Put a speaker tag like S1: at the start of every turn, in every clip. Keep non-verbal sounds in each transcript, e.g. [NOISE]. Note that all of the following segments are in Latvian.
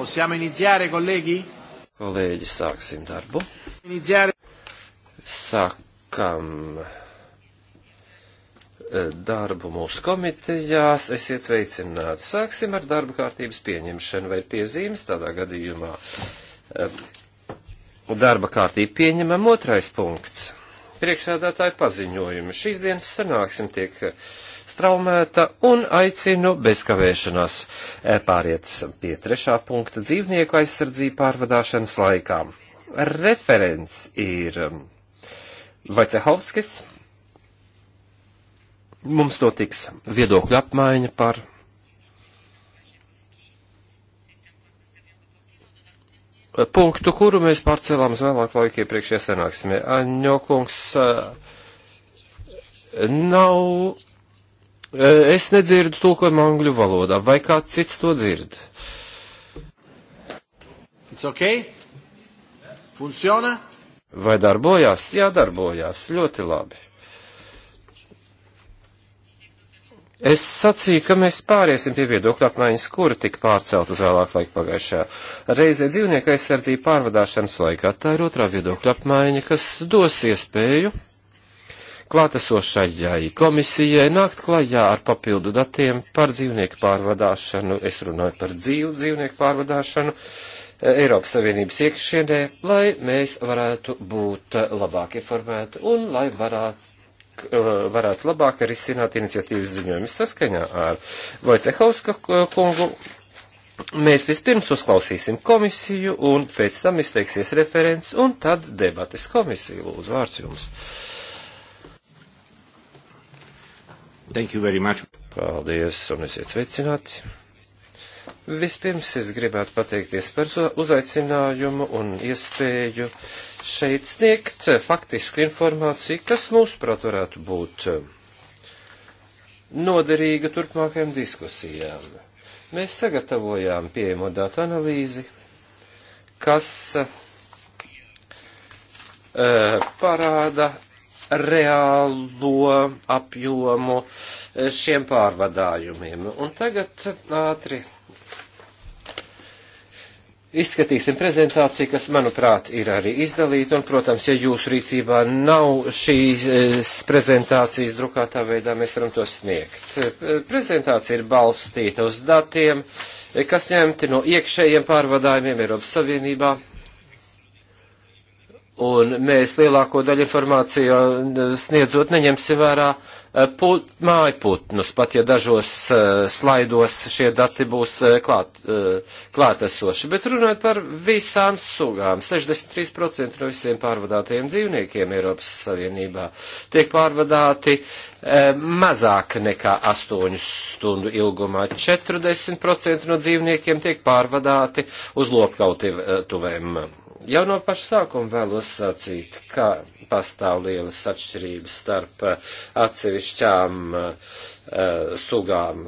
S1: Possiamo iniziare, colleghi? Kolēģi, sāksim darbu. Iniziare. Sākam eh, darbu mūsu komitejās. Esiet sveicināti. Sāksim ar darba kārtības pieņemšanu vai piezīmes tādā gadījumā. Eh, darba kārtība pieņemam otrais punkts. Priekšsēdētāja paziņojumi. Šīs dienas sanāksim tiek. Uh, straumēta un aicinu bezkavēšanās eh, pāriet pie trešā punkta dzīvnieku aizsardzību pārvadāšanas laikā. Referents ir um, Vaicehovskis. Mums notiks viedokļu apmaiņa par punktu, kuru mēs pārcēlām uz vēlāku laiku iepriekšējā sanāksmē. Aņokungs uh, nav Eh, es nedzirdu tulkojumu angļu valodā, vai kāds cits to dzird? It's okay? Funciona? Vai darbojās? Jā, darbojās. Ļoti labi. Es sacīju, ka mēs pāriesim pie viedokļa apmaiņas, kura tika pārcelt uz vēlāku laiku pagājušajā reizē dzīvnieku aizsardzību pārvadāšanas laikā. Tā ir otrā viedokļa apmaiņa, kas dos iespēju klātesošajai komisijai nākt klajā ar papildu datiem par dzīvnieku pārvadāšanu, es runāju par dzīvu dzīvnieku pārvadāšanu eh, Eiropas Savienības iekšienē, lai mēs varētu būt eh, labāk informēti un lai varētu eh, varētu labāk arī izsināt iniciatīvas ziņojumus saskaņā ar Vojcehauska kungu. Mēs vispirms uzklausīsim komisiju un pēc tam izteiksies referents un tad debates komisiju. Lūdzu, vārds jums. Uh, Thank you very much. Paldies un esiet sveicināti. Vispirms es gribētu pateikties par uzaicinājumu un iespēju šeit sniegt faktisku informāciju, kas mūsuprāt varētu būt noderīga turpmākajām diskusijām. Mēs sagatavojām pieejamo datu analīzi, kas uh, parāda reālo apjomu eh, šiem pārvadājumiem. Un tagad eh, ātri izskatīsim prezentāciju, kas, manuprāt, ir arī izdalīta. Un, protams, ja jūsu rīcībā nav šīs eh, prezentācijas drukātā veidā, mēs varam to sniegt. Prezentācija ir balstīta uz datiem, kas ņemti no iekšējiem pārvadājumiem Eiropas Savienībā un mēs lielāko daļu informāciju eh, sniedzot neņemsim vērā eh, put, mājputnus, pat ja dažos uh, slaidos šie dati būs uh, klāt, uh, klātesoši. Bet runājot par visām sugām, 63% no visiem pārvadātajiem dzīvniekiem Eiropas Savienībā tiek pārvadāti mazāk nekā 8 stundu ilgumā. 40% no dzīvniekiem tiek pārvadāti uz lopkautivēm Jau no paša sākuma vēlos sacīt, ka pastāv lielas atšķirības starp eh, atsevišķām uh, sugām.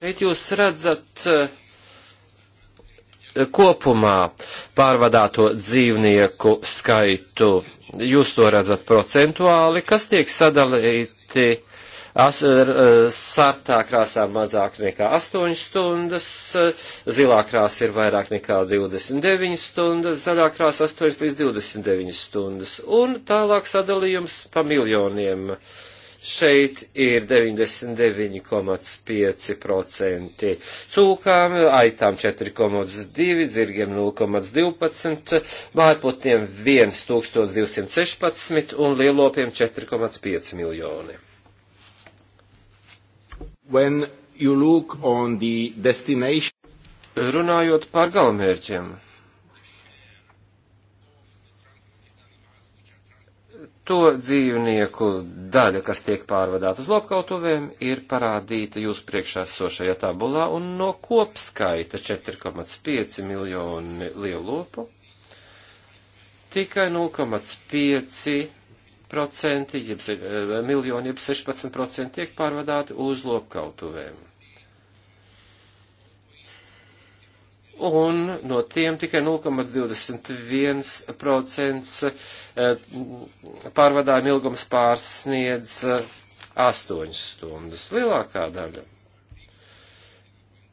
S1: Bet jūs redzat uh, kopumā pārvadāto dzīvnieku skaitu. Jūs to redzat procentuāli, kas tiek sadalīti as, eh, eh, sartā krāsā mazāk nekā 8 stundas, eh, zilā krāsā ir vairāk nekā 29 stundas, zaļā krāsā 8 līdz 29 stundas, un tālāk sadalījums pa miljoniem. Šeit ir 99,5%, cūkām, aitām 4,2, dzirgiem 0,12, mājputniem 1216 un lielopiem 4,5 miljoni. When you look on the destination. Runājot par galvenmērķiem. To dzīvnieku daļa, kas tiek pārvadāta uz lopkautuvēm, ir parādīta jūsu priekšā sošajā tabulā, un no kopskaita 4,5 miljoni lielu lopu tikai 0,5 procenti, jeb eh, miljoni, jeb 16 procenti tiek pārvadāti uz lopkautuvēm. Un no tiem tikai 0,21% eh, pārvadājuma ilgums pārsniedz 8 eh, stundas. Lielākā daļa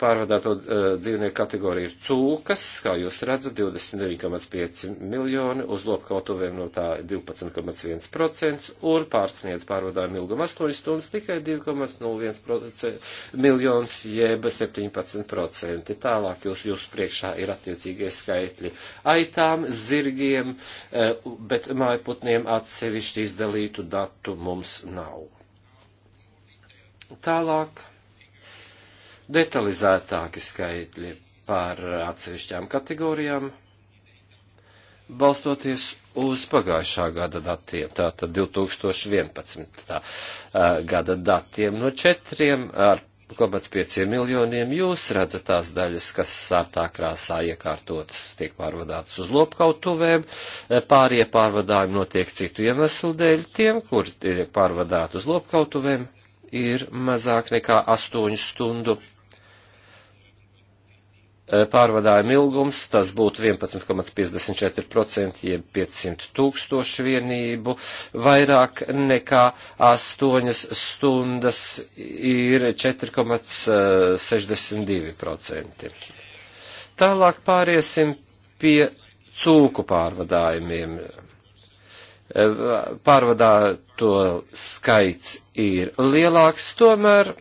S1: pārvadāto eh, dzīvnieku kategoriju ir cūkas, kā jūs redzat, 29,5 miljoni, uz lopkautuvēm no tā 12,1% un pārsniedz pārvadājumu ilgumu 8 stundas tikai 2,01 miljonus jeb 17%. Tālāk jūs, jūs priekšā ir attiecīgie skaitļi aitām, zirgiem, eh, bet mājputniem atsevišķi izdalītu datu mums nav. Tālāk detalizētāki skaitļi par atsevišķām kategorijām, balstoties uz pagājušā gada datiem, tātad 2011. gada datiem no 4,5 miljoniem. Jūs redzat tās daļas, kas sārtā krāsā iekārtotas, tiek pārvadātas uz lopkautuvēm, pārie pārvadājumi notiek citu iemeslu dēļ. Tiem, kur tiek pārvadāti uz lopkautuvēm, ir mazāk nekā 8 stundu Eh, pārvadājuma ilgums, tas būtu 11,54% jeb 500 tūkstošu vienību, vairāk nekā 8 stundas ir 4,62%. Eh, Tālāk pāriesim pie cūku pārvadājumiem. Eh, Pārvadāto skaits ir lielāks, tomēr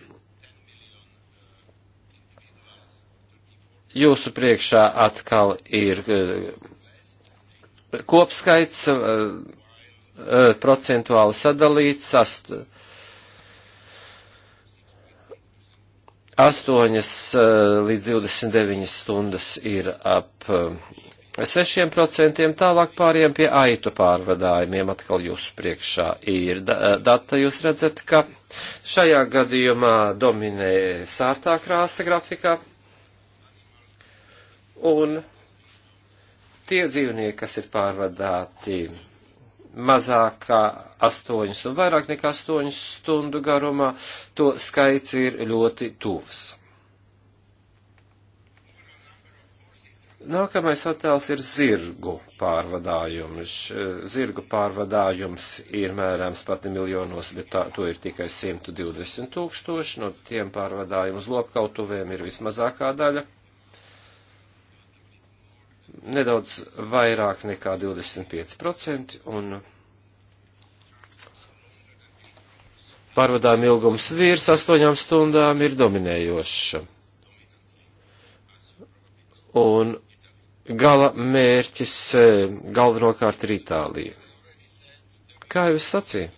S1: jūsu priekšā atkal ir eh, kopskaits eh, eh, procentuāli sadalīts. Ast, Astoņas līdz 29 stundas ir ap 6%, tālāk pāriem pie aitu pārvadājumiem atkal jūsu priekšā ir data. Jūs redzat, ka šajā gadījumā dominē sārtā krāsa grafikā, Un tie dzīvnieki, kas ir pārvadāti mazāk kā astoņas un vairāk nekā astoņas stundu garumā, to skaits ir ļoti tuvs. Nākamais attēls ir zirgu pārvadājums. Zirgu pārvadājums ir mērāms pat miljonos, bet tā, to ir tikai 120 tūkstoši. No tiem pārvadājums lopkautuvēm ir vismazākā daļa nedaudz vairāk nekā 25%, un pārvadām ilgums virs 8 stundām ir dominējoša. Un gala mērķis e, galvenokārt ir Itālija. Kā jau es sacīju?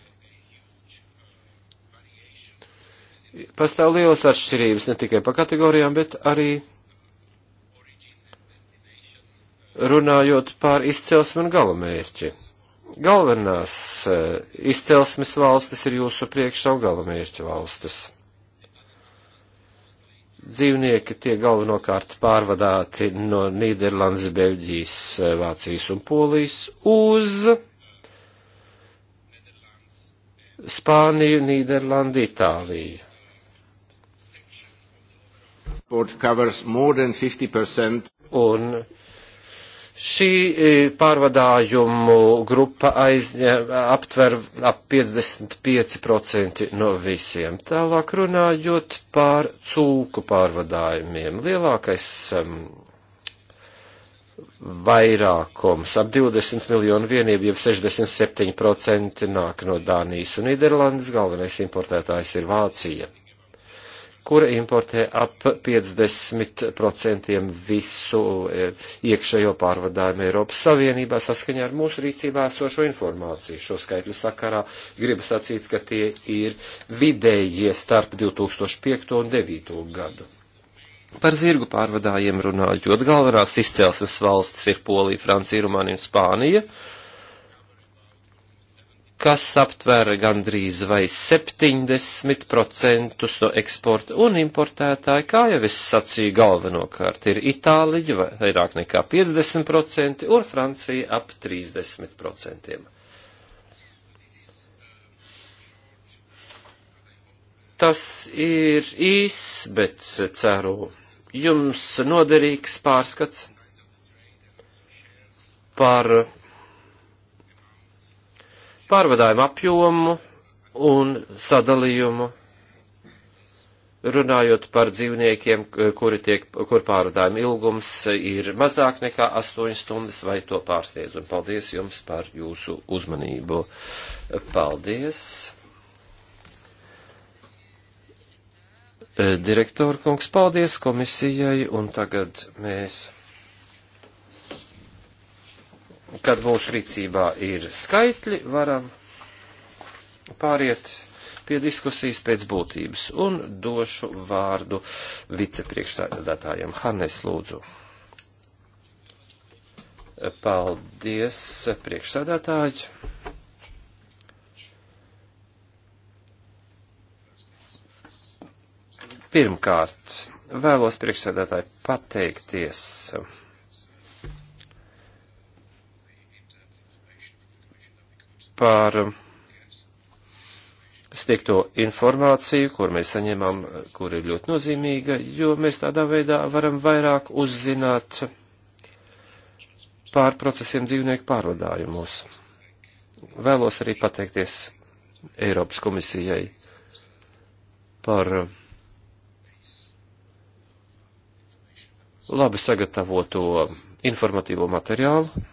S1: Pastāv lielas atšķirības ne tikai pa kategorijām, bet arī runājot par izcelsmi un galamērķi. Galvenās eh, izcelsmes valstis ir jūsu priekšā un galamērķa valstis. Dzīvnieki tiek galvenokārt pārvadāti no Nīderlandes, Beļģijas, eh, Vācijas un Polijas uz Spāniju, Nīderlandi, Itāliju. Un Šī e, pārvadājumu grupa aizņem, aptver ap 55% no visiem. Tālāk runājot par cūku pārvadājumiem. Lielākais um, vairākums, ap 20 miljonu vienību, jeb 67% nāk no Dānijas un Nīderlandes, galvenais importētājs ir Vācija kura importē ap 50% visu e, iekšējo pārvadājumu Eiropas Savienībā saskaņā ar mūsu rīcībā esošo informāciju. Šo skaitļu sakarā gribu sacīt, ka tie ir vidējie starp 2005 un 2009 gadu. Par zirgu pārvadājiem runājot, galvenās izcelsmes valstis ir Polija, Francija, Rumānija un Spānija. Uh, kas aptvēra gandrīz vai 70% no eksporta un importētāji, kā jau es sacīju, galvenokārt ir Itāliņa vairāk nekā 50% un Francija ap 30%. Tas ir īs, bet ceru jums noderīgs pārskats par pārvadājumu apjomu un sadalījumu, runājot par dzīvniekiem, kuri tiek, kur pārvadājuma ilgums ir mazāk nekā 8 stundas vai to pārsniedz. Un paldies jums par jūsu uzmanību. Paldies. Direktorkungs, paldies komisijai, un tagad mēs kad mūsu rīcībā ir skaitļi, varam pāriet pie diskusijas pēc būtības un došu vārdu vicepriekšsēdētājiem. Hannes, lūdzu. Paldies, priekšsēdētāji. Pirmkārt, vēlos priekšsēdētāji pateikties par sniegto informāciju, kur mēs saņemam, kur ir ļoti nozīmīga, jo mēs tādā veidā varam vairāk uzzināt pār procesiem dzīvnieku pārvadājumus. Vēlos arī pateikties Eiropas komisijai par labi sagatavoto informatīvo materiālu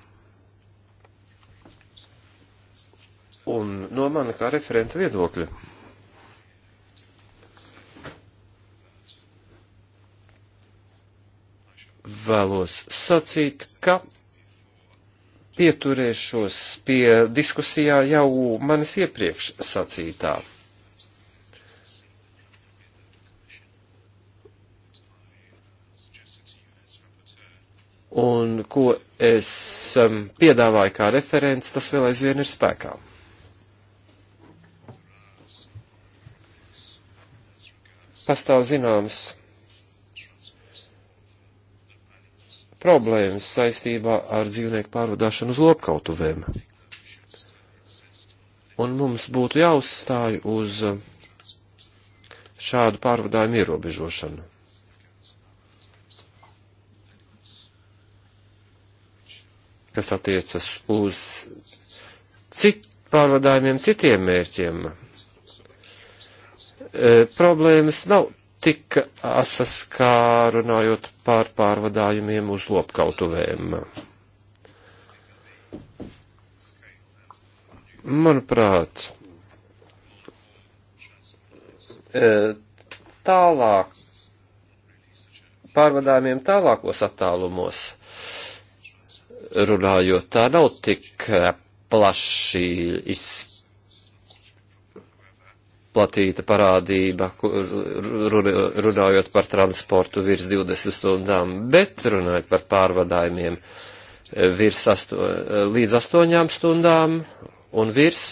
S1: Un no mana kā referenta viedokļa. Vēlos sacīt, ka pieturēšos pie diskusijā jau manis iepriekš sacītā. Un ko es um, piedāvāju kā referents, tas vēl aizvien ir spēkā. pastāv zināmas problēmas saistībā ar dzīvnieku pārvadāšanu uz lopkautuvēm. Un mums būtu jāuzstāj uz šādu pārvadājumu ierobežošanu. kas attiecas uz cit pārvadājumiem citiem mērķiem, E, problēmas nav tik asas kā runājot par pārvadājumiem uz lopkautuvēm. Manuprāt, e, tālāk pārvadājumiem tālākos attālumos runājot, tā nav tik plaši izpētēta izplatīta parādība, kur, runājot par transportu virs 20 stundām, bet runājot par pārvadājumiem eh, virs asto, eh, līdz 8 stundām un virs.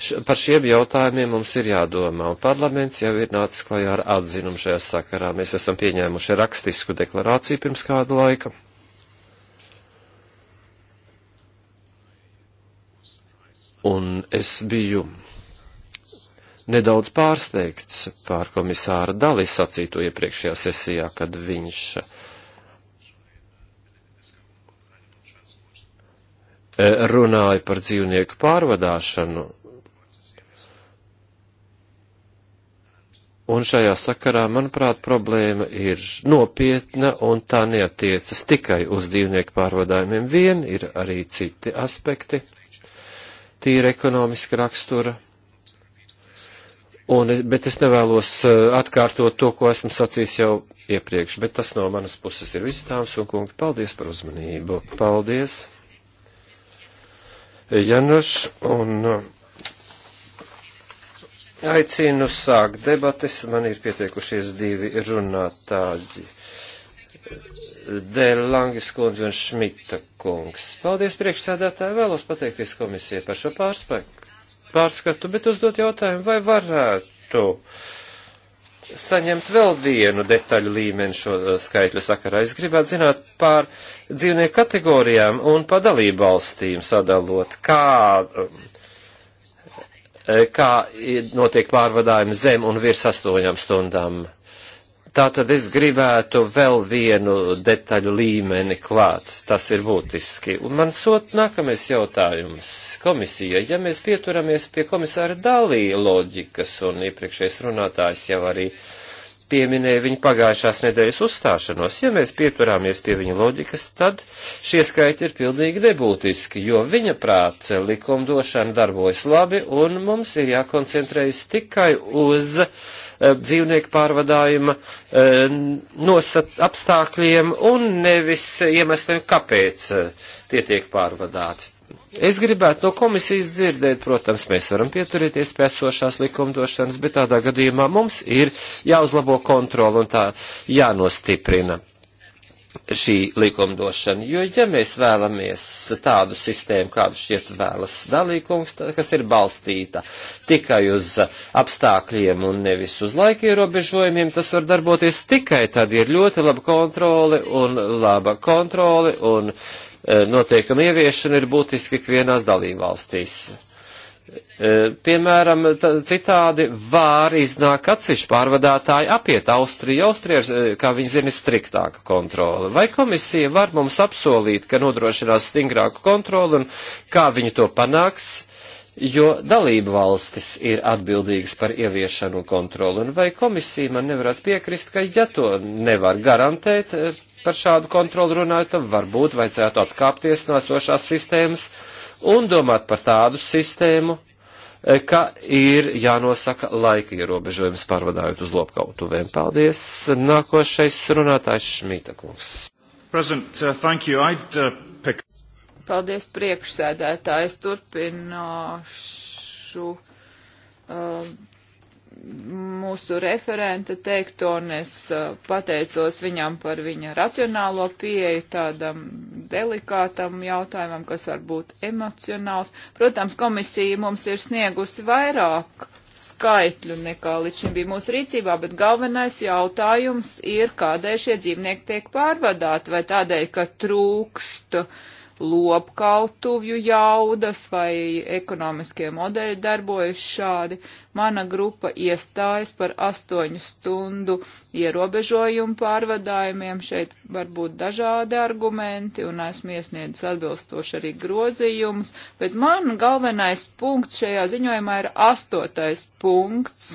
S1: Š, par šiem jautājumiem mums ir jādomā, un parlaments jau ir nācis klajā ar atzinumu šajā sakarā. Mēs esam pieņēmuši rakstisku deklarāciju pirms kādu laiku. Un es biju nedaudz pārsteigts pār komisāra Dali sacīto iepriekšējā sesijā, kad viņš e, runāja par dzīvnieku pārvadāšanu. Un šajā sakarā, manuprāt, problēma ir nopietna un tā neatiecas tikai uz dzīvnieku pārvadājumiem vien, ir arī citi aspekti, tīri ekonomiska rakstura Un, bet es nevēlos eh, atkārtot to, ko esmu sacījis jau iepriekš, bet tas no manas puses ir viss tāms un kungi. Paldies par uzmanību. Paldies. Januš, un eh, aicinu sākt debates. Man ir pietiekušies divi runātāji. Dēļ Langis kundze un Šmita kungs. Paldies priekšsēdētāji. Vēlos pateikties komisijai par šo pārspēku pārskatu, bet uzdot jautājumu, vai varētu saņemt vēl vienu detaļu līmeni šo eh, skaitļu sakarā. Es gribētu zināt pār dzīvnieku kategorijām un padalību valstīm sadalot, kā, eh, kā notiek pārvadājumi zem un virs astoņām stundām. Tātad es gribētu vēl vienu detaļu līmeni klāt, tas ir būtiski. Un man sot nākamais jautājums komisijai. Ja mēs pieturamies pie komisāra Dalī loģikas, un iepriekšējais runātājs jau arī pieminēja viņa pagājušās nedēļas uzstāšanos, ja mēs pieturāmies pie viņa loģikas, tad šie skaiti ir pilnīgi nebūtiski, jo viņa prāts likumdošana darbojas labi, un mums ir jākoncentrējas tikai uz uh, Eh, dzīvnieku pārvadājuma eh, nosac apstākļiem un nevis iemesliem, kāpēc eh, tie tiek pārvadāti. Es gribētu no komisijas dzirdēt, protams, mēs varam pieturēties pie esošās likumdošanas, bet tādā gadījumā mums ir jāuzlabo kontroli un tā jānostiprina šī likumdošana, jo ja mēs vēlamies tādu sistēmu, kādu šķiet vēlas dalīkums, kas ir balstīta tikai uz apstākļiem un nevis uz laika ierobežojumiem, tas var darboties tikai tad, ja ir ļoti laba kontrole un laba kontrole un e, noteikuma ieviešana ir būtiski ikvienās dalībvalstīs. E, piemēram, citādi var iznāk atsevišķi pārvadātāji apiet Austriju. Austrija, e, kā viņi zina, ir striktāka kontrola. Vai komisija var mums apsolīt, ka nodrošinās stingrāku kontroli un kā viņi to panāks? jo dalību valstis ir atbildīgas par ieviešanu un kontroli, un vai komisija man nevarētu piekrist, ka ja to nevar garantēt e, par šādu kontroli runājot, tad varbūt vajadzētu atkāpties no esošās sistēmas un domāt par tādu sistēmu, e, ka ir jānosaka laika ierobežojums pārvadājot uz lopkautuvēm. Paldies! Nākošais runātājs Šmīta kungs.
S2: President, uh, thank you. I'd, uh, pick...
S3: Paldies priekšsēdētājs. Turpināšu. Uh, mūsu referenta teikto, un es uh, pateicos viņam par viņa racionālo pieeju tādam delikātam jautājumam, kas var būt emocionāls. Protams, komisija mums ir sniegusi vairāk skaitļu nekā līdz šim bija mūsu rīcībā, bet galvenais jautājums ir, kādēļ šie dzīvnieki tiek pārvadāti, vai tādēļ, ka trūkst uh, lopkautuvju jaudas vai ekonomiskie modeļi darbojas šādi. Mana grupa iestājas par astoņu stundu ierobežojumu pārvadājumiem. Šeit var būt dažādi argumenti un esmu iesniedzis atbilstoši arī grozījumus, bet man galvenais punkts šajā ziņojumā ir astotais punkts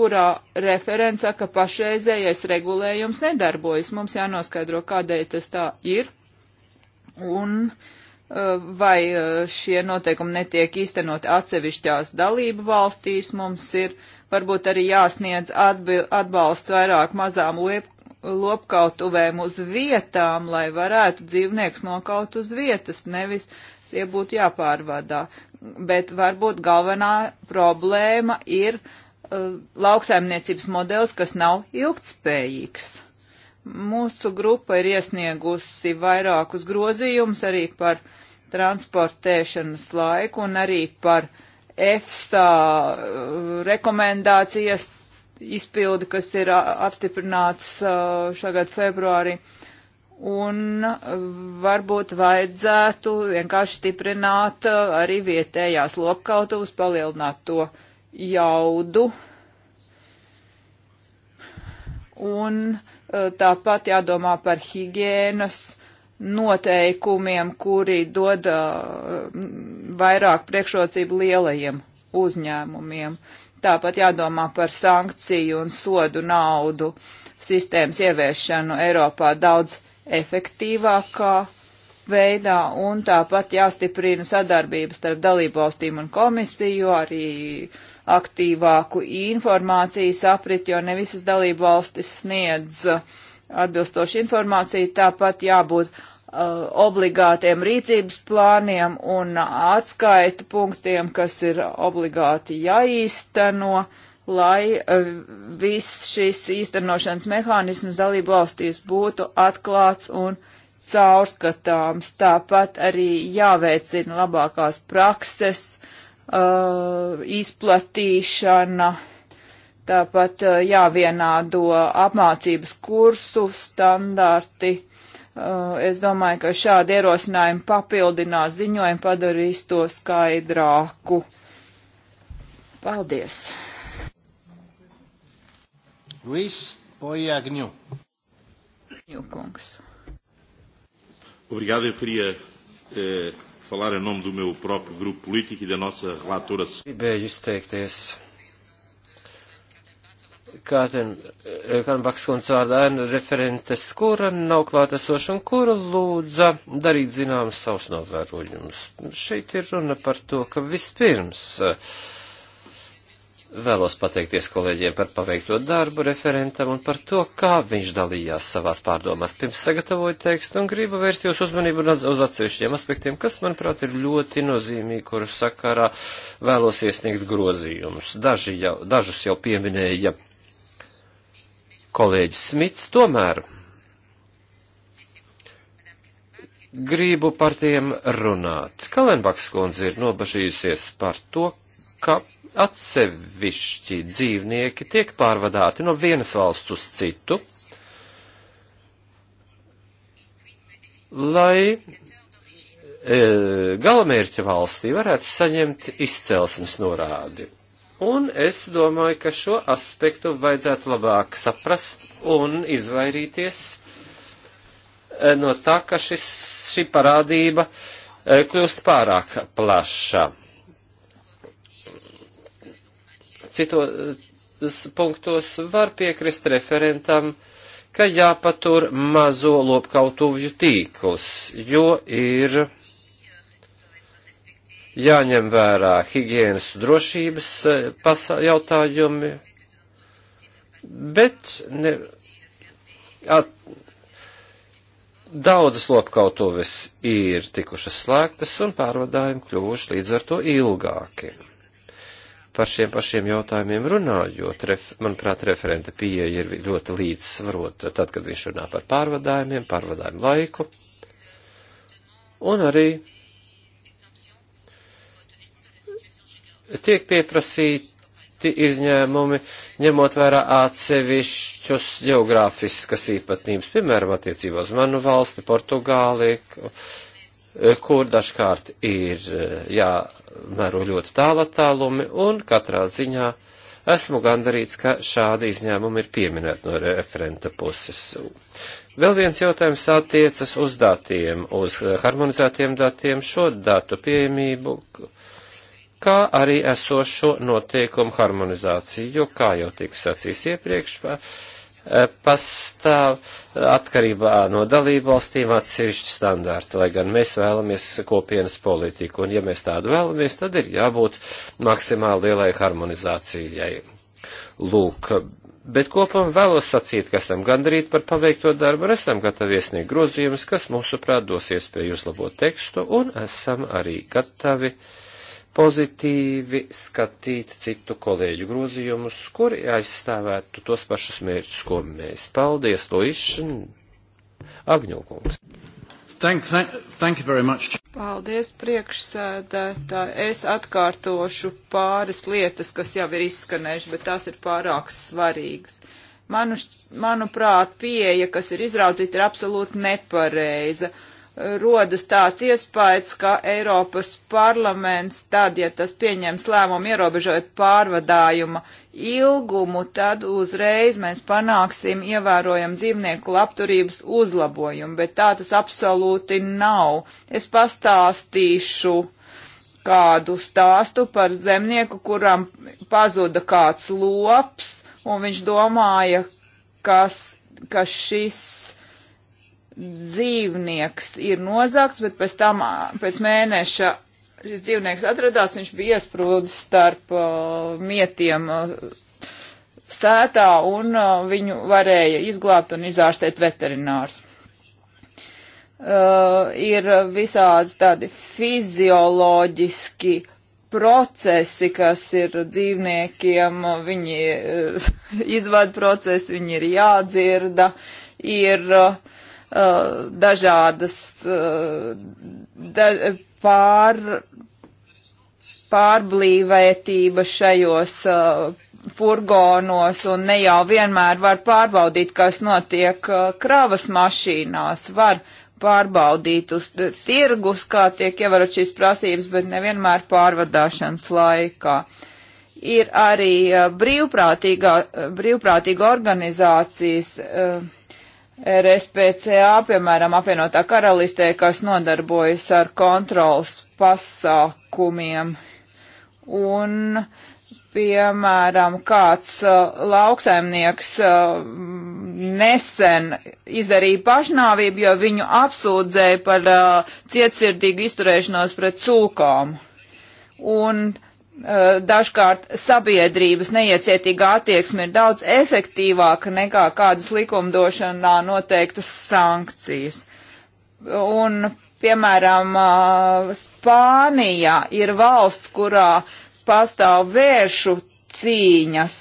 S3: kurā referents saka, ka pašreizējais regulējums nedarbojas. Mums jānoskaidro, kādēļ tas tā ir un eh, vai eh, šie noteikumi netiek īstenoti atsevišķās dalību valstīs, mums ir varbūt arī jāsniedz atbalsts vairāk mazām lopkautuvēm uz vietām, lai varētu dzīvnieks nokaut uz vietas, nevis tie būtu jāpārvadā. Bet varbūt galvenā problēma ir uh, lauksaimniecības modelis, kas nav ilgtspējīgs Mūsu grupa ir iesniegusi vairākus grozījumus arī par transportēšanas laiku un arī par EFSA uh, rekomendācijas izpildi, kas ir uh, apstiprināts uh, šā gada februārī. Un varbūt vajadzētu vienkārši stiprināt arī vietējās lopkautuvus, palielināt to jaudu. Un uh, Tāpat jādomā par higienas noteikumiem, kuri dod uh, vairāk priekšrocību lielajiem uzņēmumiem. Tāpat jādomā par sankciju un sodu naudu sistēmas ieviešanu Eiropā daudz efektīvākā veidā, un tāpat jāstiprina sadarbības starp dalībvalstīm un komisiju, arī uh, aktīvāku informācijas aprit, jo ne visas dalību valstis sniedz uh, atbilstošu informāciju, tāpat jābūt uh, obligātiem rīcības plāniem un atskaita punktiem, kas ir obligāti jāīsteno, lai uh, viss šis īstenošanas mehānisms dalību valstīs būtu atklāts un caurskatāms. Tāpat arī jāveicina labākās prakses uh, uh, izplatīšana, tāpat uh, jāvienādo apmācības kursu standarti. Uh, es domāju, ka šādi ierosinājumi papildinās ziņojumu, padarīs to skaidrāku. Paldies! Luís Poiagnu.
S2: Obrigado, eu queria eh, uh falar em nome do meu próprio grupo político e da nossa relatora. Gribēju
S1: izteikties. Kātenbaks kundze vārdā referentes, kura nav klātesoša un kura lūdza darīt zināmas savus novērojumus. Šeit ir runa par to, ka vispirms uh, Vēlos pateikties kolēģiem par paveikto darbu referentam un par to, kā viņš dalījās savās pārdomās pirms sagatavoja tekstu un gribu vērst jūs uzmanību uz atsevišķiem aspektiem, kas, manuprāt, ir ļoti nozīmīgi, kuru sakarā vēlos iesniegt grozījumus. Daži jau, dažus jau pieminēja kolēģis Smits, tomēr gribu par tiem runāt. Kalenbaks kundze ir nobažījusies par to, ka atsevišķi dzīvnieki tiek pārvadāti no vienas valsts uz citu, lai e, galamērķa valstī varētu saņemt izcelsmes norādi. Un es domāju, ka šo aspektu vajadzētu labāk saprast un izvairīties e, no tā, ka šis, šī parādība e, kļūst pārāk plaša citos punktos var piekrist referentam, ka jāpatur mazo lopkautuvju tīkls, jo ir jāņem vērā higienas drošības eh, jautājumi, bet ne, at, daudzas lopkautuves ir tikušas slēgtas un pārvadājumi kļuvuši līdz ar to ilgākiem par šiem pašiem jautājumiem runājot. Ref, manuprāt, referenta pieeja ir ļoti līdzsvarota tad, kad viņš runā par pārvadājumiem, pārvadājumu laiku. Un arī tiek pieprasīti izņēmumi, ņemot vērā atsevišķus geogrāfiskas īpatnības, piemēram, attiecībā uz manu valsti, Portugāli, kur dažkārt ir jā, vēro ļoti tālu attālumi, un katrā ziņā esmu gandarīts, ka šādi izņēmumi ir pieminēti no referenta puses. Vēl viens jautājums attiecas uz datiem, uz harmonizētiem datiem, šo datu pieejamību, kā arī esošo noteikumu harmonizāciju, jo, kā jau tika sacīts iepriekš, Eh, pastāv atkarībā no dalībvalstīm atsevišķi standarti, lai gan mēs vēlamies kopienas politiku, un ja mēs tādu vēlamies, tad ir jābūt maksimāli lielai harmonizācijai. Lūk, bet kopumā vēlos sacīt, ka esam gandrīt par paveikto darbu un esam gatavi iesniegt grozījumus, kas mūsuprāt dos iespēju uzlabot tekstu, un esam arī gatavi uh, pozitīvi skatīt citu kolēģu grozījumus, kuri aizstāvētu tos pašus mērķus, ko mēs. Paldies, Loišs, Agņokums. Thank, thank, thank
S3: you very much. Paldies, priekšsēdētāji. Es atkārtošu pāris lietas, kas jau ir izskanējušas, bet tās ir pārāk svarīgas. Manu, manuprāt, pieeja, kas ir izraudzīta, ir absolūti nepareiza. Uh, rodas tāds iespējas, ka Eiropas parlaments tad, ja tas pieņems lēmumu ierobežot pārvadājuma ilgumu, tad uzreiz mēs panāksim ievērojam dzīvnieku labturības uzlabojumu, bet tā tas absolūti nav. Es pastāstīšu kādu stāstu par zemnieku, kuram pazuda kāds lops, un viņš domāja, kas, ka šis dzīvnieks ir nozagts, bet pēc tam, pēc mēneša šis dzīvnieks atradās, viņš bija iesprūdis starp uh, mietiem uh, sētā un uh, viņu varēja izglābt un izārstēt veterinārs. Uh, ir visādi tādi fizioloģiski procesi, kas ir dzīvniekiem, viņi e, uh, [LAUGHS] izvada procesi, viņi ir jādzirda, ir uh, Uh, dažādas uh, da, pār, pārblīvētība šajos uh, furgonos un ne jau vienmēr var pārbaudīt, kas notiek kravas mašīnās. Var pārbaudīt uz tirgus, kā tiek ievarot šīs prasības, bet nevienmēr pārvadāšanas laikā. Ir arī brīvprātīgā, brīvprātīga organizācijas uh, RSPCA, piemēram, apvienotā karalistē, kas nodarbojas ar kontrols pasākumiem. Un, piemēram, kāds uh, lauksaimnieks uh, nesen izdarīja pašnāvību, jo viņu apsūdzēja par uh, cietsirdīgu izturēšanos pret cūkām. Un uh, Eh, dažkārt sabiedrības neiecietīgā attieksme ir daudz efektīvāka nekā kādas likumdošanā noteiktas sankcijas. Un, piemēram, eh, Spānijā ir valsts, kurā pastāv vēršu cīņas,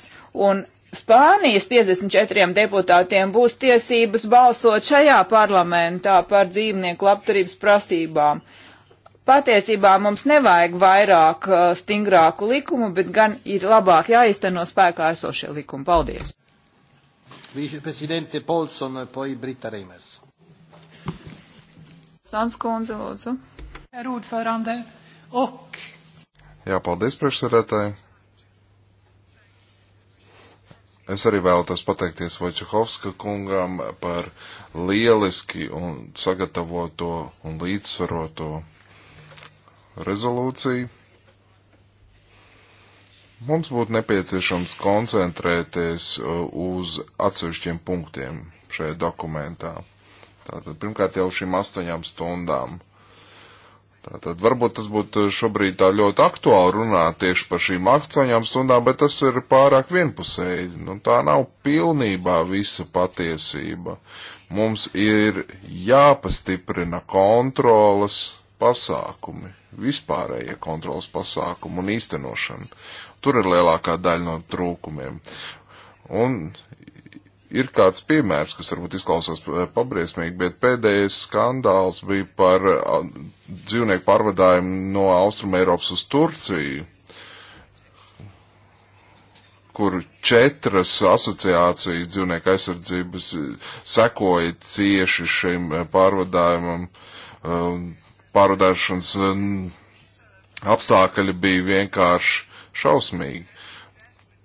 S3: un Spānijas 54 deputātiem būs tiesības balsot šajā parlamentā par dzīvnieku labturības prasībām. Uh, Patiesībā mums nevajag vairāk uh, stingrāku likumu, bet gan ir labāk jāizteno spēkā esošie likumi. Paldies!
S1: Viceprezidente Polson, poi Brita Reimers.
S3: Sanskundze, lūdzu. Rūdfārande, ok.
S2: Jā, paldies, priekšsarētāji. Es arī vēlētos pateikties Vojčakovska kungam par lieliski un sagatavoto un līdzsvaroto rezolūciju. Mums būtu nepieciešams koncentrēties uh, uz atsevišķiem punktiem šajā dokumentā. Tātad pirmkārt jau šīm astoņām stundām. Tātad varbūt tas būtu šobrīd tā ļoti aktuāli runāt tieši par šīm astoņām stundām, bet tas ir pārāk vienpusēji. Nu, tā nav pilnībā visa patiesība. Mums ir jāpastiprina kontrolas pasākumi vispārējie kontrolas pasākumi un īstenošana. Tur ir lielākā daļa no trūkumiem. Un ir kāds piemērs, kas varbūt izklausās eh, pabriesmīgi, bet pēdējais skandāls bija par dzīvnieku pārvadājumu no Austrum Eiropas uz Turciju kur četras asociācijas dzīvnieku aizsardzības eh, sekoja cieši šim eh, pārvadājumam. Um, pārvadāšanas um, apstākļi bija vienkārši šausmīgi.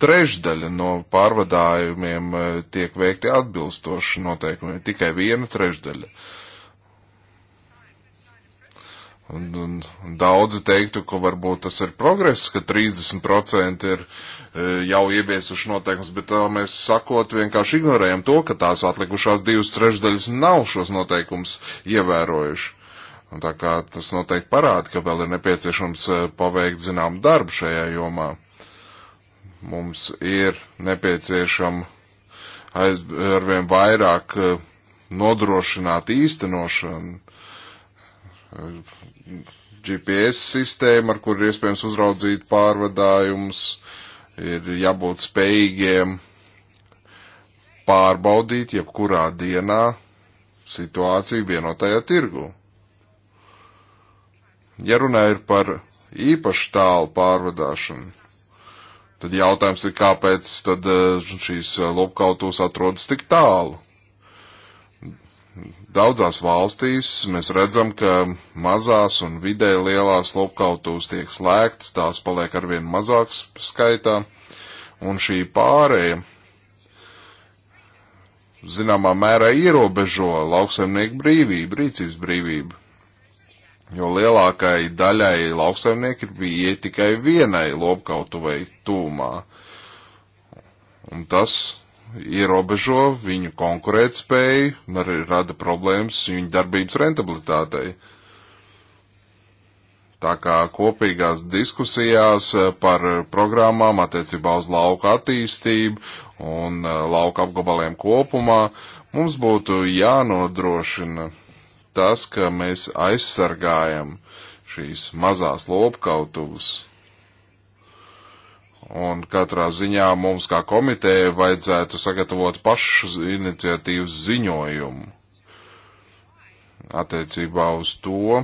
S2: Trešdaļa no pārvadājumiem uh, tiek veikti atbilstoši noteikumiem, tikai viena trešdaļa. Un, un, un daudzi teiktu, ka varbūt tas ir progress, ka 30% ir uh, jau ieviesuši noteikumus, bet tā uh, mēs sakot vienkārši ignorējam to, ka tās atlikušās divas trešdaļas nav šos noteikumus ievērojuši. Un tā kā tas noteikti parāda, ka vēl ir nepieciešams eh, paveikt zinām darbu šajā jomā. Mums ir nepieciešama arvien vairāk eh, nodrošināt īstenošanu. Eh, GPS sistēma, ar kur ir iespējams uzraudzīt pārvadājumus, ir jābūt spējīgiem pārbaudīt jebkurā dienā situāciju vienotajā tirgu Ja runā ir par īpaši tālu pārvadāšanu, tad jautājums ir, kāpēc tad eh, šīs eh, lopkautos atrodas tik tālu? Daudzās valstīs mēs redzam, ka mazās un vidēji lielās lopkautūs tiek slēgts, tās paliek arvien mazāks skaitā, un šī pārēja zināmā mērā ierobežo lauksaimnieku brīvību, rīcības brīvību jo lielākai daļai lauksaimnieki bija tikai vienai lopkautuvei tūmā. Un tas ierobežo viņu konkurētspēju un arī rada problēmas viņu darbības rentabilitātei. Tā kā kopīgās diskusijās eh, par programmām attiecībā uz lauka attīstību un eh, lauka apgabaliem kopumā mums būtu jānodrošina tas, ka mēs aizsargājam šīs mazās lopkautuvas. Un katrā ziņā mums kā komiteja vajadzētu sagatavot pašu iniciatīvas ziņojumu attiecībā uz to,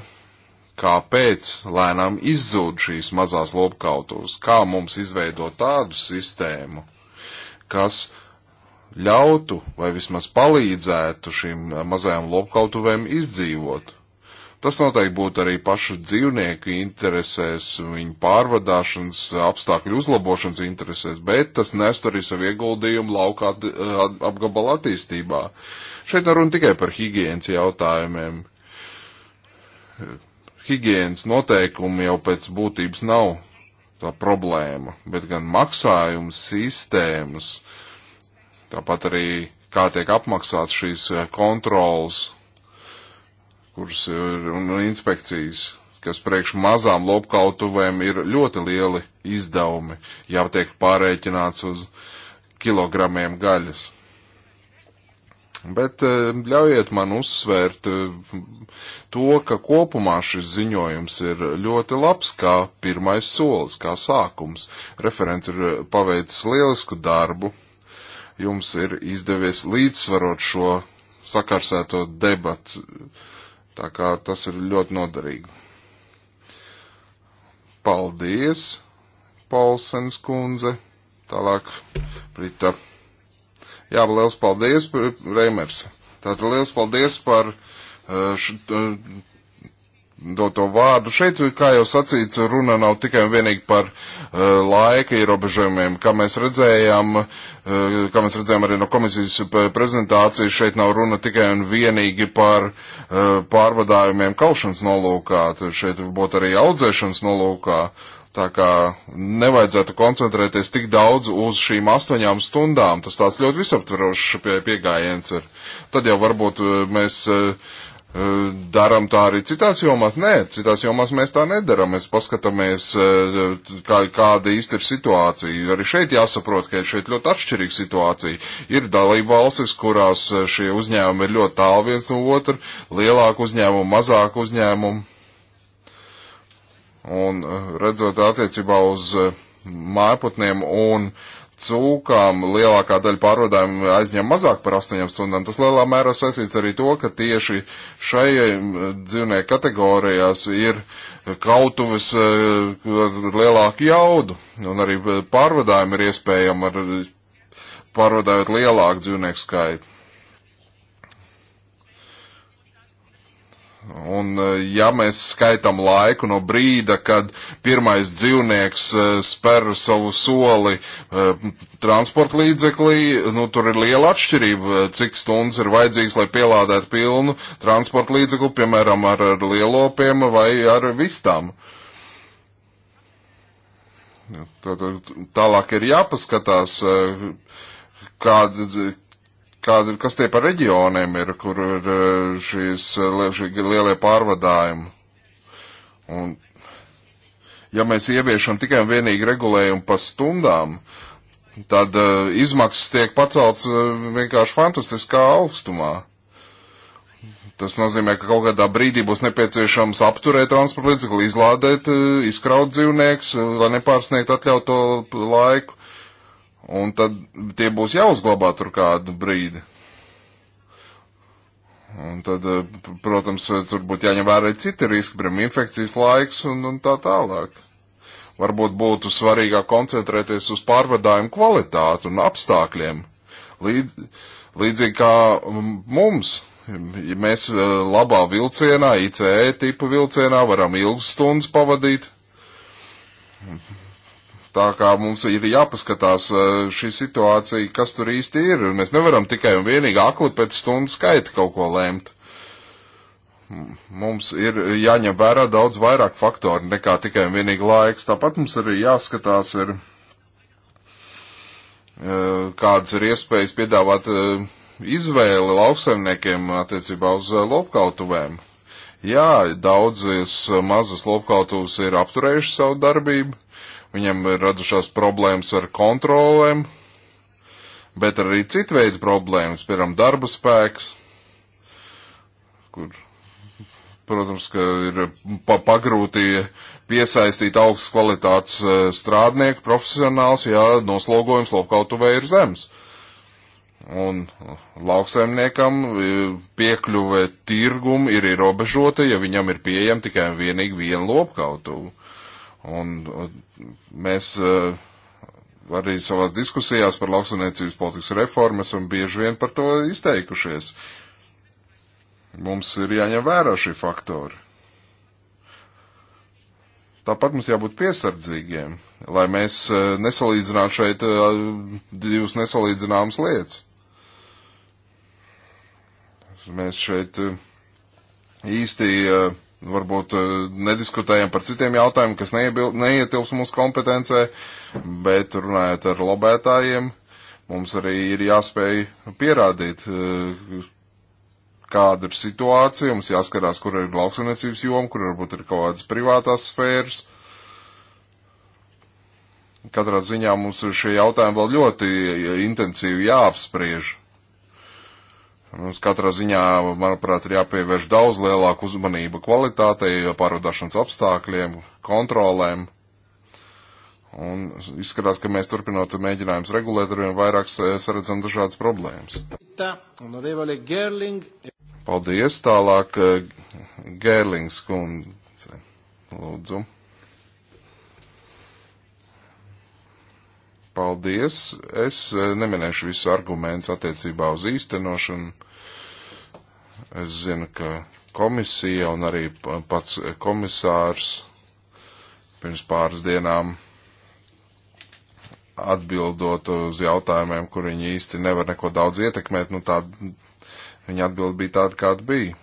S2: kāpēc lēnām izzūd šīs mazās lopkautuvas, kā mums izveidot tādu sistēmu, kas ļautu vai vismaz palīdzētu šīm eh, mazajām lopkautuvēm izdzīvot. Tas noteikti būtu arī pašu dzīvnieku interesēs, viņu pārvadāšanas, eh, apstākļu uzlabošanas interesēs, bet tas nest arī savu ieguldījumu lauka at, eh, at, apgabala attīstībā. Šeit nav runa tikai par higiēnas jautājumiem. Higiēnas noteikumi jau pēc būtības nav tā problēma, bet gan maksājums sistēmas, uh, Tāpat arī kā tiek apmaksāts šīs eh, kontrols, kuras ir un inspekcijas, kas priekš mazām lopkautuvēm ir ļoti lieli izdevumi, ja tiek pārēķināts uz kilogramiem gaļas. Bet eh, ļaujiet man uzsvērt eh, to, ka kopumā šis ziņojums ir ļoti labs, kā pirmais solis, kā sākums. Referents ir paveicis lielisku darbu, jums ir izdevies līdzsvarot šo sakarsēto debatu. Tā kā tas ir ļoti noderīgi. Paldies, Paulsens kundze. Tālāk, Brita. Jā, liels paldies, Reimers. Tātad liels paldies par eh, š, eh, doto vārdu. Šeit, kā jau sacīts, runa nav tikai un vienīgi par uh, laika ierobežojumiem. Kā mēs redzējām, uh, kā mēs redzējām arī no komisijas prezentācijas, šeit nav runa tikai un vienīgi par uh, pārvadājumiem kaušanas nolūkā, šeit būtu arī audzēšanas nolūkā. Tā kā nevajadzētu koncentrēties tik daudz uz šīm astoņām stundām, tas tāds ļoti visaptverošs pie, pieejams ir. Tad jau varbūt mēs uh, darām tā arī citās jomās. Nē, citās jomās mēs tā nedaram. Mēs paskatāmies, kā, kāda īsti ir situācija. Arī šeit jāsaprot, ka ir šeit ļoti atšķirīga situācija. Ir dalība valstis, kurās šie uzņēmumi ir ļoti tālu viens no otra, lielāku uzņēmumu, mazāku uzņēmumu. Un redzot attiecībā uz mājputniem un uh, cūkām lielākā daļa pārvadājumu aizņem mazāk par 8 stundām. Tas lielā mērā saistīts arī to, ka tieši šai mm, dzīvnieku kategorijās ir kautuves eh, ar lielāku jaudu, un arī eh, pārvadājumi ir iespējami ar pārvadājot lielāku dzīvnieku skaitu. Un e, ja mēs skaitam laiku no brīda, kad pirmais dzīvnieks e, spēr savu soli e, transporta līdzeklī, nu tur ir liela atšķirība, cik stundas ir vajadzīgs, lai pielādētu pilnu transporta līdzeklu, piemēram, ar, ar lielopiem vai ar vistām. Tālāk ir jāpaskatās, kāda kāda, kas tie par reģioniem ir, kur ir eh, šīs šī lielie pārvadājumi. Un, ja mēs ieviešam tikai un vienīgi regulējumu pa stundām, tad uh, izmaksas tiek pacelts uh, vienkārši fantastiskā augstumā. Tas nozīmē, ka kaut kādā brīdī būs nepieciešams apturēt transporta līdzekli, izlādēt, uh, izkraut dzīvnieks, lai nepārsniegt atļauto laiku. Un tad tie būs jāuzglabā tur kādu brīdi. Un tad, eh, protams, tur būtu jāņem vērā arī citi riski, piemēram, infekcijas laiks un, un tā tālāk. Varbūt būtu svarīgāk koncentrēties uz pārvadājumu kvalitātu un apstākļiem. Līdz, līdzīgi kā mums, ja mēs eh, labā vilcienā, ICE tipu vilcienā varam ilgas stundas pavadīt, Tā kā mums ir jāpaskatās šī situācija, kas tur īsti ir. Mēs nevaram tikai un vienīgi akli pēc stundu skaita kaut ko lēmt. Mums ir jāņem vērā daudz vairāk faktori nekā tikai un vienīgi laiks. Tāpat mums arī jāskatās, ir, kādas ir iespējas piedāvāt izvēli lauksaimniekiem attiecībā uz lopkautuvēm. Jā, daudzas mazas lopkautuvas ir apturējušas savu darbību Viņam ir radušās problēmas ar kontrolēm, bet arī citu veidu problēmas, piemēram, darba spēks, kur, protams, ka ir pa pagrūti piesaistīt augstas kvalitātes e, strādnieku, profesionāls, ja noslogojums lopkautuvē ir zems. Un lauksaimniekam e, piekļuve tirgum ir ierobežota, ja viņam ir pieejama tikai un vienīgi viena lopkautuva. Un uh, mēs uh, arī savās diskusijās par lauksaimniecības politikas reformu esam bieži vien par to izteikušies. Mums ir jāņem vērā šī faktori. Tāpat mums jābūt piesardzīgiem, lai mēs uh, nesalīdzinātu šeit divas nesalīdzināmas lietas. Mēs šeit īsti varbūt eh, nediskutējam par citiem jautājumiem, kas neiebil, neietilps mūsu kompetencē, bet runājot ar lobētājiem, mums arī ir jāspēj pierādīt, eh, kāda ir situācija, mums jāskarās, kur ir lauksaimniecības joma, kur varbūt ir kaut kādas privātās sfēras. Katrā ziņā mums šie jautājumi vēl ļoti eh, intensīvi jāapspriež. Mums katrā ziņā, manuprāt, ir jāpievērš daudz lielāka uzmanība kvalitātei, pārvadāšanas apstākļiem, kontrolēm. Un izskatās, ka mēs turpinot mēģinājums regulēt, arvien vairāk saredzam dažādas problēmas. Paldies, tālāk eh, Gērlings kundze. Lūdzu. Paldies. Es eh, neminēšu visu argumentus attiecībā uz īstenošanu Es zinu, ka komisija un arī pats komisārs pirms pāris dienām atbildot uz jautājumiem, kur viņi īsti nevar neko daudz ietekmēt, nu tā viņa atbild bija tāda, kāda bija.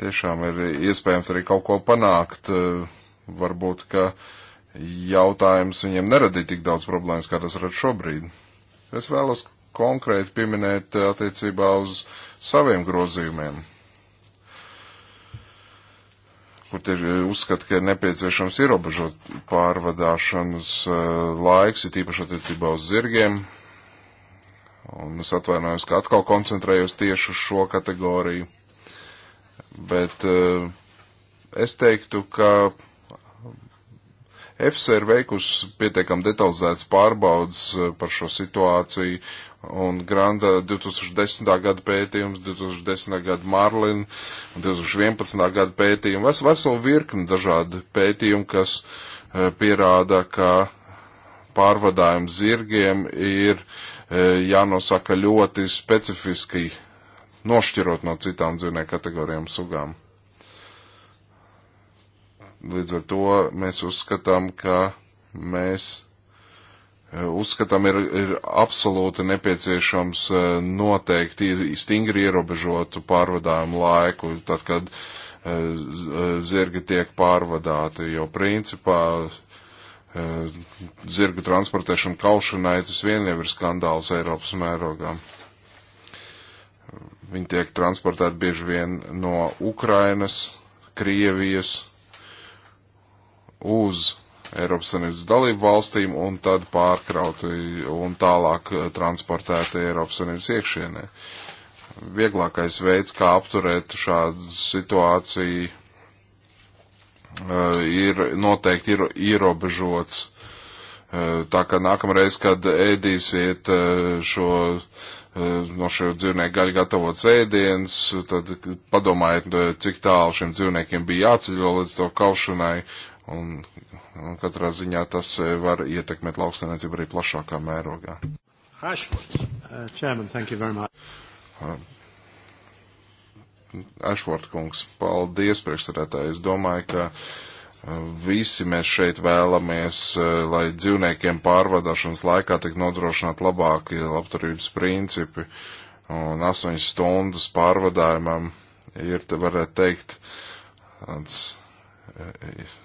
S2: Tiešām ir iespējams arī kaut ko panākt. Varbūt, ka jautājums viņiem neradīja tik daudz problēmas, kā tas rad šobrīd. Es vēlos konkrēti pieminēt attiecībā uz uh, saviem grozījumiem, kur ir eh, uzskata, ka ir nepieciešams ierobežot pārvadāšanas eh, laiks, ir tīpaši attiecībā uz zirgiem. Un es atvainojos, ka atkal koncentrējos tieši uz šo kategoriju. Bet eh, es teiktu, ka EFSA ir veikusi pietiekami detalizētas pārbaudas par šo situāciju un Granda 2010. gada pētījums, 2010. gada Marlin un 2011. gada pētījumi. Ves veselu virkni dažādi pētījumi, kas eh, pierāda, ka pārvadājumu zirgiem ir eh, jānosaka ļoti specifiski, nošķirot no citām dzīvnieku kategorijām sugām. Līdz ar to mēs uzskatām, ka mēs uzskatām, ir, ir absolūti nepieciešams eh, noteikti stingri ierobežotu pārvadājumu laiku, tad, kad eh, eh, zirgi tiek pārvadāti, jo principā zirgu transportēšana kaušanai tas vien jau ir skandāls Eiropas mērogām. Viņi tiek transportēti bieži vien no Ukrainas, Krievijas uz Eiropas Savienības dalību valstīm un tad pārkrauti un tālāk eh, transportēti Eiropas Savienības iekšienē. Vieglākais veids, kā apturēt šādu situāciju, eh, ir noteikti ir ierobežots. Eh, tā kā nākamreiz, kad ēdīsiet šo no šiem dzīvnieku gaļu gatavots ēdiens, tad padomājiet, cik tālu šiem dzīvniekiem bija jāceļo līdz to kaušanai un Un katrā ziņā tas eh, var ietekmēt lauksainiecību arī plašākā mērogā.
S1: Ashworth, uh, Chairman, thank you very much.
S2: Uh, Ashworth kungs, paldies priekšsarētāji. Es domāju, ka uh, visi mēs šeit vēlamies, uh, lai dzīvniekiem pārvadāšanas laikā tik nodrošināt labāki labturības principi. Un astoņas stundas pārvadājumam ir, te varētu teikt, tāds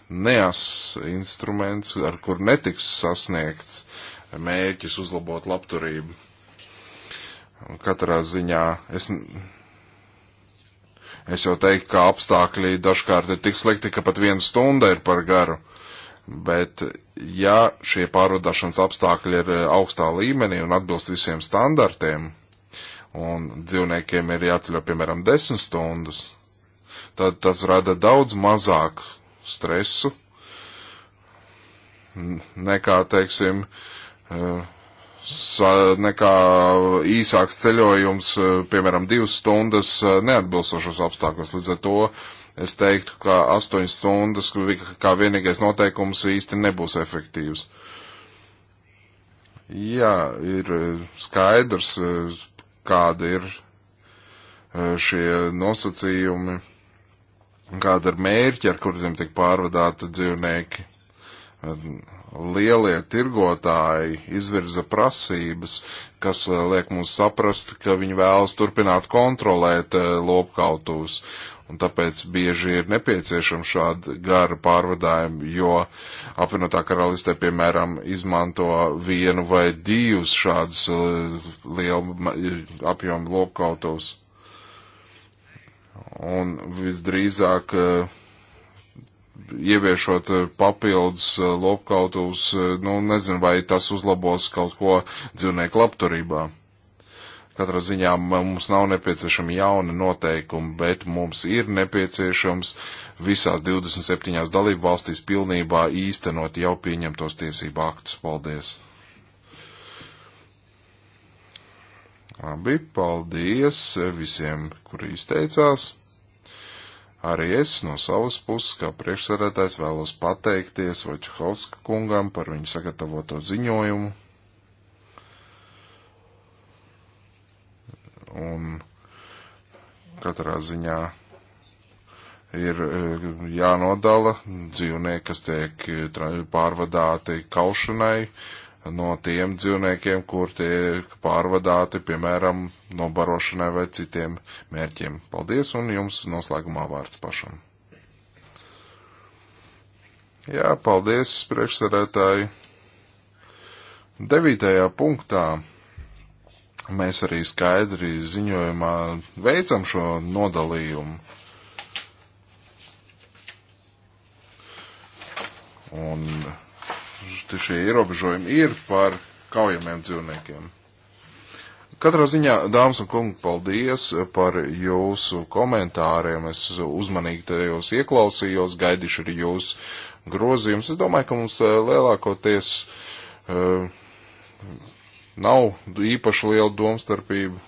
S2: neas instruments, ar kur netiks sasniegts mērķis uzlabot labturību. Un katrā ziņā es, es jau teiktu, ka apstākļi dažkārt ir tik slikti, ka pat viena stunda ir par garu. Bet ja šie pārvadāšanas apstākļi ir eh, augstā līmenī un atbilst visiem standartiem, un dzīvniekiem ir jāceļo piemēram 10 stundas, tad tas rada daudz mazāk stresu nekā, teiksim, nekā īsāks ceļojums, piemēram, divas stundas neatbilstošos apstākļos. Līdz ar to es teiktu, ka astoņas stundas kā vienīgais noteikums īsti nebūs efektīvs. Jā, ir skaidrs, kāda ir šie nosacījumi kāda ir mērķa, ar kuriem tiek pārvadāti dzīvnieki. Lielie tirgotāji izvirza prasības, kas eh, liek mums saprast, ka viņi vēlas turpināt kontrolēt eh, lopkautūs. Un tāpēc bieži ir nepieciešama šāda gara pārvadājuma, jo apvienotā karalistē, piemēram, izmanto vienu vai divus šādus eh, lielu apjomu lopkautos un visdrīzāk eh, ieviešot eh, papildus eh, lopkautus, nu, nezinu, vai tas uzlabos kaut ko dzīvnieku labturībā. Katrā ziņā mums nav nepieciešami jauni noteikumi, bet mums ir nepieciešams visās 27 dalību valstīs pilnībā īstenot jau pieņemtos tiesību aktus. Paldies! Labi, paldies visiem, kuri izteicās. Arī es no savas puses, kā priekšsarētājs, vēlos pateikties Vojčakovska kungam par viņu sagatavoto ziņojumu. Un katrā ziņā ir e, jānodala dzīvnieki, kas tiek pārvadāti kaušanai, no tiem dzīvniekiem, kur tie ir pārvadāti, piemēram, nobarošanai vai citiem mērķiem. Paldies, un jums noslēgumā vārds pašam. Jā, paldies, priekšsarētāji. Devītajā punktā mēs arī skaidri ziņojumā veicam šo nodalījumu. Un šie ierobežojumi ir par kaujamiem dzīvniekiem. Katrā ziņā, dāmas un kungi, paldies par jūsu komentāriem. Es uzmanīgi tajos ieklausījos, gaidīšu arī jūsu grozījumus. Es domāju, ka mums eh, lielākoties uh, nav īpaši liela domstarpība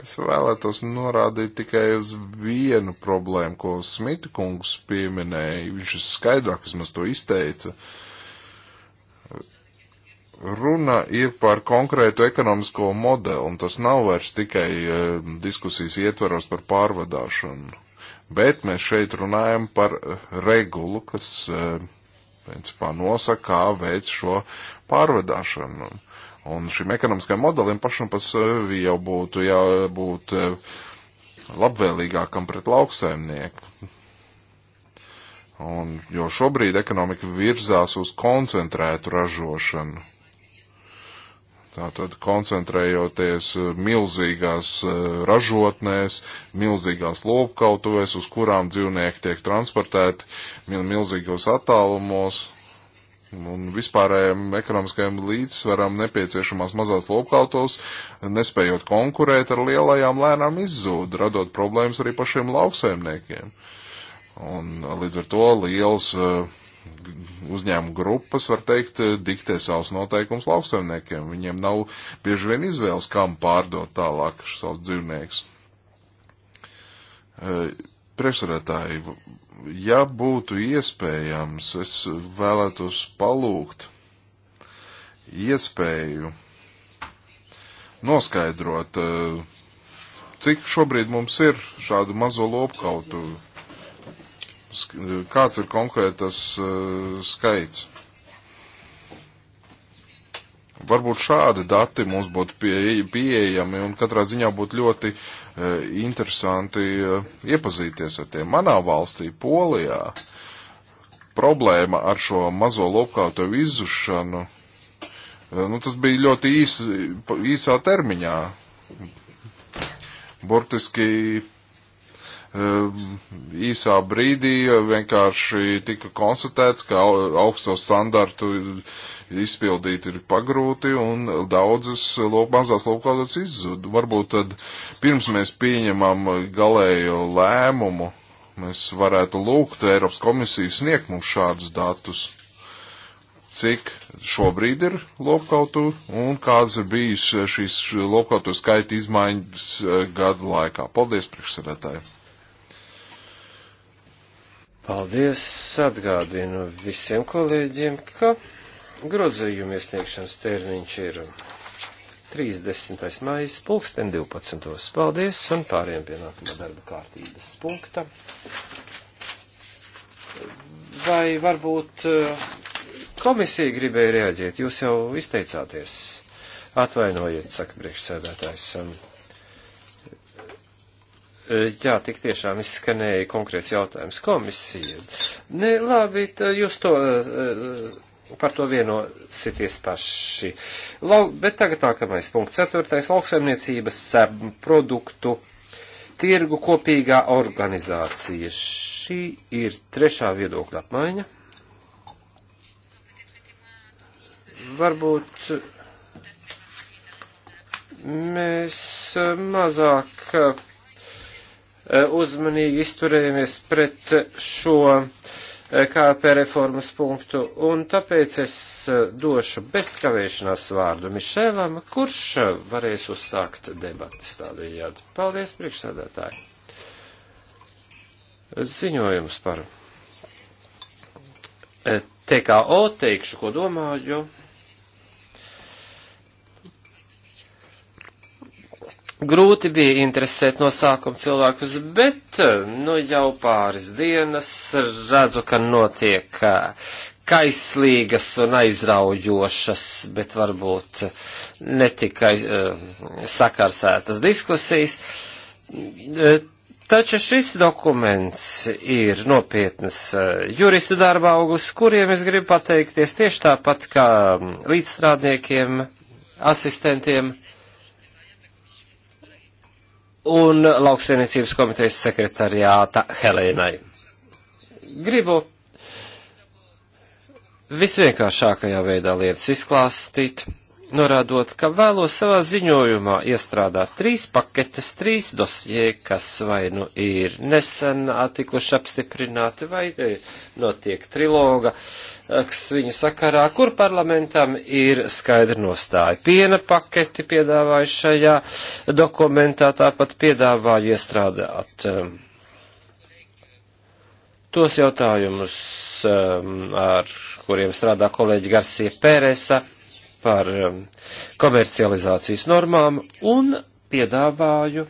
S2: Es vēlētos norādīt tikai uz vienu problēmu, ko Smita kungs pieminēja. Viņš ir skaidrāk, vismaz to izteica. Runa ir par konkrētu ekonomisko modeli, un tas nav vairs tikai e, diskusijas ietveros par pārvadāšanu. Bet mēs šeit runājam par regulu, kas, e, principā, nosaka, kā veids šo pārvadāšanu Un šim ekonomiskajam modelim pašam par sevi jau būtu jābūt eh, labvēlīgākam pret lauksaimnieku. Un, jo šobrīd ekonomika virzās uz koncentrētu ražošanu. Tātad koncentrējoties eh, milzīgās eh, ražotnēs, milzīgās lopkautuvēs, uz kurām dzīvnieki tiek transportēti milzīgos attālumos, un vispārējiem ekonomiskajiem līdzsvaram nepieciešamās mazās lopkautos, nespējot konkurēt ar lielajām lēnām izzūd, radot problēmas arī pašiem lauksaimniekiem. Un līdz ar to liels eh, uzņēmumu grupas, var teikt, diktē savus noteikumus lauksaimniekiem. Viņiem nav bieži vien izvēles, kam pārdot tālāk savus dzīvniekus. Eh, Priekšsarētāji, ja būtu iespējams, es vēlētos palūgt iespēju noskaidrot, eh, cik šobrīd mums ir šādu mazo lopkautu, kāds ir konkrētas eh, skaits. Varbūt šādi dati mums būtu pieejami un katrā ziņā būtu ļoti Eh, interesanti eh, iepazīties ar tiem. Manā valstī, Polijā, problēma ar šo mazo lopkautuvu izzušanu, eh, nu, tas bija ļoti īs, īsā termiņā. Burtiski Ehm, īsā brīdī vienkārši tika konstatēts, ka augsto standartu izpildīt ir pagrūti un daudzas lop, mazās lopkautas izzud. Varbūt tad pirms mēs pieņemam galējo lēmumu, mēs varētu lūgt Eiropas komisiju sniegt mums šādus datus. Cik šobrīd ir lopkautu un kāds ir bijis šīs lopkautu skaita izmaiņas eh, gadu laikā. Paldies, priekšsēdētāji! Paldies! Atgādinu visiem
S1: kolēģiem, ka grozījuma iesniegšanas termiņš ir 30. maijas pulksten 12. Paldies un pāriem pie nākamā darba kārtības punkta. Vai varbūt eh, komisija gribēja reaģēt? Jūs jau izteicāties. Atvainojiet, saka priekšsēdētājs. Jā, tik tiešām izskanēja konkrēts jautājums komisija. Nē, labi, jūs to, eh, par to vienosities paši. Lau, bet tagad nākamais punkts. Ceturtais - lauksaimniecības produktu tirgu kopīgā organizācija. Šī ir trešā viedokļa apmaiņa. Varbūt mēs mazāk Eh, uzmanīgi izturējamies pret šo eh, KP reformas punktu, un tāpēc es eh, došu bezkavēšanās vārdu Mišēlam, kurš varēs uzsākt debatas tādējādi. Paldies, priekšsēdētāji! Ziņojums par TKO teikšu, ko domāju, jo Grūti bija interesēt nosākumu cilvēkus, bet nu jau pāris dienas redzu, ka notiek kaislīgas un aizraujošas, bet varbūt ne tikai uh, sakarsētas diskusijas. Taču šis dokuments ir nopietnas juristu darba augus, kuriem es gribu pateikties tieši tāpat kā līdzstrādniekiem, asistentiem un lauksainiecības komitejas sekretariāta Helēnai. Gribu visvienkāršākajā veidā lietas izklāstīt norādot, ka vēlos savā ziņojumā iestrādāt trīs paketes, trīs dosie, kas vai nu ir nesen atikuši apstiprināti, vai e, notiek triloga, e, kas viņu sakarā, kur parlamentam ir skaidra nostāja. Piena paketi piedāvāju šajā dokumentā, tāpat piedāvāju iestrādāt um, tos jautājumus, um, ar kuriem strādā kolēģi Garcija Pēresa par um, komercializācijas normām un piedāvāju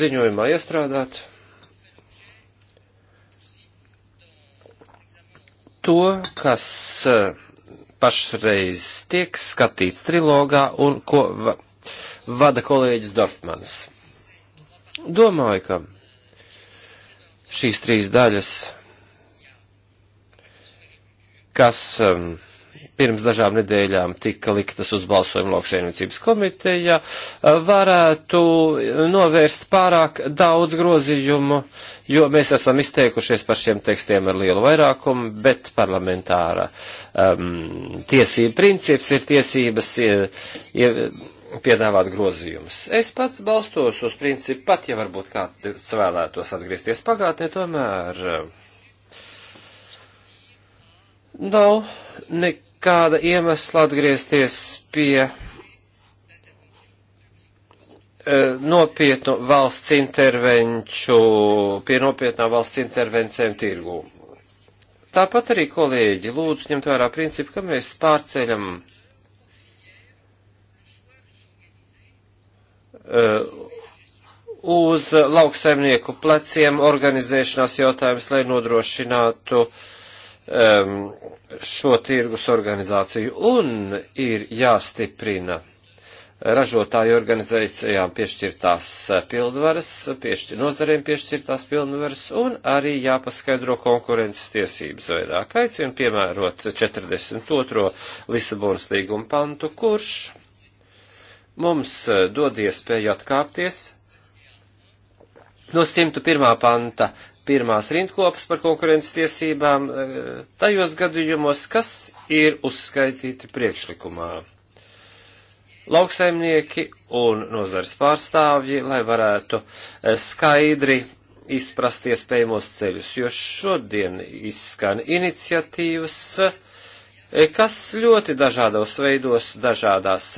S1: ziņojumā iestrādāt to, kas uh, pašreiz tiek skatīts trilogā un ko va vada kolēģis Dorfmans. Domāju, ka šīs trīs daļas, kas um, pirms dažām nedēļām tika liktas uz balsojumu lauksaimniecības komiteja, eh, varētu novērst pārāk daudz grozījumu, jo mēs esam izteikušies par šiem tekstiem ar lielu vairākumu, bet parlamentāra um, tiesība princips ir tiesības. Ir, eh, ir, piedāvāt grozījumus. Es pats balstos uz principu, pat ja varbūt kāds vēlētos atgriezties pagātnē, tomēr eh, nav ne, kāda iemesla atgriezties pie e, nopietnu valsts intervenču, pie nopietnā valsts intervencēm tirgū. Tāpat arī, kolēģi, lūdzu ņemt vērā principu, ka mēs pārceļam uh, uz lauksaimnieku pleciem organizēšanās jautājumus, lai nodrošinātu uh, um, šo tirgus organizāciju un ir jāstiprina ražotāju organizācijām piešķirtās pilnvaras, piešķir, nozarēm piešķirtās pilnvaras un arī jāpaskaidro konkurences tiesības vairāk. Aicinu piemērot 42. Lisabonas līguma pantu, kurš mums dod iespēju atkāpties no 101. panta pirmās rindkopas par konkurences tiesībām e, tajos gadījumos, kas ir uzskaitīti priekšlikumā. Lauksaimnieki un nozars pārstāvji, lai varētu e, skaidri izprast iespējamos ceļus, jo šodien izskan iniciatīvas, e, kas ļoti dažādos veidos, dažādās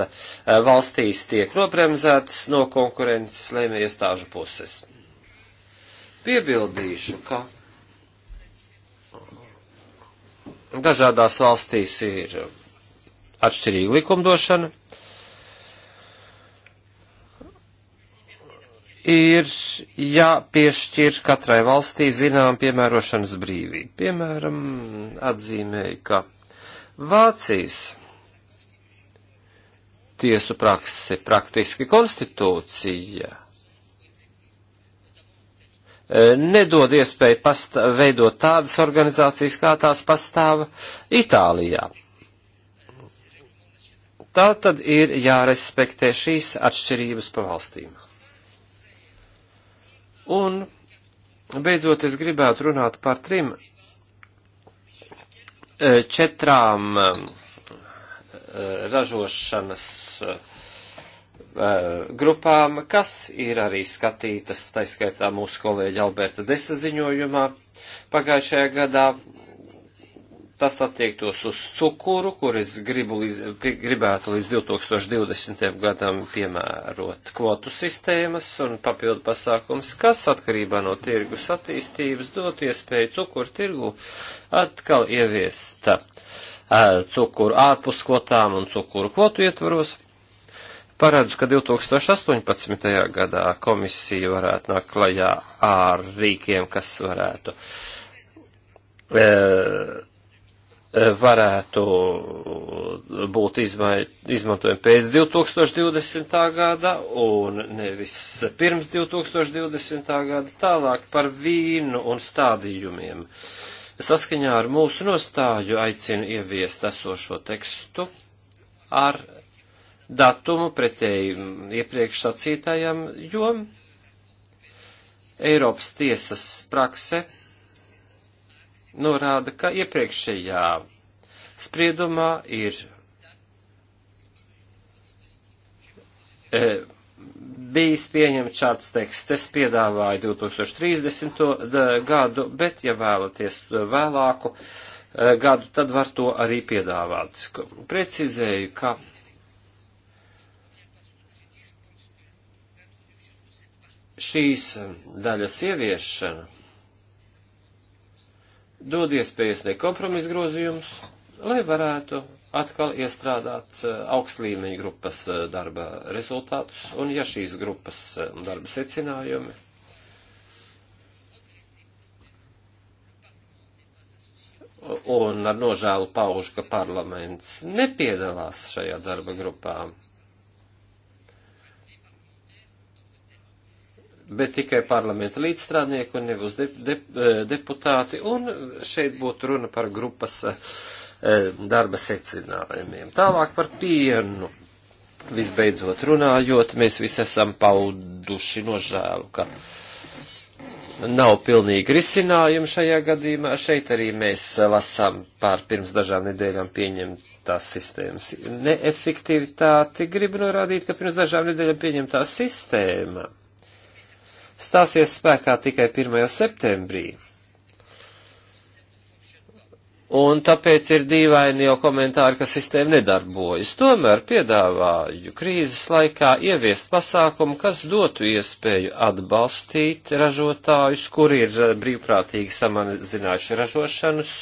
S1: valstīs tiek nobremzētas no konkurences lēmējiestāžu puses. Piebildīšu, ka dažādās valstīs ir atšķirīga likumdošana. Ir jāpiešķir ja katrai valstī zinām piemērošanas brīvību. Piemēram, atzīmēju, ka Vācijas tiesu prakse praktiski konstitūcija E, nedod iespēju pastā, veidot tādas organizācijas, kā tās pastāv Itālijā. Tā tad ir jārespektē šīs atšķirības pa valstīm. Un, beidzot, es gribētu runāt par trim, e, četrām e, ražošanas Eh, grupām, kas ir arī skatītas, taiskaitā mūsu kolēģa Alberta Desa ziņojumā pagājušajā gadā. Tas attiektos uz cukuru, kur es gribu, gribētu līdz 2020. gadam piemērot kvotu sistēmas un papildu pasākums, kas atkarībā no tirgus attīstības dot iespēju cukuru tirgu atkal ieviest eh, cukuru ārpus kvotām un cukuru kvotu ietvaros paredz, ka 2018. gadā komisija varētu nākt klajā ar rīkiem, kas varētu, e, e varētu būt izmai, izmantojami pēc 2020. gada un nevis pirms 2020. gada tālāk par vīnu un stādījumiem. Saskaņā ar mūsu nostāju aicinu ieviest esošo tekstu ar datumu pretēji iepriekš sacītajam, jo Eiropas tiesas prakse norāda, ka iepriekšējā spriedumā ir e, bijis pieņemts šāds teksts. Es piedāvāju 2030. E, gadu, bet, ja vēlaties vēlāku e, gadu, tad var to arī piedāvāt. Precizēju, ka šīs daļas ieviešana dod iespējas ne kompromisu grozījums, lai varētu atkal iestrādāt eh, augstlīmeņa grupas eh, darba rezultātus, un ja šīs grupas eh, darba secinājumi un ar nožēlu pauž, ka parlaments nepiedalās šajā darba grupā, bet tikai parlamenta līdzstrādnieki un nebūs de, de, eh, deputāti, un šeit būtu runa par grupas e, darba secinājumiem. Tālāk par pienu. Visbeidzot runājot, mēs visi esam pauduši nožēlu, ka nav pilnīgi risinājumu šajā gadījumā. Šeit arī mēs lasām pār pirms dažām nedēļām pieņemtās sistēmas neefektivitāti. Gribu norādīt, ka pirms dažām nedēļām pieņemtā sistēma stāsies spēkā tikai 1. septembrī. Un tāpēc ir dīvaini jau komentāri, ka sistēma nedarbojas. Tomēr piedāvāju krīzes laikā ieviest pasākumu, kas dotu iespēju atbalstīt ražotājus, kuri ir brīvprātīgi samazinājuši ražošanas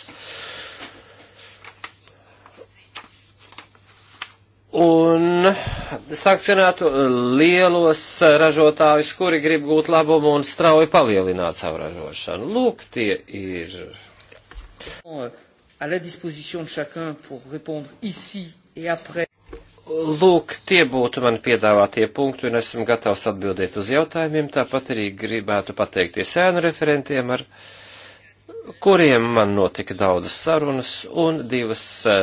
S1: un sankcionētu lielos ražotājus, kuri grib gūt labumu un strauji palielināt savu ražošanu. Lūk, tie ir. Lūk, tie būtu mani piedāvātie punkti, un esmu gatavs atbildēt uz jautājumiem. Tāpat arī gribētu pateikties ēnu referentiem ar. Uh, kuriem man notika daudzas sarunas, un divas uh,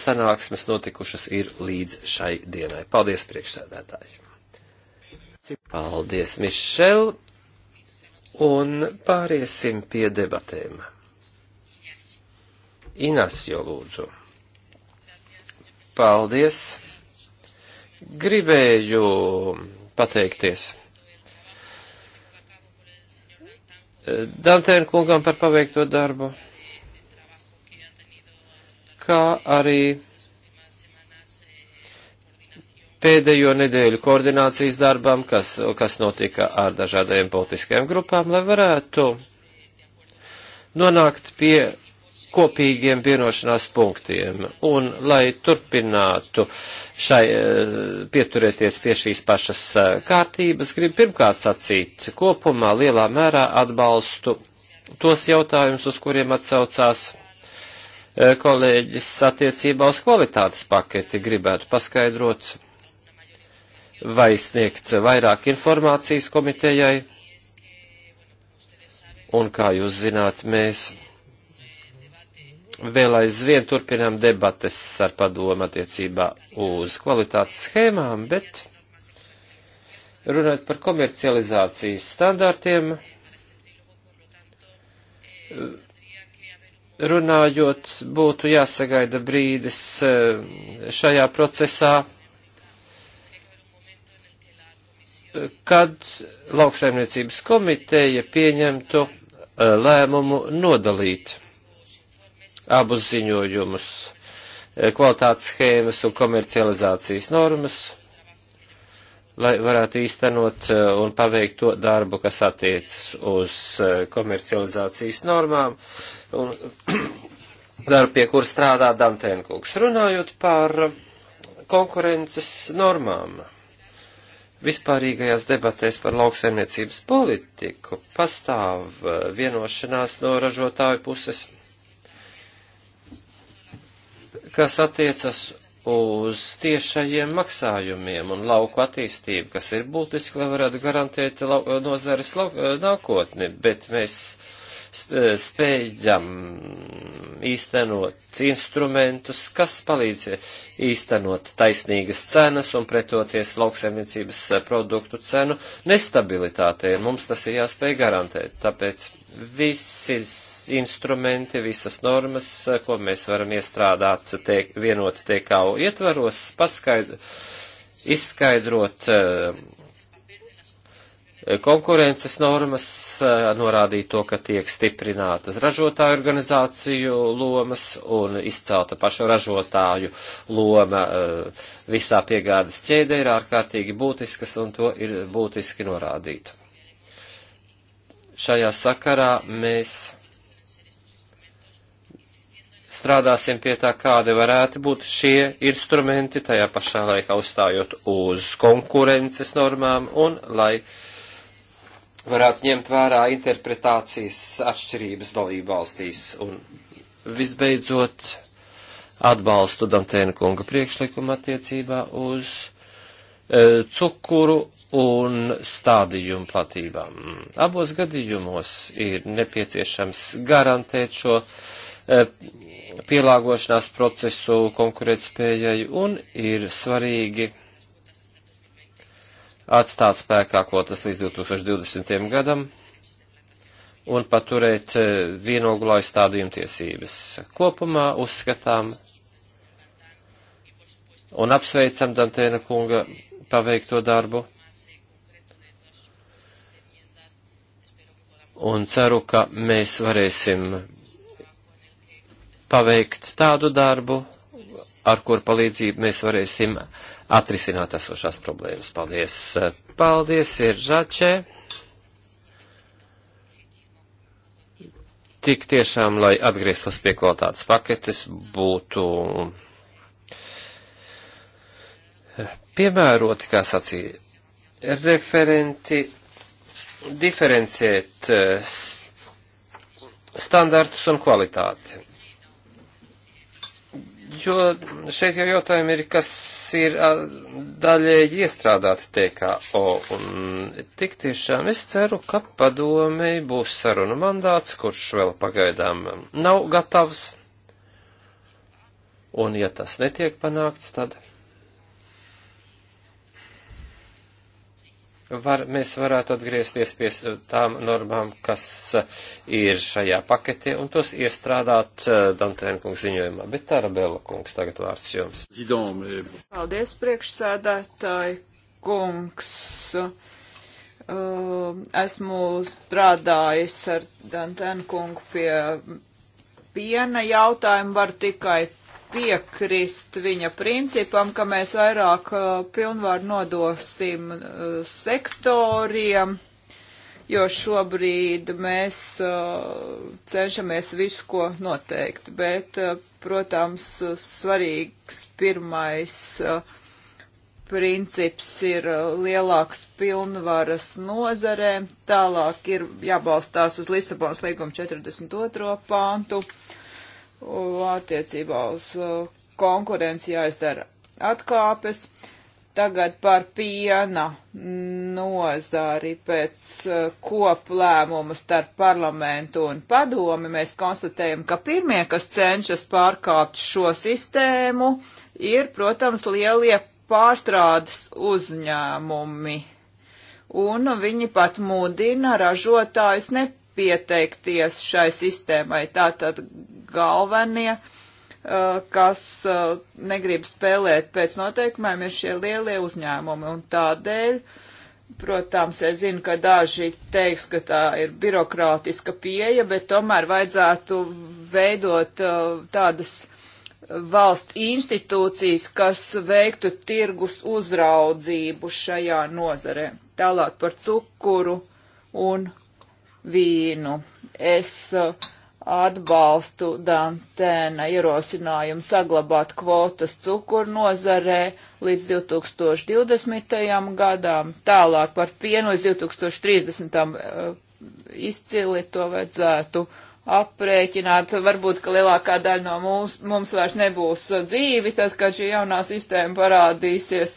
S1: sanāksmes notikušas ir līdz šai dienai. Paldies, priekšsēdētāji! Paldies, Mišel! Un pāriesim pie debatēm. Inasio lūdzu. Paldies! Gribēju pateikties Dantēna kungam par paveikto darbu, kā arī pēdējo nedēļu koordinācijas darbam, kas, kas notika ar dažādajiem politiskajām grupām, lai varētu nonākt pie kopīgiem vienošanās punktiem. Un, lai turpinātu šai, eh, pieturēties pie šīs pašas eh, kārtības, gribu pirmkārt sacīt, kopumā lielā mērā atbalstu tos jautājumus, uz kuriem atsaucās eh, kolēģis attiecībā uz kvalitātes paketi, gribētu paskaidrot vai sniegt vairāk informācijas komitejai. Un, kā jūs zināt, mēs vēl aizvien turpinām debates ar padomu attiecībā uz kvalitātes schēmām, bet runājot par komercializācijas standārtiem, runājot, būtu jāsagaida brīdis eh, šajā procesā, kad lauksaimniecības komiteja pieņemtu eh, lēmumu nodalīt abus ziņojumus e, - kvalitātes schēmas un komercializācijas normas, lai varētu īstenot e, un paveikt to darbu, kas attiecas uz e, komercializācijas normām un [CLEARS THROAT] darbu, pie kur strādā Dantēnkungs. Runājot par konkurences normām vispārīgajās debatēs par lauksaimniecības politiku pastāv vienošanās no ražotāju puses kas attiecas uz tiešajiem maksājumiem un lauku attīstību, kas ir būtiski, lai varētu garantēt lau, nozares lau, nākotni, bet mēs spējam īstenot instrumentus, kas palīdz īstenot taisnīgas cenas un pretoties lauksaimniecības eh, produktu cenu nestabilitātei. Mums tas ir jāspēj garantēt. Tāpēc visi instrumenti, visas normas, eh, ko mēs varam iestrādāt te, vienot TKO ietvaros, paskaidrot, izskaidrot eh, konkurences normas, eh, norādīja to, ka tiek stiprinātas ražotāju organizāciju lomas un izcelta paša ražotāju loma eh, visā piegādes ķēdē ir ārkārtīgi būtiskas un to ir būtiski norādīt. Šajā sakarā mēs strādāsim pie tā, kādi varētu būt šie instrumenti, tajā pašā laikā uzstājot uz konkurences normām un lai uh, varētu ņemt vērā interpretācijas atšķirības dalību valstīs. Un visbeidzot, atbalstu Dantēna kunga priekšlikumu attiecībā uz e, cukuru un stādījumu platībām. Abos gadījumos ir nepieciešams garantēt šo e, pielāgošanās procesu konkurētspējai un ir svarīgi atstāt spēkā kvotas līdz 2020. gadam un paturēt eh, vienoglu aizstādījumu tiesības. Kopumā uzskatām un apsveicam Dantēna kunga paveikto darbu. Un ceru, ka mēs varēsim paveikt tādu darbu, ar kur palīdzību mēs varēsim atrisināt esošās problēmas. Paldies! Paldies, ir Žačē! Tik tiešām, lai atgrieztos pie kvalitātes paketes, būtu piemēroti, kā sacīja, referenti diferenciēt eh, standartus un kvalitāti. Jo šeit jau jautājumi ir, kas ir daļēji iestrādāts TKO, un tik tiešām es ceru, ka padomei būs saruna mandāts, kurš vēl pagaidām nav gatavs, un ja tas netiek panākts, tad. var, mēs varētu atgriezties pie tām normām, kas e, ir šajā paketē, un tos iestrādāt e, Dantēna kungs ziņojumā. Bet Tarabela kungs tagad vārds jums.
S3: Paldies, priekšsēdētāji kungs. E, esmu strādājis ar Dantēnu kungu pie piena jautājumu, var tikai piekrist viņa principam, ka mēs vairāk uh, pilnvaru nodosim uh, sektoriem, jo šobrīd mēs uh, cenšamies visu, ko noteikt, bet, uh, protams, svarīgs pirmais uh, princips ir uh, lielāks pilnvaras nozarē, tālāk ir jābalstās uz Lisabonas līguma 42. pāntu attiecībā uz uh, konkurenci jāizdara atkāpes. Tagad par piena nozari pēc uh, koplēmumu starp parlamentu un padomi mēs konstatējam, ka pirmie, kas cenšas pārkāpt šo sistēmu, ir, protams, lielie pārstrādes uzņēmumi un viņi pat mudina ražotājus ne pieteikties šai sistēmai. Tātad galvenie, uh, kas uh, negrib spēlēt pēc noteikumiem, ir šie lielie uzņēmumi. Un tādēļ, protams, es zinu, ka daži teiks, ka tā ir birokrātiska pieeja, bet tomēr vajadzētu veidot uh, tādas valsts institūcijas, kas veiktu tirgus uzraudzību šajā nozarē. Tālāk par cukuru un vīnu. Es uh, atbalstu Dantēna ierosinājumu saglabāt kvotas cukurnozarē līdz 2020. gadām, tālāk par pienu līdz 2030. Uh, izcili to vajadzētu aprēķināt. Varbūt, ka lielākā daļa no mums, mums vairs nebūs uh, dzīvi, tad, kad šī jaunā sistēma parādīsies.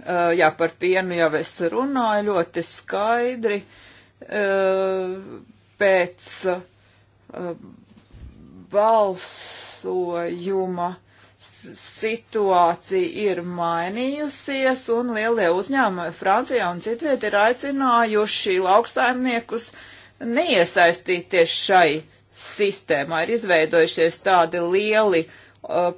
S3: Uh, jā, par pienu jau es runāju ļoti skaidri. Uh, pēc eh, balsojuma situācija ir mainījusies, un lielie uzņēmumi Francijā un citviet ir aicinājuši lauksaimniekus neiesaistīties šai sistēmā. Ir izveidojušies tādi lieli uh,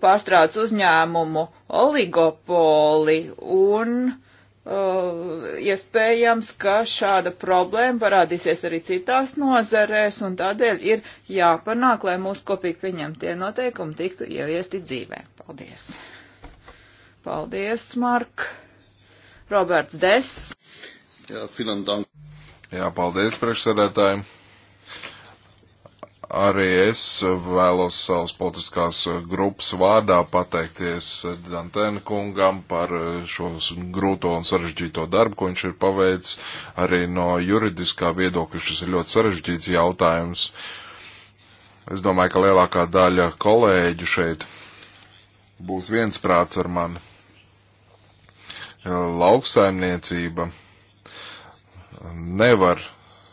S3: pārstrādes uzņēmumu oligopoli, un uh, Uh, iespējams, ka šāda problēma parādīsies arī citās nozarēs, un tādēļ ir jāpanāk, lai mūsu kopīgi pieņemtie noteikumi tiktu ieviesti dzīvē. Paldies! Paldies, Mark! Roberts Des!
S2: Jā, finan dank! Jā, paldies priekšsēdētājiem! Arī es vēlos savas politiskās grupas vārdā pateikties Dantēna kungam par šo grūto un sarežģīto darbu, ko viņš ir paveicis. Arī no juridiskā viedokļa šis ir ļoti sarežģīts jautājums. Es domāju, ka lielākā daļa kolēģu šeit būs viensprāts ar mani. Lauksaimniecība nevar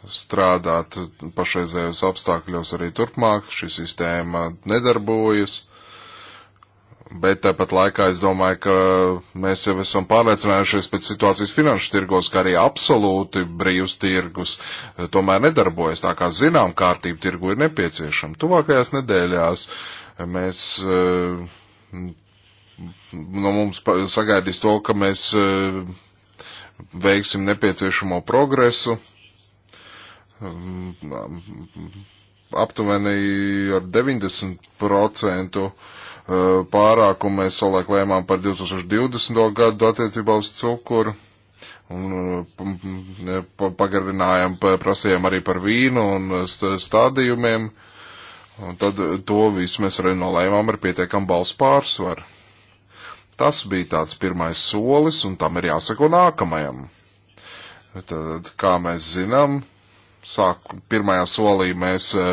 S2: strādāt pašreizējos apstākļos arī turpmāk. Šī sistēma nedarbojas. Bet tāpat laikā es domāju, ka mēs jau esam pārliecinājušies pēc situācijas finanšu tirgos, ka arī absolūti brīvs tirgus eh, tomēr nedarbojas. Tā kā zinām, kārtība tirgu ir nepieciešama. Tuvākajās nedēļās eh, mēs eh, no nu, mums sagaidīs to, ka mēs veiksim nepieciešamo progresu, Mm, aptuveni ar 90% eh, pārākumu mēs solēk lēmām par 2020. gadu attiecībā uz cukuru. Un eh, mm, pagarinājām, prasījām arī par vīnu un eh, stādījumiem. Un tad to visu mēs arī nolēmām ar pietiekam balsu pārsvaru. Tas bija tāds pirmais solis, un tam ir jāsako nākamajam. Tad, kā mēs zinām, sāk, pirmajā solī mēs e,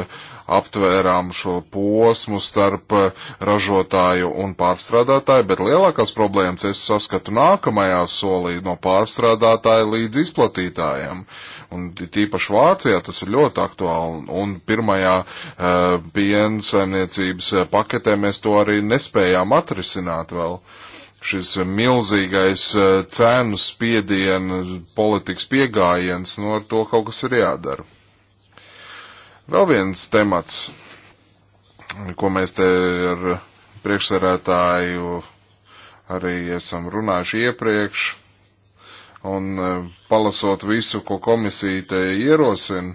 S2: aptvērām šo posmu starp e, ražotāju un pārstrādātāju, bet lielākās problēmas es saskatu nākamajā solī no pārstrādātāja līdz izplatītājiem. Un tīpaši Vācijā tas ir ļoti aktuāli, un pirmajā e, piensaimniecības paketē mēs to arī nespējām atrisināt vēl. Uh, šis milzīgais eh, cēnu spiediena politikas piegājiens, no nu, ar to kaut kas ir jādara. Vēl viens temats, ko mēs te ar priekšsarētāju arī esam runājuši iepriekš, un eh, palasot visu, ko komisija te ierosina,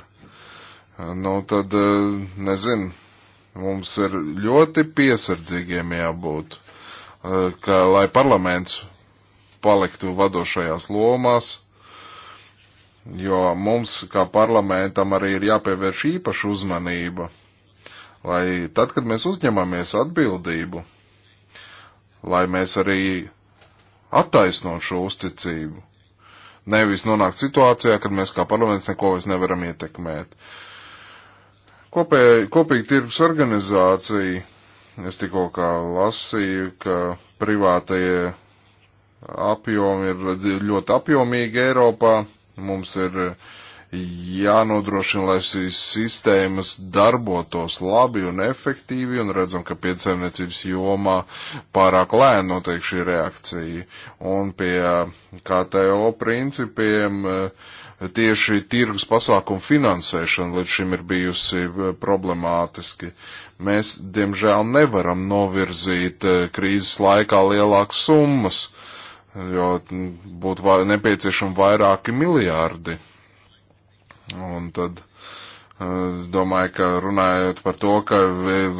S2: nu tad eh, nezinu, mums ir ļoti piesardzīgiem jābūt Eh, ka lai parlaments paliktu vadošajās lomās, jo mums kā parlamentam arī ir jāpievērš īpaša uzmanība, lai tad, kad mēs uzņemamies atbildību, lai mēs arī attaisnot šo uzticību. Nevis nonākt situācijā, kad mēs kā parlaments neko vairs nevaram ietekmēt. Kopē, kopīgi tirgus organizācija Es tikko kā lasīju, ka privātajie apjomi ir ļoti apjomīgi Eiropā. Mums ir jānodrošina, lai šīs sistēmas darbotos labi un efektīvi, un redzam, ka piedsaimniecības jomā pārāk lēna notiek šī reakcija. Un pie KTO principiem uh, tieši tirgus pasākumu finansēšana līdz šim ir bijusi e, problemātiski. Mēs, diemžēl, nevaram novirzīt e, krīzes laikā lielākas summas, jo būtu nepieciešami vairāki miljārdi. Un tad Es domāju, ka runājot par to, ka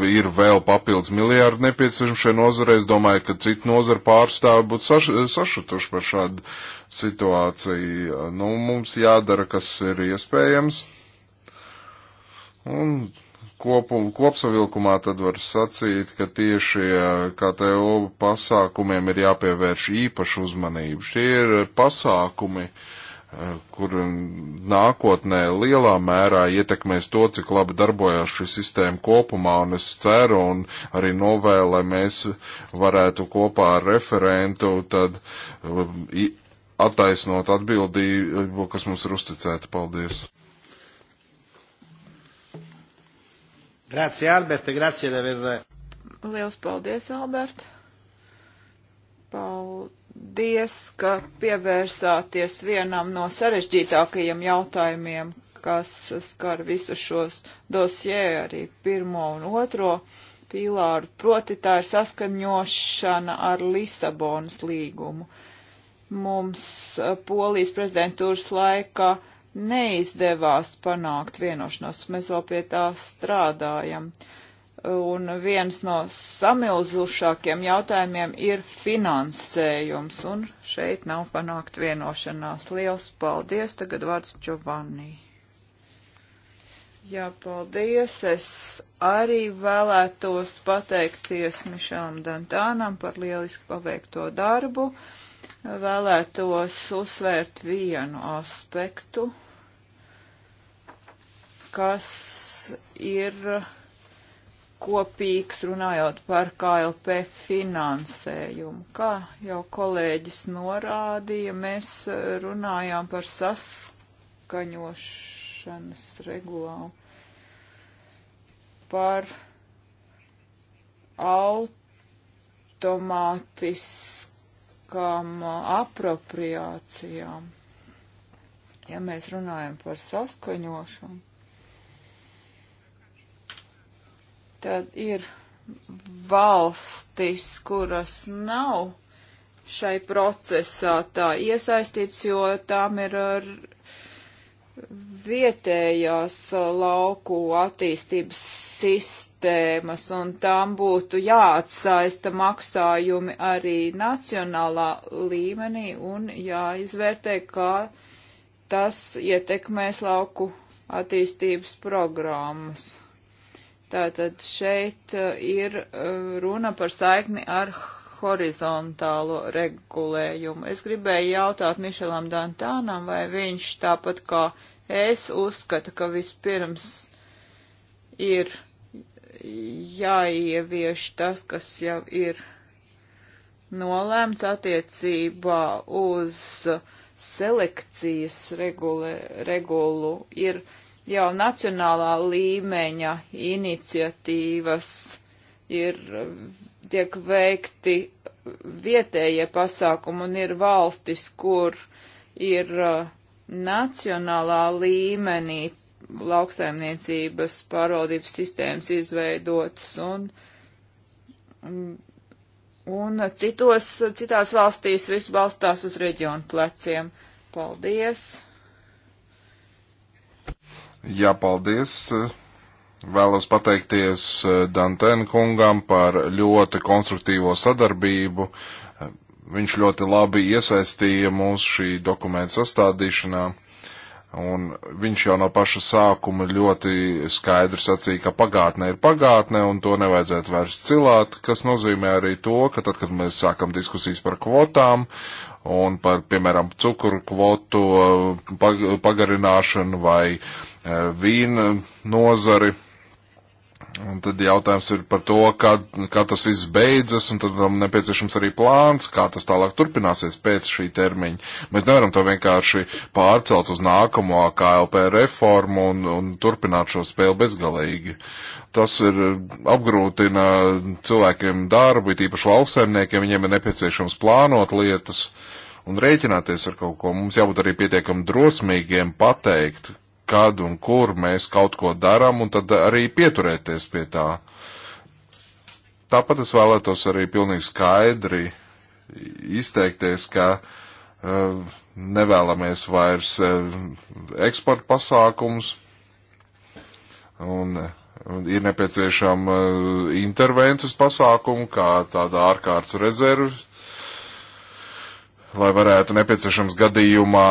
S2: ir vēl papildus miljārdi nepieciešami šai nozarei, es domāju, ka citu nozaru pārstāvi būtu saš, sašutuši par šādu situāciju. Nu, mums jādara, kas ir iespējams. Un kopu, kopsavilkumā tad var sacīt, ka tieši KTO pasākumiem ir jāpievērš īpašu uzmanību. Šie ir pasākumi. Uh, Eh, kur nākotnē lielā mērā ietekmēs to, cik labi darbojās šī sistēma kopumā, un es ceru un arī novēlu, lai mēs varētu kopā ar referentu tad eh, attaisnot atbildību, kas mums ir uzticēta. Paldies! Grazie, Albert, grazie, David.
S3: Liels paldies, Albert! Paldies, ka pievērsāties vienam no sarežģītākajiem jautājumiem, kas skar visus šos dosjē, arī pirmo un otro pīlāru, proti tā ir saskaņošana ar Lisabonas līgumu. Mums eh, polijas prezidentūras laikā neizdevās panākt vienošanos, mēs vēl pie tā strādājam. Uh, Un viens no samilzušākiem jautājumiem ir finansējums, un šeit nav panākt vienošanās. Liels paldies, tagad vārds Giovanni. Jā, paldies. Es arī vēlētos pateikties Mišelam Dantānam par lieliski paveikto darbu. Vēlētos uzsvērt vienu aspektu, kas ir kopīgs, runājot par KLP finansējumu. Kā jau kolēģis norādīja, mēs e, runājām par saskaņošanas regulāru, par automātiskām e, apropriācijām. Ja mēs runājam par saskaņošanu, Tad ir valstis, kuras nav šai procesā tā iesaistīts, jo tām ir ar vietējās lauku attīstības sistēmas, un tām būtu jāatsaista maksājumi arī nacionālā līmenī un jāizvērtē, kā tas ietekmēs lauku attīstības programmas. Tātad šeit uh, ir uh, runa par saikni ar horizontālo regulējumu. Es gribēju jautāt Mišelam Dantānam, vai viņš tāpat kā es uzskata, ka vispirms ir jāievieš tas, kas jau ir nolēmts attiecībā uz selekcijas regulē, regulu. Ir jau nacionālā līmeņa iniciatīvas ir, tiek veikti vietējie pasākumi un ir valstis, kur ir uh, nacionālā līmenī lauksaimniecības pārvaldības sistēmas izveidotas un, un citos, citās valstīs viss balstās uz reģionu pleciem. Paldies!
S2: Jā, paldies. Vēlos pateikties eh, Dantēna kungam par ļoti konstruktīvo sadarbību. Viņš ļoti labi iesaistīja mūsu šī dokumenta sastādīšanā, un viņš jau no paša sākuma ļoti skaidri sacīja, ka pagātne ir pagātne, un to nevajadzētu vairs cilāt, kas nozīmē arī to, ka tad, kad mēs sākam diskusijas par kvotām un par, piemēram, cukuru kvotu eh, pagarināšanu vai uh, Eh, vīna nozari. Un tad jautājums ir par to, kā, kā tas viss beidzas, un tad tam nepieciešams arī plāns, kā tas tālāk turpināsies pēc šī termiņa. Mēs nevaram to vienkārši pārcelt uz nākamo KLP reformu un, un turpināt šo spēli bezgalīgi. Tas ir apgrūtina cilvēkiem darbu, it īpaši lauksaimniekiem, viņiem ir nepieciešams plānot lietas. Un rēķināties ar kaut ko, mums jābūt arī pietiekami drosmīgiem pateikt, kad un kur mēs kaut ko darām, un tad arī pieturēties pie tā. Tāpat es vēlētos arī pilnīgi skaidri izteikties, ka uh, nevēlamies vairs uh, eksporta pasākums, un ir nepieciešama eh, intervences pasākuma, kā tāda ārkārtas rezerve, lai varētu nepieciešams gadījumā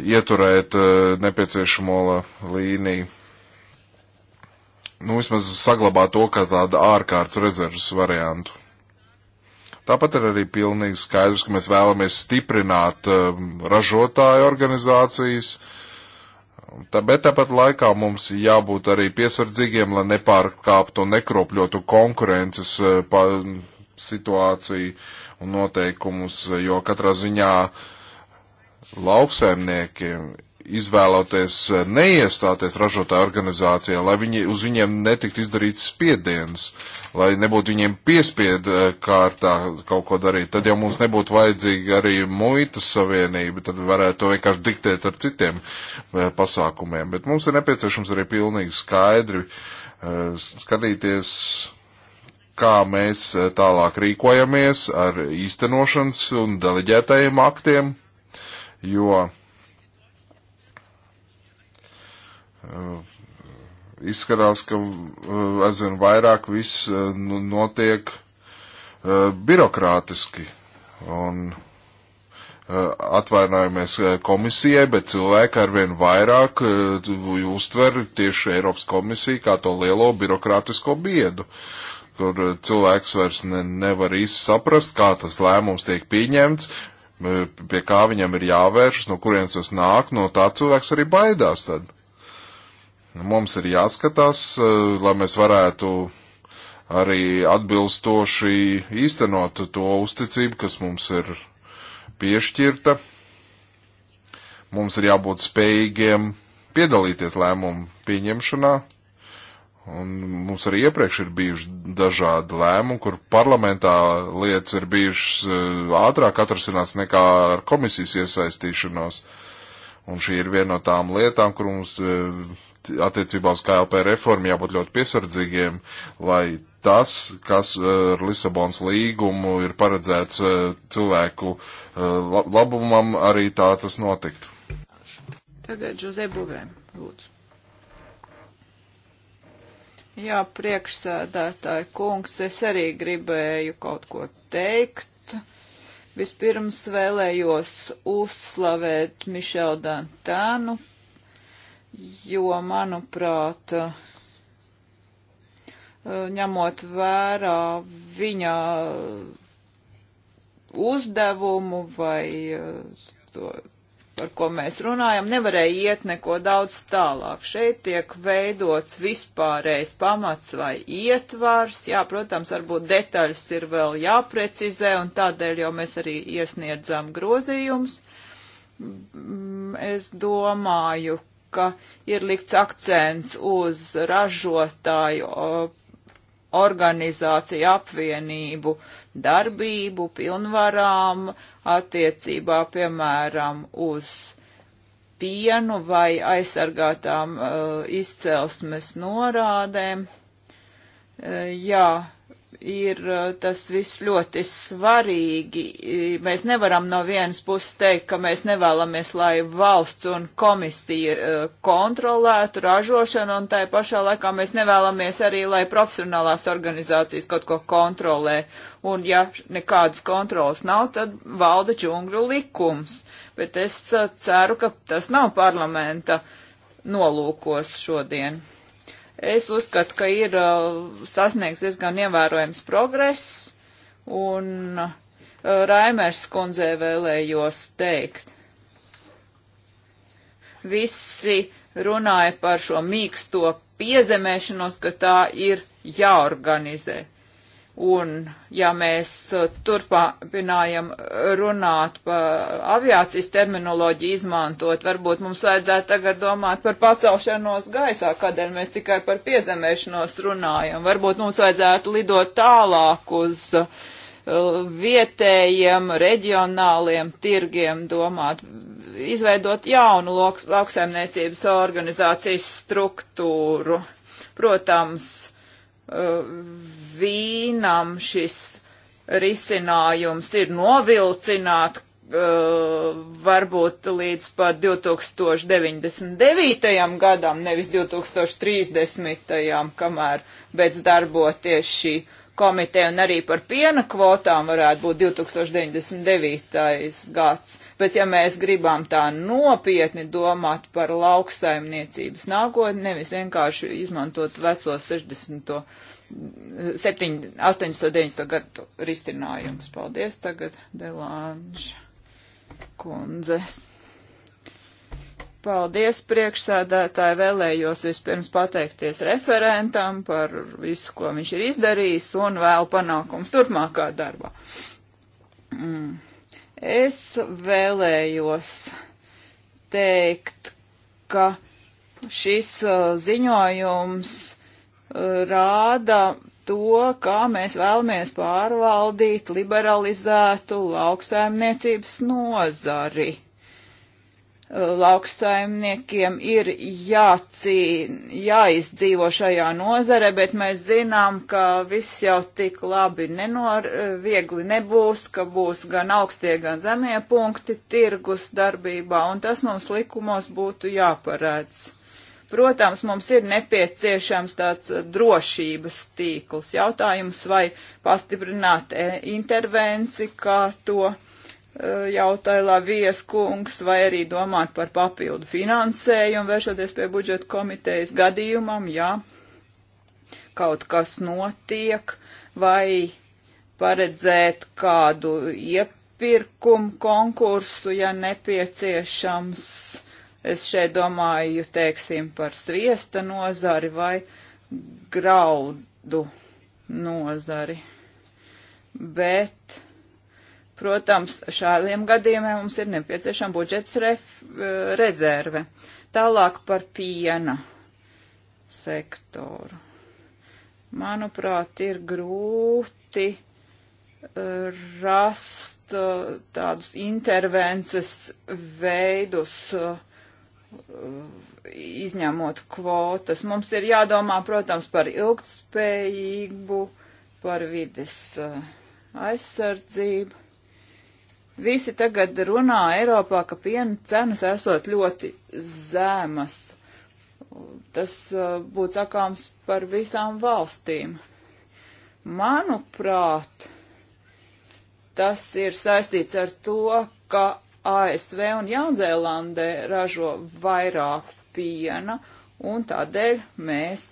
S2: ieturēt eh, nepieciešamo līniju. Nu, vismaz saglabāt to kā tādu ārkārtas rezervas variantu. Tāpat ir arī pilnīgi skaidrs, ka mēs vēlamies stiprināt eh, ražotāju organizācijas, tā, bet tāpat laikā mums jābūt arī piesardzīgiem, lai nepārkāptu un nekropļotu konkurences eh, pa, situāciju un noteikumus, jo katrā ziņā uh, lauksaimniekiem izvēloties eh, neiestāties ražotāju organizācijā, lai viņi, uz viņiem netiktu izdarīts spiediens, lai nebūtu viņiem piespied eh, kārtā kaut ko darīt. Tad jau mums nebūtu vajadzīga arī muitas savienība, tad varētu to vienkārši diktēt ar citiem eh, pasākumiem. Bet mums ir nepieciešams arī pilnīgi skaidri skatīties, kā mēs tālāk rīkojamies ar īstenošanas un deleģētajiem aktiem jo uh, izskatās, ka, uh, atzinu, vairāk viss uh, nu, notiek birokrātiski. Un atvainojamies komisijai, bet cilvēki arvien vairāk uztver tieši Eiropas komisiju kā to lielo birokrātisko biedu, kur cilvēks vairs ne, nevar īsti saprast, kā tas lēmums tiek pieņemts, Eh, pie kā viņam ir jāvēršas, no kurienes tas nāk, no tā cilvēks arī baidās tad. Nu, mums ir jāskatās, eh, lai mēs varētu arī atbilstoši īstenot to uzticību, kas mums ir piešķirta. Mums ir jābūt spējīgiem piedalīties lēmumu pieņemšanā Un mums arī iepriekš ir bijuši dažādi lēmumi, kur parlamentā lietas ir bijušas eh, ātrāk atrasināts nekā ar komisijas iesaistīšanos. Un šī ir viena no tām lietām, kur mums eh, attiecībā uz KLP reformu jābūt ļoti piesardzīgiem, lai tas, kas eh, ar Lisabons līgumu ir paredzēts cilvēku labumam, arī tā tas notiktu.
S3: Tagad Žozē Buvē, lūdzu. Jā, priekšsēdētāji kungs, es arī gribēju kaut ko teikt. Vispirms vēlējos uzslavēt Mišelu Dantānu, jo, manuprāt, ņemot vērā viņa uzdevumu vai to par ko mēs runājam, nevarēja iet neko daudz tālāk. Šeit tiek veidots vispārējs pamats vai ietvars. Jā, protams, varbūt detaļas ir vēl jāprecizē, un tādēļ jau mēs arī iesniedzām grozījumus. Mm, es domāju, ka ir likts akcents uz ražotāju organizāciju apvienību darbību, pilnvarām attiecībā, piemēram, uz pienu vai aizsargātām uh, izcelsmes norādēm. Uh, jā, ir tas viss ļoti svarīgi. Mēs nevaram no vienas puses teikt, ka mēs nevēlamies, lai valsts un komisija kontrolētu ražošanu, un tai pašā laikā mēs nevēlamies arī, lai profesionālās organizācijas kaut ko kontrolē. Un ja nekādas kontrolas nav, tad valda džungļu likums. Bet es ceru, ka tas nav parlamenta nolūkos šodien. Es uzskatu, ka ir uh, sasniegts diezgan ievērojams progress, un uh, Raimers kundzē vēlējos teikt. Visi runāja par šo mīksto piezemēšanos, ka tā ir jāorganizē. Un, ja mēs uh, turpinājam runāt par aviācijas terminoloģiju izmantot, varbūt mums vajadzētu tagad domāt par pacelšanos gaisā, kādēļ mēs tikai par piezemēšanos runājam. Varbūt mums vajadzētu lidot tālāk uz uh, vietējiem, reģionāliem tirgiem domāt, izveidot jaunu lauks, lauksaimniecības organizācijas struktūru. Protams, Eh, vīnam šis risinājums ir novilcināt uh, varbūt līdz pat 2099. gadam, nevis 2030. kamēr beidz darboties šī uh, komiteja un arī par piena kvotām varētu būt 2099. gads, bet ja mēs gribam tā nopietni domāt par lauksaimniecības nākotni, nevis vienkārši izmantot veco 60. 7, 80, 90 gadu risinājumus. Paldies tagad, Delāņš kundzes. Paldies priekšsēdētāji, vēlējos vispirms pateikties referentam par visu, ko viņš ir izdarījis un vēl panākums turpmākā darbā. Mm. Es vēlējos teikt, ka šis uh, ziņojums uh, rāda to, kā mēs vēlamies pārvaldīt liberalizētu lauksaimniecības nozari lauksaimniekiem ir jācīn, jāizdzīvo šajā nozare, bet mēs zinām, ka viss jau tik labi nenor, viegli nebūs, ka būs gan augstie, gan zemie punkti tirgus darbībā, un tas mums likumos būtu jāparēdz. Protams, mums ir nepieciešams tāds drošības tīkls. Jautājums, vai pastiprināt e, intervenci, kā to jautāja Lavijas kungs, vai arī domāt par papildu finansējumu, vēršoties pie budžeta komitejas gadījumam, ja kaut kas notiek, vai paredzēt kādu iepirkumu konkursu, ja nepieciešams. Es šeit domāju, teiksim, par sviesta nozari vai graudu nozari. Bet Protams, šādiem gadījumiem mums ir nepieciešama budžets ref, eh, rezerve. Tālāk par piena sektoru. Manuprāt, ir grūti eh, rast eh, tādus intervences veidus, izņemot kvotas. Mums ir jādomā, protams, par ilgtspējību, par vides aizsardzību Visi tagad runā Eiropā, ka piena cenas esot ļoti zemas. Tas uh, būtu sakāms par visām valstīm. Manuprāt, tas ir saistīts ar to, ka ASV un Jaunzēlandē ražo vairāk piena, un tādēļ mēs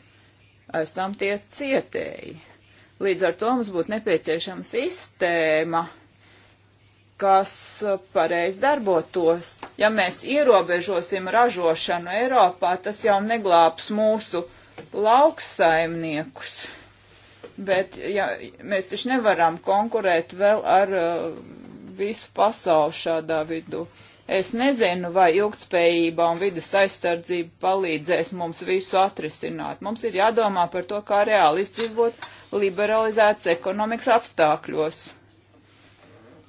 S3: esam tie cietēji. Līdz ar to mums būtu nepieciešama sistēma, kas uh, pareiz darbotos. Ja mēs ierobežosim ražošanu Eiropā, tas jau neglābs mūsu lauksaimniekus. Bet ja, mēs taču nevaram konkurēt vēl ar uh, visu pasauli šādā vidū. Es nezinu, vai ilgtspējība un vidas aizsardzība palīdzēs mums visu atrisināt. Mums ir jādomā par to, kā reāli izdzīvot liberalizētas ekonomikas apstākļos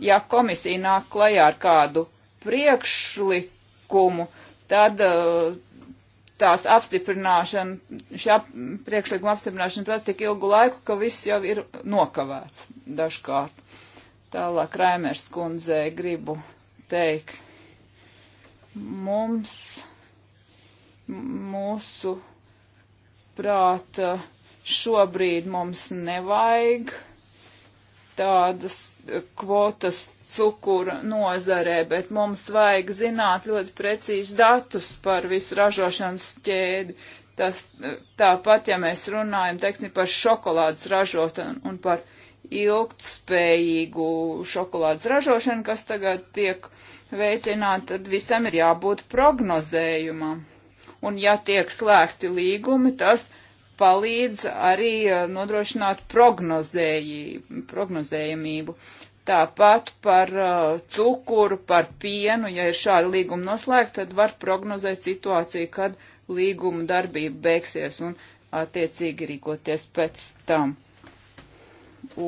S3: ja komisija nāk klajā ar kādu priekšlikumu, tad uh, tās apstiprināšana, šā priekšlikuma apstiprināšana prasa tik ilgu laiku, ka viss jau ir nokavēts dažkārt. Tālāk Raimers kundzei gribu teikt, mums, mūsu prāta, šobrīd mums nevajag uh, tādas eh, kvotas cukura nozarē, bet mums vajag zināt ļoti precīzi datus par visu ražošanas ķēdi. Tas eh, tāpat, ja mēs runājam, teiksim, par šokolādes ražošanu un par ilgtspējīgu šokolādes ražošanu, kas tagad tiek veicināta, tad visam ir jābūt prognozējumam. Un ja tiek slēgti līgumi, tas palīdz arī eh, nodrošināt prognozējumību. Tāpat par uh, cukuru, par pienu, ja ir šādi līgumi noslēgti, tad var prognozēt situāciju, kad līguma darbība beigsies un attiecīgi rīkoties pēc tam.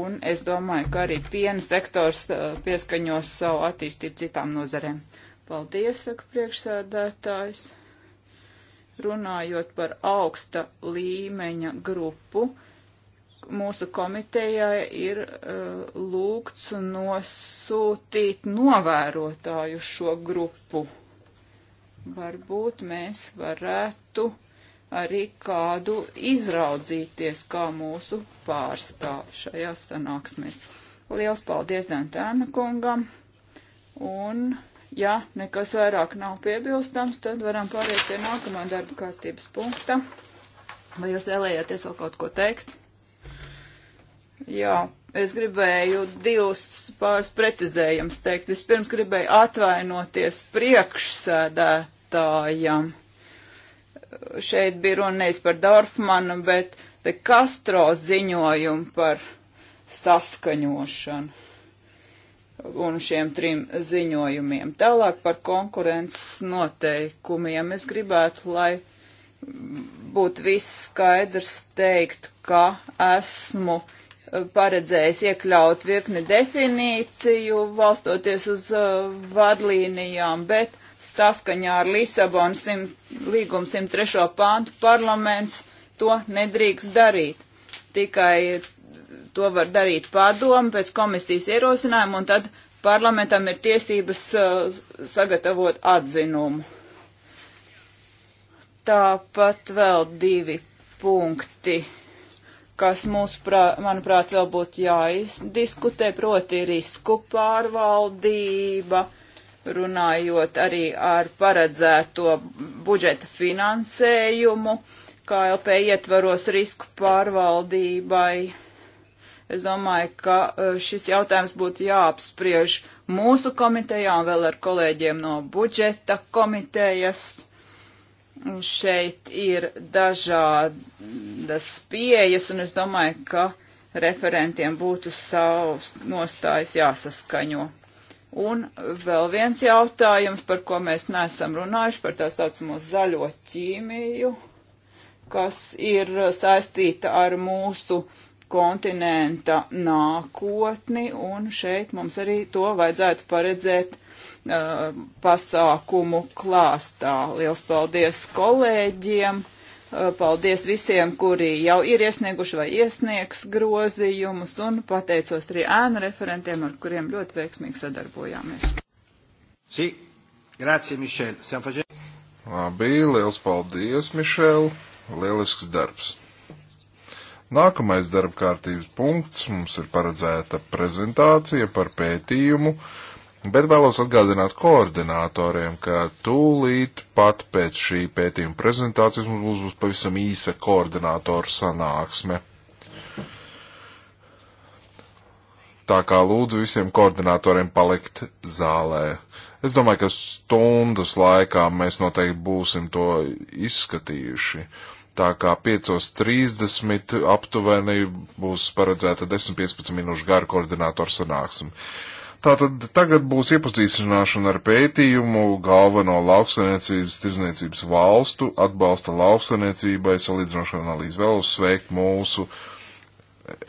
S3: Un es domāju, ka arī piena sektors uh, pieskaņos savu attīstību citām nozarēm. Paldies, saka priekšsēdētājs runājot par augsta līmeņa grupu, mūsu komitejai ir uh, lūgts nosūtīt novērotāju šo grupu. Varbūt mēs varētu arī kādu izraudzīties kā mūsu pārstāvu šajā sanāksmēs. Liels paldies Dantēna kungam un Ja nekas vairāk nav piebilstams, tad varam pāriet pie nākamā darba kārtības punkta. Vai jūs vēlējāties vēl kaut ko teikt? Jā, es gribēju divus pāris precizējumus teikt. Vispirms gribēju atvainoties priekšsēdētājam. Šeit bija runa nevis par Dorfmanu, bet te Kastro ziņojumu par saskaņošanu un šiem trim ziņojumiem. Tālāk par konkurences noteikumiem. Es gribētu, lai būtu viss skaidrs teikt, ka esmu e, paredzējis iekļaut virkni definīciju, valstoties uz uh, vadlīnijām, bet saskaņā ar Lisabonas līgumu 103. pāntu parlaments to nedrīkst darīt. Tikai to var darīt padomu pēc komisijas ierosinājuma, un tad parlamentam ir tiesības uh, sagatavot atzinumu. Tāpat vēl divi punkti, kas mūs, prā, manuprāt, vēl būtu jāizdiskutē, proti risku pārvaldība, runājot arī ar paredzēto budžeta finansējumu. KLP ietvaros risku pārvaldībai Es domāju, ka e, šis jautājums būtu jāapspriež mūsu komitejā un vēl ar kolēģiem no budžeta komitejas. Šeit ir dažādas pieejas, un es domāju, ka referentiem būtu savs nostājs jāsaskaņo. Un vēl viens jautājums, par ko mēs neesam runājuši, par tā saucamo zaļo ķīmiju, kas ir saistīta ar mūsu kontinenta nākotni, un šeit mums arī to vajadzētu paredzēt uh, pasākumu klāstā. Liels paldies kolēģiem! Uh, paldies visiem, kuri jau ir iesnieguši vai iesniegs grozījumus, un pateicos arī ēnu referentiem, ar kuriem ļoti veiksmīgi sadarbojāmies.
S2: Sí. Grazie, Mišel. Facendo... Labi, liels paldies, Mišel. Lielisks darbs. Nākamais darba kārtības punkts mums ir paredzēta prezentācija par pētījumu, bet vēlos atgādināt koordinatoriem, ka tūlīt pat pēc šī pētījuma prezentācijas mums būs pavisam īsa koordinatoru sanāksme. Tā kā lūdzu visiem koordinatoriem palikt zālē. Es domāju, ka stundas laikā mēs noteikti būsim to izskatījuši. Tā kā 5.30 aptuveni būs paredzēta 10-15 minūšu gara koordinātora sanāksme. Tātad tagad būs iepazīstināšana ar pētījumu galveno lauksainiecības tirzniecības valstu atbalsta lauksainiecībai salīdzinošu analīzi. Vēl uzsveikt mūsu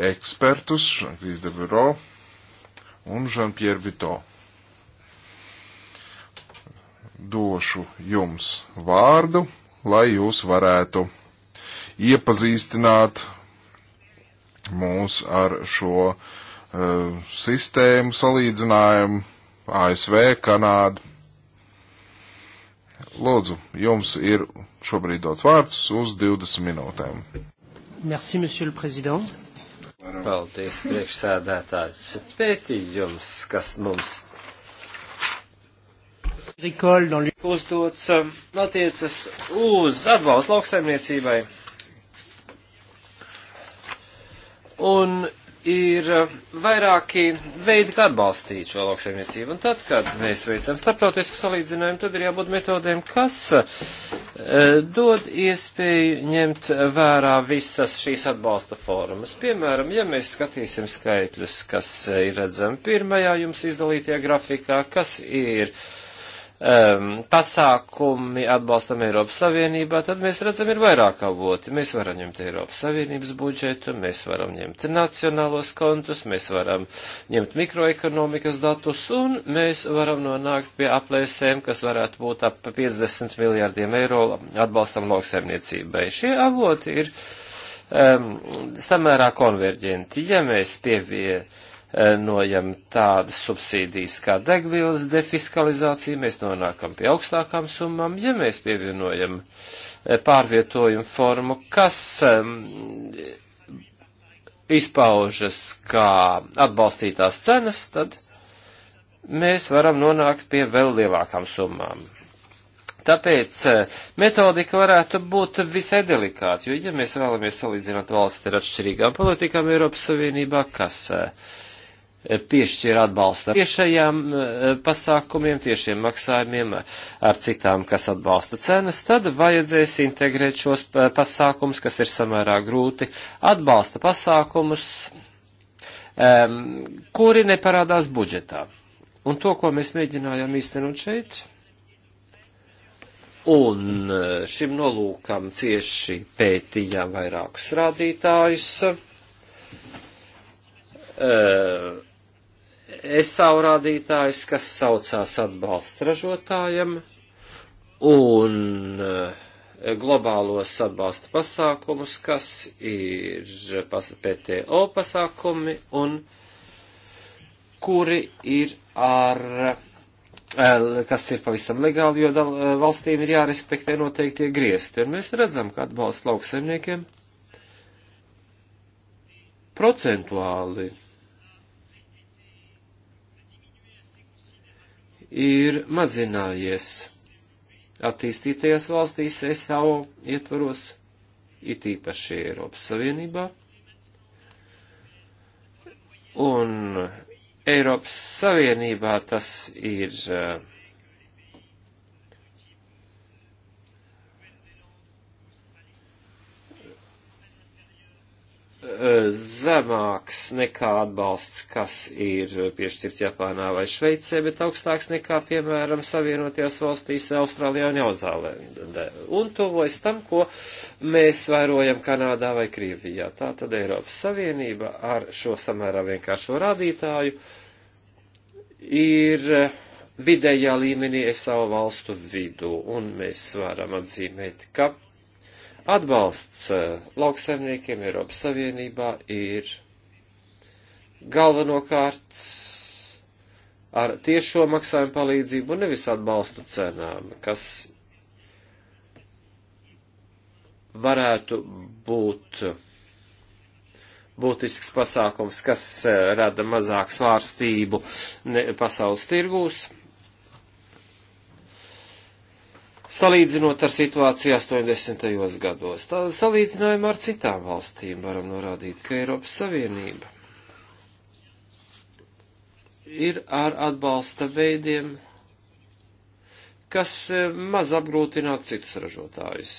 S2: ekspertus, Jean-Claude de Bureau un Jean-Pierre Vito. Došu jums vārdu, lai jūs varētu iepazīstināt mūs ar šo uh, sistēmu salīdzinājumu ASV, Kanādu. Lūdzu, jums ir šobrīd dots vārds uz 20 minūtēm.
S1: Merci, monsieur le président. Paldies, priekšsēdētājs. Pētījums, kas mums uzdots, um, attiecas uz atbalstu lauksaimniecībai Un ir eh, vairāki veidi, kā atbalstīt šo lauksaimniecību. Un tad, kad mēs veicam starptautisku salīdzinājumu, tad ir jābūt metodēm, kas eh, dod iespēju ņemt vērā visas šīs atbalsta formas. Piemēram, ja mēs skatīsim skaitļus, kas eh, ir redzami pirmajā jums izdalītajā grafikā, kas ir uh, um, pasākumi atbalstam Eiropas Savienībā, tad mēs redzam, ir vairāk avoti. Mēs varam ņemt Eiropas Savienības budžetu, mēs varam ņemt nacionālos kontus, mēs varam ņemt mikroekonomikas datus un mēs varam nonākt pie aplēsēm, kas varētu būt ap 50 miljārdiem eiro atbalstam lauksaimniecībai. Šie avoti ir um, samērā konverģenti. Ja mēs pievie nojam tādas subsīdijas kā degvielas defiskalizācija, mēs nonākam pie augstākām summām, ja mēs pievienojam eh, pārvietojumu formu, kas izpaužas kā atbalstītās cenas, tad mēs varam nonākt pie vēl lielākām summām. Tāpēc eh, metodika varētu būt visai delikāta, jo, ja mēs vēlamies salīdzināt valsts ar atšķirīgām politikām Eiropas Savienībā, kas uh, Eh, piešķir atbalsta tiešajām eh, pasākumiem, tiešiem maksājumiem ar citām, kas atbalsta cenas, tad vajadzēs integrēt šos eh, pasākumus, kas ir samērā grūti, atbalsta pasākumus, um, kuri neparādās budžetā. Un to, ko mēs mēģinājām īstenot šeit, un šim nolūkam cieši pētījām vairākus rādītājus, uh, esaurādītājs, kas saucās atbalsts ražotājiem un eh, globālos atbalsta pasākumus, kas ir PTO pasākumi un kuri ir ar eh, kas ir pavisam legāli, jo eh, valstīm ir jārespektē noteiktie griezti. Un mēs redzam, ka atbalsts lauksaimniekiem procentuāli ir mazinājies attīstītajās valstīs SAO ietvaros, it īpaši Eiropas Savienībā. Un Eiropas Savienībā tas ir uh, Eh, zemāks nekā atbalsts, kas ir piešķirts Japānā vai Šveicē, bet augstāks nekā, piemēram, Savienotajās valstīs, Austrālijā un Jauzālēndē. Un tuvojas tam, ko mēs vairojam Kanādā vai Krievijā. Tā tad Eiropas Savienība ar šo samērā vienkāršo rādītāju ir eh, vidējā līmenī savu valstu vidu, un mēs varam atzīmēt, ka Atbalsts eh, lauksaimniekiem Eiropas Savienībā ir galvenokārt ar tiešo maksājumu palīdzību un nevis atbalstu cenām, kas varētu būt būtisks pasākums, kas eh, rada mazāk svārstību pasaules tirgūs. salīdzinot ar situāciju 80. gados. Tā salīdzinājumā ar citām valstīm varam norādīt, ka Eiropas Savienība ir ar atbalsta veidiem, kas e, maz apgrūtinātu citus ražotājus.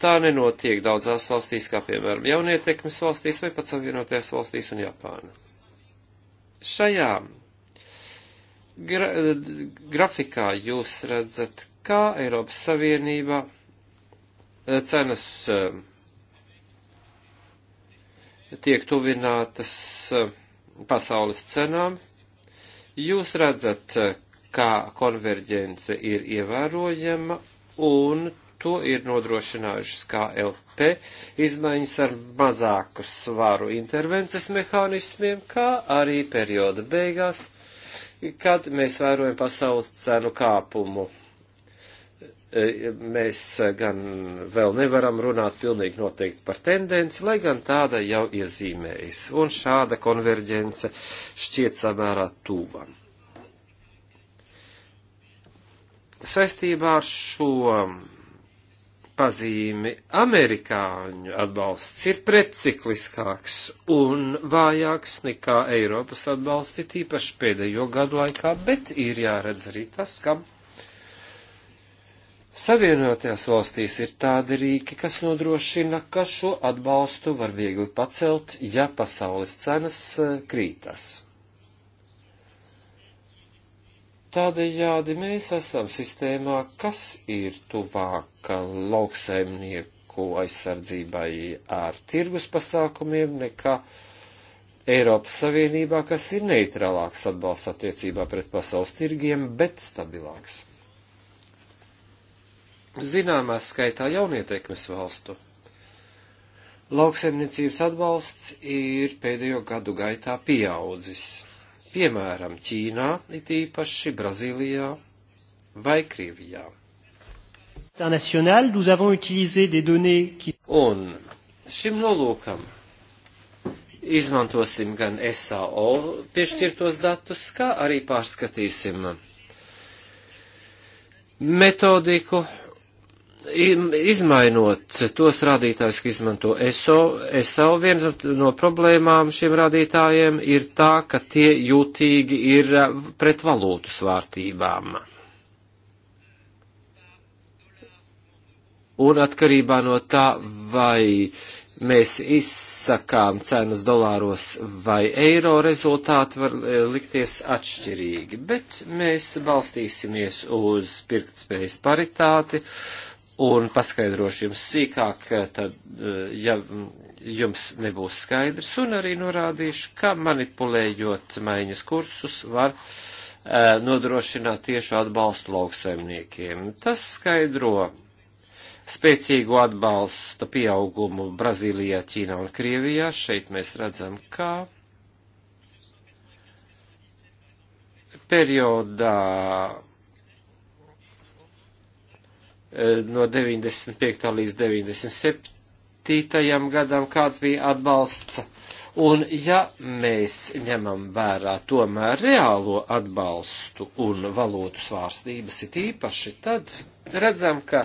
S1: Tā nenotiek daudzās valstīs, kā piemēram jaunietekmes valstīs vai pat savienotajās valstīs un Japāna. Šajām gra grafikā jūs redzat, kā Eiropas Savienība eh, cenas eh, tiek tuvinātas eh, pasaules cenām. Jūs redzat, kā konverģence ir ievērojama un to ir nodrošinājušas KLP izmaiņas ar mazāku svaru intervences mehānismiem, kā arī perioda beigās kad mēs vērojam pasaules cenu kāpumu. E, mēs gan vēl nevaram runāt pilnīgi noteikti par tendenci, lai gan tāda jau iezīmējas, un šāda konverģence šķiet samērā tuva. Saistībā ar šo pazīmi amerikāņu atbalsts ir precikliskāks un vājāks nekā Eiropas atbalsts ir tīpaši pēdējo gadu laikā, bet ir jāredz arī tas, ka Savienotajās valstīs ir tādi rīki, kas nodrošina, ka šo atbalstu var viegli pacelt, ja pasaules cenas eh, krītas. Tādējādi mēs esam sistēmā, kas ir tuvāk lauksaimnieku aizsardzībai ar tirgus pasākumiem nekā Eiropas Savienībā, kas ir neitrālāks atbalsts attiecībā pret pasaules tirgiem, bet stabilāks. Zināmā skaitā jaunietekmes valstu. Lauksaimniecības atbalsts ir pēdējo gadu gaitā pieaudzis piemēram, Ķīnā, it īpaši Brazīlijā vai Krievijā. Un šim nolūkam izmantosim gan SAO piešķirtos datus, kā arī pārskatīsim metodiku izmainot tos rādītājus, ka izmanto ESO, ESO viena no problēmām šiem rādītājiem ir tā, ka tie jūtīgi ir eh, pret valūtu svārtībām. Un atkarībā no tā, vai mēs izsakām cenas dolāros vai eiro, rezultāti var eh, likties atšķirīgi, bet mēs balstīsimies uz pirktspējas paritāti. Uh, un paskaidrošu jums sīkāk, eh, tad, eh, ja jums nebūs skaidrs, un arī norādīšu, ka manipulējot maiņas kursus var uh, nodrošināt tiešu atbalstu lauksaimniekiem. Tas skaidro spēcīgu atbalsta pieaugumu Brazīlijā, Ķīnā un Krievijā. Šeit mēs redzam, kā periodā Eh, no 95. līdz 97. gadam, kāds bija atbalsts. Un ja mēs ņemam vērā tomēr reālo atbalstu un valotu svārstības it īpaši, tad redzam, ka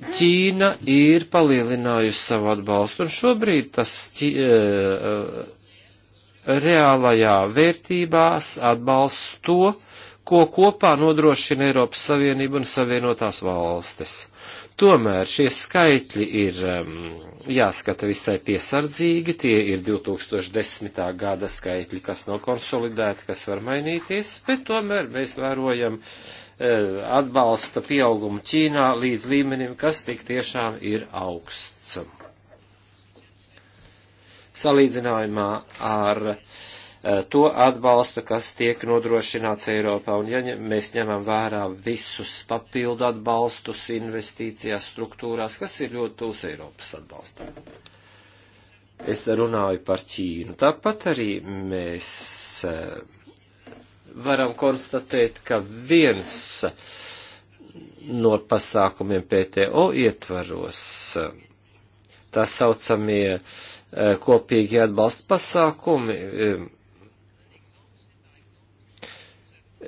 S1: Ķīna ir palielinājusi savu atbalstu, un šobrīd tas ķi, e, eh, eh, reālajā vērtībās atbalsts to, ko kopā nodrošina Eiropas Savienība un Savienotās valstis. Tomēr šie skaitļi ir um, jāskata visai piesardzīgi, tie ir 2010. gada skaitļi, kas nav konsolidēti, kas var mainīties, bet tomēr mēs vērojam uh, atbalsta pieaugumu Ķīnā līdz līmenim, kas tik tiešām ir augsts. Salīdzinājumā ar uh, Eh, to atbalstu, kas tiek nodrošināts Eiropā. Un ja mēs ņemam vērā visus papildu atbalstus, investīcijās, struktūrās, kas ir ļoti tūs Eiropas atbalstam. Es runāju par Ķīnu. Tāpat arī mēs eh, varam konstatēt, ka viens no pasākumiem PTO ietvaros, eh, tā saucamie kopīgi atbalsta pasākumi,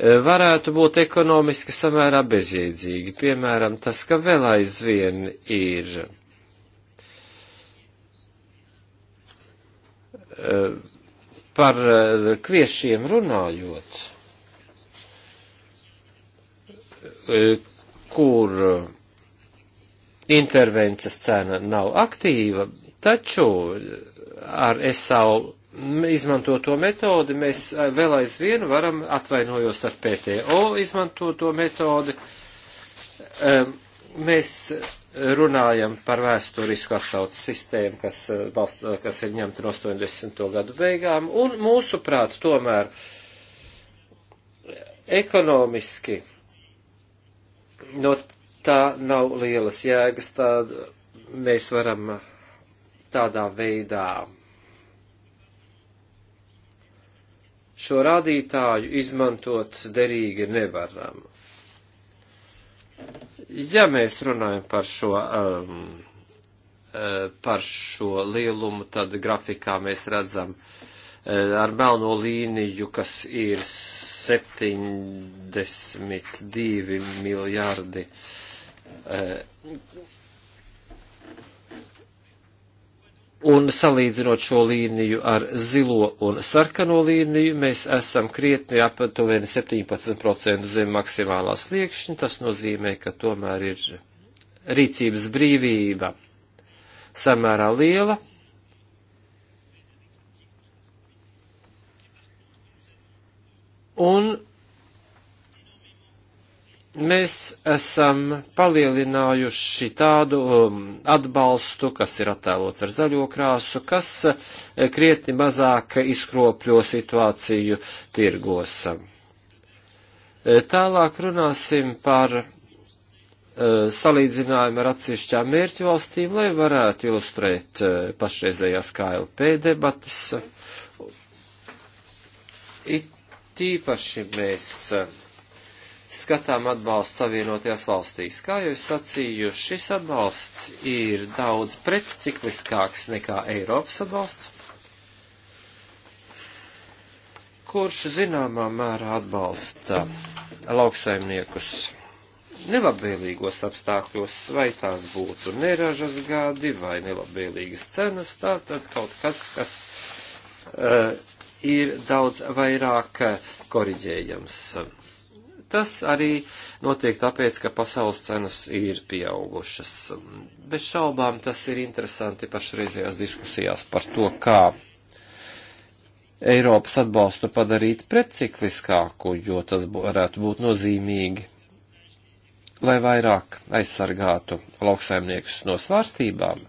S1: varētu būt ekonomiski samērā bezjēdzīgi. Piemēram, tas, ka vēl aizvien ir eh, par eh, kviešiem runājot, eh, kur intervences cena nav aktīva, taču ar SAO izmanto to metodi, mēs eh, vēl aizvien varam, atvainojos ar PTO, izmanto to metodi. Mēs runājam par vēsturisku atsauces sistēmu, kas, eh, eh, kas ir ņemta no 80. gadu beigām, un mūsuprāt tomēr ekonomiski no tā nav lielas jēgas, tā mēs varam tādā veidā šo rādītāju izmantot derīgi nevaram. Ja mēs runājam par šo, um, eh, par šo lielumu, tad grafikā mēs redzam eh, ar melno līniju, kas ir 72 miljardi eh, Un salīdzinot šo līniju ar zilo un sarkano līniju, mēs esam krietni aptuveni 17% zem maksimālā sliekšņa. Tas nozīmē, ka tomēr ir rīcības brīvība samērā liela. Un mēs esam palielinājuši tādu um, atbalstu, kas ir attēlots ar zaļo krāsu, kas eh, krietni mazāk izkropļo situāciju tirgos. Eh, tālāk runāsim par uh, salīdzinājumu ar atsevišķām mērķu valstīm, lai varētu ilustrēt uh, pašreizējās KLP debatas. It īpaši mēs uh, skatām atbalstu savienotajās valstīs. Kā jau es sacīju, šis atbalsts ir daudz pretcikliskāks nekā Eiropas atbalsts, kurš zināmā mērā atbalsta lauksaimniekus nelabvēlīgos apstākļos, vai tās būtu neražas gadi vai nelabvēlīgas cenas, tātad kaut kas, kas uh, ir daudz vairāk eh, koriģējams. Uh, Tas arī notiek tāpēc, ka pasaules cenas ir pieaugušas. Bez šaubām tas ir interesanti pašreizējās diskusijās par to, kā Eiropas atbalstu padarīt precikliskāku, jo tas varētu būt nozīmīgi, lai vairāk aizsargātu lauksaimniekus no svārstībām,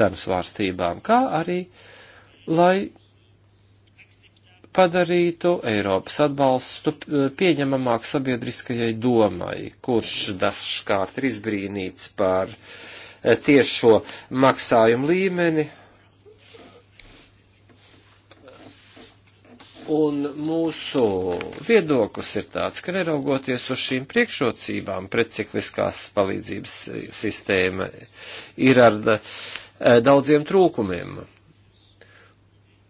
S1: cenu svārstībām, kā arī, lai padarītu Eiropas atbalstu eh, pieņemamāku sabiedriskajai domai, kurš dažkārt ir izbrīnīts par eh, tiešo maksājumu līmeni. Un mūsu viedoklis ir tāds, ka neraugoties uz šīm priekšrocībām, precikliskās palīdzības sistēma ir ar eh, daudziem trūkumiem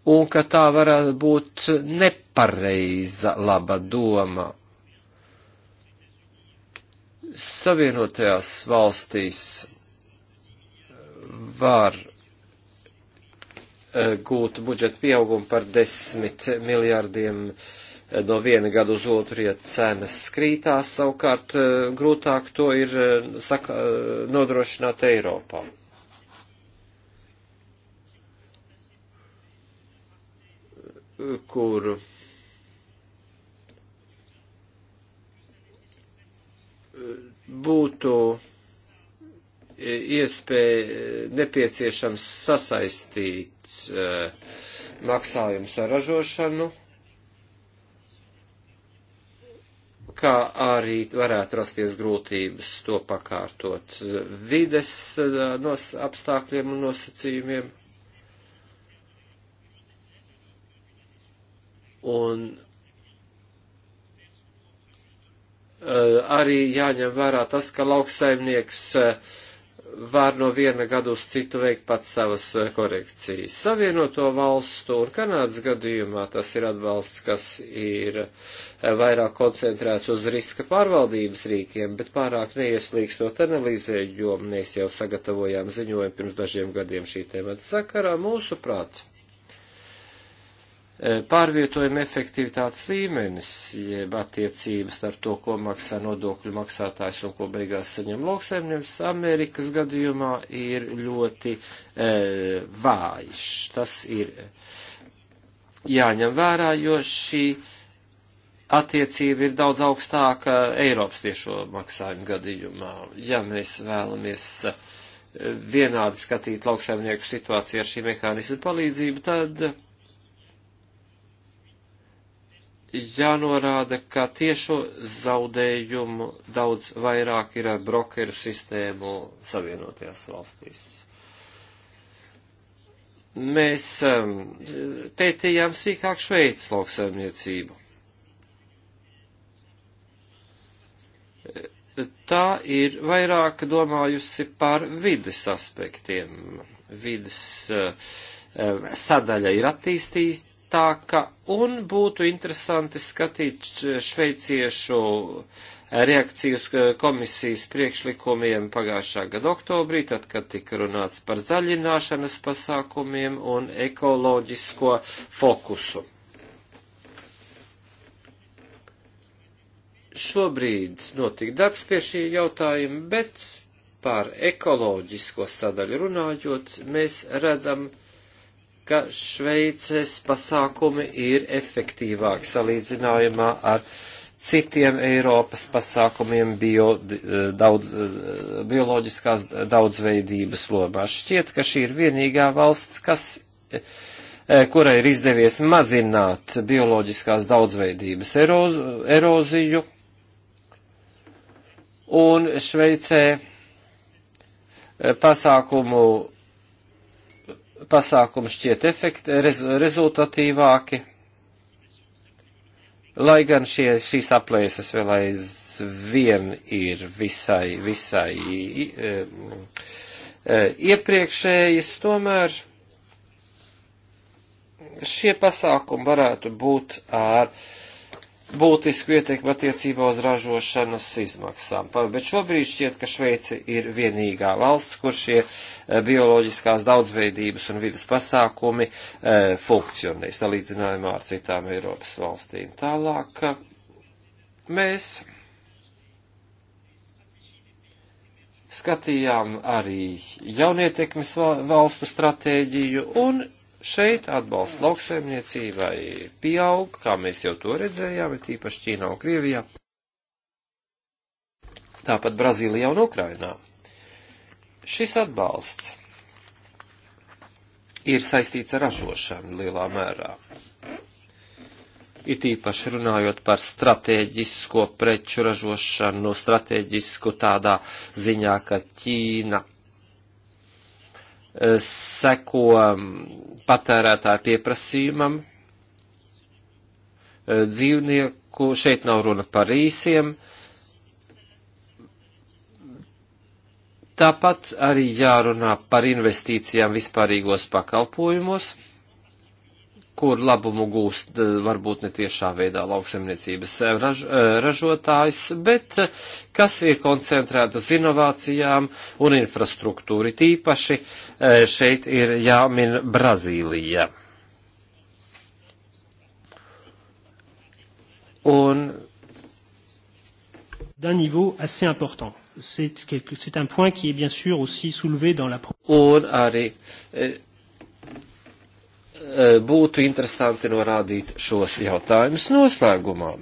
S1: un ka tā varētu būt nepareiza laba doma. Savienotajās valstīs var eh, gūt budžeta pieaugumu par 10 miljārdiem eh, no viena gada uz otru, ja cenas krītās, savukārt eh, grūtāk to ir saka, nodrošināt Eiropā. kur būtu iespēja nepieciešams sasaistīt eh, maksājums ar ražošanu, kā arī varētu rasties grūtības to pakārtot vides eh, nos, apstākļiem un nosacījumiem. Un eh, arī jāņem vērā tas, ka lauksaimnieks eh, var no viena gada uz citu veikt pats savas eh, korekcijas. Savienoto valstu un Kanādas gadījumā tas ir atbalsts, kas ir vairāk koncentrēts uz riska pārvaldības rīkiem, bet pārāk neieslīkstot analizē, jo mēs jau sagatavojām ziņojumu pirms dažiem gadiem šī tēmata sakarā mūsuprāt. prāt Eh, pārvietojuma efektivitātes līmenis, jeb attiecības starp to, ko maksā nodokļu maksātājs un ko beigās saņem lauksaimnieks, Amerikas gadījumā ir ļoti e, vājš. Tas ir jāņem vērā, jo šī attiecība ir daudz augstāka Eiropas tiešo maksājumu gadījumā. Ja mēs vēlamies eh, vienādi skatīt lauksaimnieku situāciju ar šī mehānismu palīdzību, tad jānorāda, ka tiešo zaudējumu daudz vairāk ir ar brokeru sistēmu savienotajās valstīs. Mēs um, pētījām sīkāk Šveicas lauksaimniecību. Tā ir vairāk domājusi par vides aspektiem. Vides uh, um, sadaļa ir attīstīta ērtāka un būtu interesanti skatīt šveiciešu reakciju uz komisijas priekšlikumiem pagājušā gada oktobrī, tad, kad tika runāts par zaļināšanas pasākumiem un ekoloģisko fokusu. Šobrīd notiek darbs pie šī jautājuma, bet par ekoloģisko sadaļu runājot, mēs redzam ka Šveices pasākumi ir efektīvāki salīdzinājumā ar citiem Eiropas pasākumiem bio, daudz, bioloģiskās daudzveidības lomā. Šķiet, ka šī ir vienīgā valsts, kas, e, kurai ir izdevies mazināt bioloģiskās daudzveidības eroz, eroziju. Un Šveicē e, pasākumu pasākumi šķiet efekt, rez, rezultatīvāki, lai gan šie, šīs aplēses vēl aizvien ir visai, visai e, e, iepriekšējas, tomēr šie pasākumi varētu būt ar e, būtisku ietekmi attiecībā uz ražošanas izmaksām. Bet šobrīd šķiet, ka Šveice ir vienīgā valsts, kur šie e, bioloģiskās daudzveidības un vidas pasākumi e, funkcionē, salīdzinājumā ar citām Eiropas valstīm. Tālāk e, mēs skatījām arī jaunietekmes valstu stratēģiju un Šeit atbalsts lauksaimniecībai pieaug, kā mēs jau to redzējām, ir tīpaši Ķīnā un Krievijā. Tāpat Brazīlijā un Ukrainā. Šis atbalsts ir saistīts ar ražošanu lielā mērā. It īpaši runājot par stratēģisko preču ražošanu, stratēģisku tādā ziņā, ka Ķīna Eh, seko mm, patērētāju pieprasījumam, eh, dzīvnieku, šeit nav runa par īsiem. Tāpat arī jārunā par investīcijām vispārīgos pakalpojumus kur labumu gūst eh, varbūt ne tiešā veidā lauksemniecības eh, raž, eh, ražotājs, bet kas ir koncentrēta uz inovācijām un infrastruktūri. Tīpaši šeit ir jāmin Brazīlija. Un d'un niveau assez important. C'est un point qui est bien sûr aussi soulevé dans la. Un arī, eh, E, būtu interesanti norādīt šos jautājumus noslēgumā.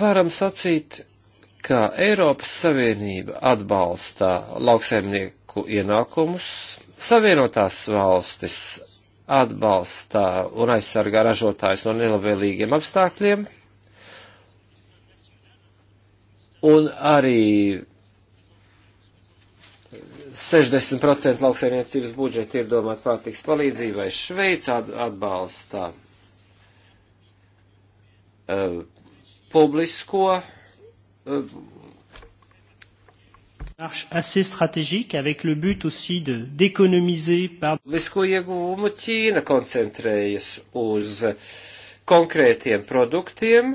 S1: Varam sacīt, ka Eiropas Savienība atbalsta lauksaimnieku ienākumus, Savienotās valstis atbalsta un aizsargā ražotājus no nelabvēlīgiem apstākļiem, un arī 60% lauksaimniecības budžeta ir domāt pārtiks palīdzībai. Šveica atbalsta uh, publisko. Uh, Marche assez stratégique avec le but aussi d'économiser par. Publisko ieguvumu Ķīna koncentrējas uz konkrētiem produktiem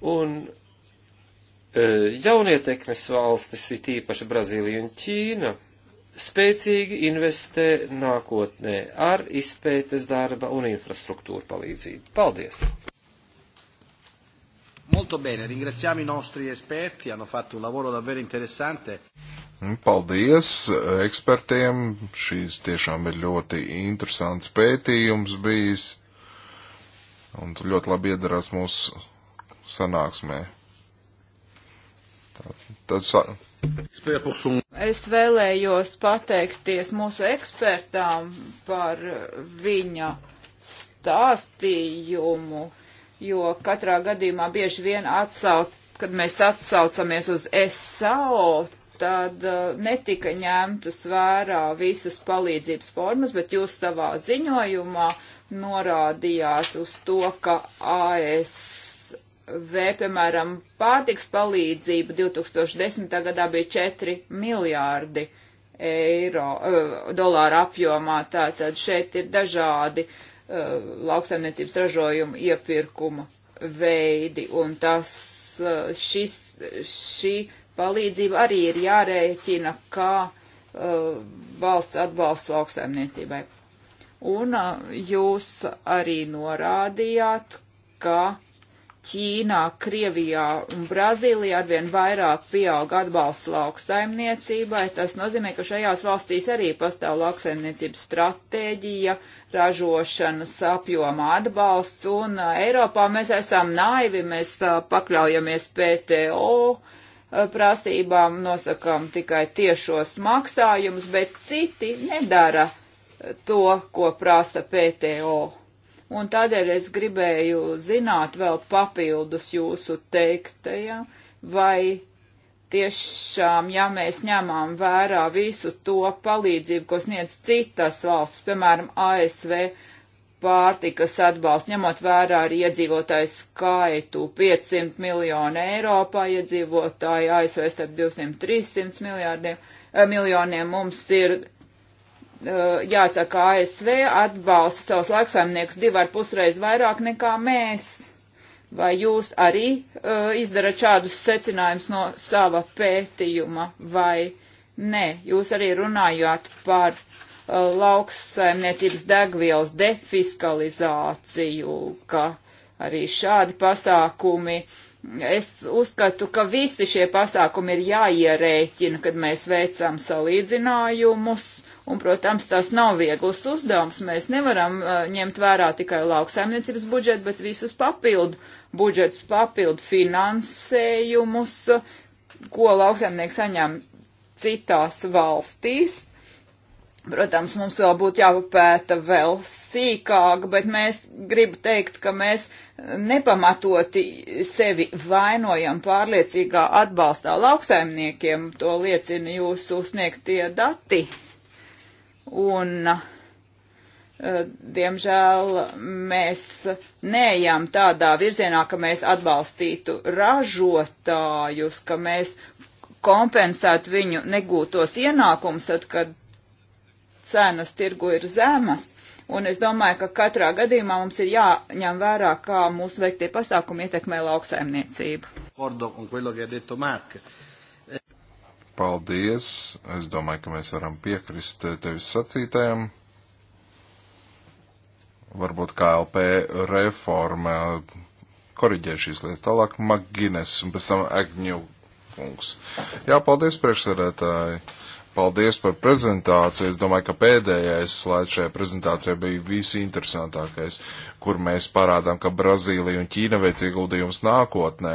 S1: un E, jaunietekmes valstis, it īpaši Brazīlija un Ķīna, spēcīgi investē nākotnē ar izpētes darba un infrastruktūru palīdzību. Paldies! Molto bene, ringraziamo i nostri esperti, hanno fatto un lavoro davvero interessante.
S2: Mm, paldies ekspertiem, šīs tiešām ir ļoti interesants pētījums bijis un ļoti labi iedarās mūsu sanāksmē. Tad, sa... Es
S3: vēlējos pateikties mūsu ekspertām par viņa stāstījumu, jo katrā gadījumā bieži vien atsauc, kad mēs atsaucamies uz SAO, tad uh, netika ņemtas vērā visas palīdzības formas, bet jūs savā ziņojumā norādījāt uz to, ka ASO V, piemēram, pārtiks palīdzība 2010. gadā bija 4 miljārdi eiro, eh, dolāru apjomā, tātad šeit ir dažādi uh, lauksaimniecības ražojumu iepirkuma veidi, un tas, eh, šis, šī palīdzība arī ir jārēķina kā uh, valsts atbalsts lauksaimniecībai. Un uh, jūs arī norādījāt, ka Ķīnā, Krievijā un Brazīlijā arvien vairāk pieaug atbalsts lauksaimniecībai. Tas nozīmē, ka šajās valstīs arī pastāv lauksaimniecības stratēģija, ražošanas apjoma atbalsts, un Eiropā mēs esam naivi, mēs pakļaujamies PTO prasībām, nosakām tikai tiešos maksājumus, bet citi nedara to, ko prasa PTO un tādēļ es gribēju zināt vēl papildus jūsu teiktajā, vai tiešām, ja mēs ņemam vērā visu to palīdzību, ko sniedz citas valsts, piemēram, ASV pārtikas atbalsts, ņemot vērā arī iedzīvotāju skaitu 500 miljonu Eiropā, iedzīvotāji ASV starp 200-300 miljardiem, eh, miljoniem mums ir Eh, jāsaka, ASV atbalsta savus lauksaimniekus divu ar pusreiz vairāk nekā mēs. Vai jūs arī uh, izdarat šādus secinājumus no sava pētījuma vai nē? Jūs arī runājāt par uh, lauksaimniecības degvielas defiskalizāciju, ka arī šādi pasākumi. Es uzskatu, ka visi šie pasākumi ir jāierēķina, kad mēs veicam salīdzinājumus Un, protams, tas nav viegls uzdevums. Mēs nevaram uh, ņemt vērā tikai lauksaimniecības budžetu, bet visus papildu budžetus, papildu finansējumus, ko lauksaimnieks saņem citās valstīs. Protams, mums vēl būtu jāpapēta vēl sīkāk, bet mēs gribu teikt, ka mēs nepamatoti sevi vainojam pārliecīgā atbalstā lauksaimniekiem, to liecina jūsu sniegtie dati un eh, diemžēl mēs neejam tādā virzienā, ka mēs atbalstītu ražotājus, ka mēs kompensētu viņu negūtos ienākums, tad, kad cenas tirgu ir zemas. Un es domāju, ka katrā gadījumā mums ir jāņem vērā, kā mūsu veiktie pasākumi ietekmē lauksaimniecību. Ordo, un quello che ha detto Mark.
S2: Paldies! Es domāju, ka mēs varam piekrist tevis sacītajam. Varbūt KLP reforma koriģē šīs lietas. Tālāk Magines un pēc tam Agņu kungs. Jā, paldies priekšsarētāji! Paldies par prezentāciju. Es domāju, ka pēdējais slaids šajā prezentācijā bija visinteresantākais, kur mēs parādām, ka Brazīlija un Ķīna veic ieguldījums nākotnē.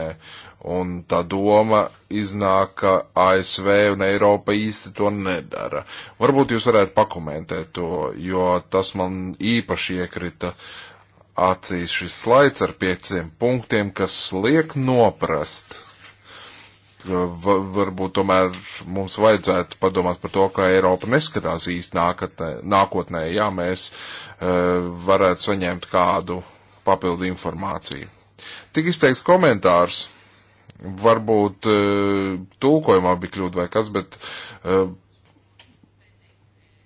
S2: Un tā doma iznāk, ka ASV un Eiropa īsti to nedara. Varbūt jūs varētu pakomentēt to, jo tas man īpaši iekrita acīs šis slaids ar pieciem punktiem, kas liek noprast varbūt tomēr mums vajadzētu padomāt par to, ka Eiropa neskatās īsti nākatnē, nākotnē, ja mēs uh, varētu saņemt kādu papildu informāciju. Tik izteikts komentārs, varbūt uh, tulkojumā bija kļūda vai kas, bet uh,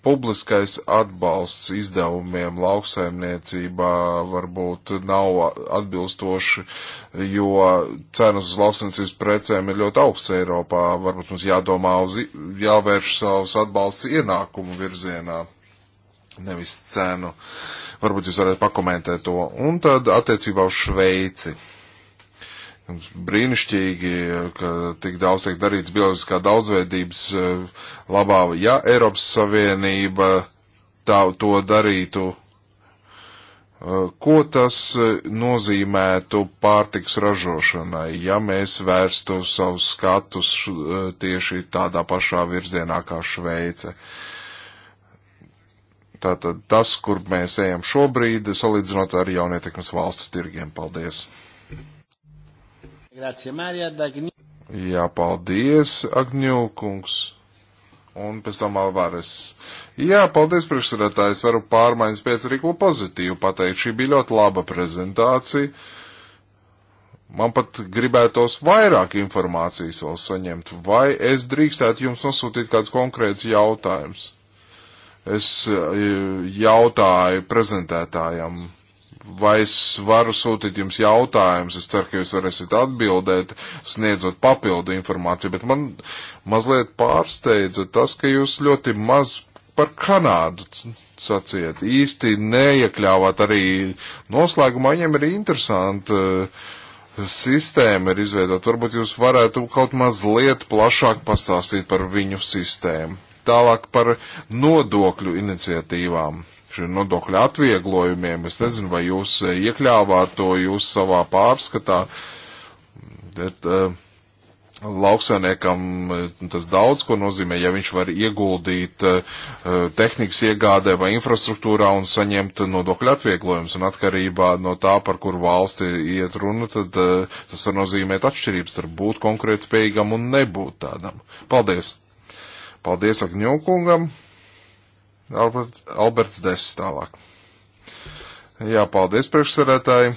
S2: publiskais atbalsts izdevumiem lauksaimniecībā varbūt nav atbilstoši, jo cenas uz lauksaimniecības precēm ir ļoti augsts Eiropā. Varbūt mums jādomā uz, jāvērš savus atbalsts ienākumu virzienā, nevis cenu. Varbūt jūs varētu pakomentēt to. Un tad attiecībā uz Šveici. Brīnišķīgi, ka tik daudz tiek darīts bioloģiskā daudzveidības eh, labā. Ja Eiropas Savienība tā, to darītu, eh, ko tas eh, nozīmētu pārtiks ražošanai, ja mēs vērstu savus skatus tieši tādā pašā virzienā kā Šveice? Tātad tas, kur mēs ejam šobrīd, salīdzinot ar jaunietekmes valstu tirgiem. Paldies! Grācija
S1: Mārija Dagņu.
S2: Jā, paldies, Agņūkungs. Un pēc tam Alvares. Jā, paldies, priekšsēdētājs. Varu pārmaiņas pēc rīko pozitīvu pateikt. Šī bija ļoti laba prezentācija. Man pat gribētos vairāk informācijas vēl saņemt. Vai es drīkstētu jums nosūtīt kāds konkrēts jautājums? Es eh, jautāju prezentētājam vai es varu sūtīt jums jautājumus. Es ceru, ka jūs varēsiet atbildēt, sniedzot papildu informāciju, bet man mazliet pārsteidza tas, ka jūs ļoti maz par Kanādu saciet. Īsti neiekļāvāt arī noslēgumā, viņiem ir interesanti. Eh, sistēma ir izveidota. Varbūt jūs varētu kaut mazliet plašāk pastāstīt par viņu sistēmu. Tālāk par nodokļu iniciatīvām nodokļu atvieglojumiem. Es nezinu, vai jūs eh, iekļāvāt to jūs savā pārskatā, bet uh, eh, lauksainiekam eh, tas daudz ko nozīmē, ja viņš var ieguldīt uh, tehnikas iegādē vai infrastruktūrā un saņemt nodokļu atvieglojumus. Un atkarībā no tā, par kur valsti iet runa, tad uh, tas var nozīmēt atšķirības starp būt konkurētspējīgam un nebūt tādam. Paldies! Paldies Agņokungam! Albert, Alberts Des tālāk. Jā, paldies priekšsarētāji.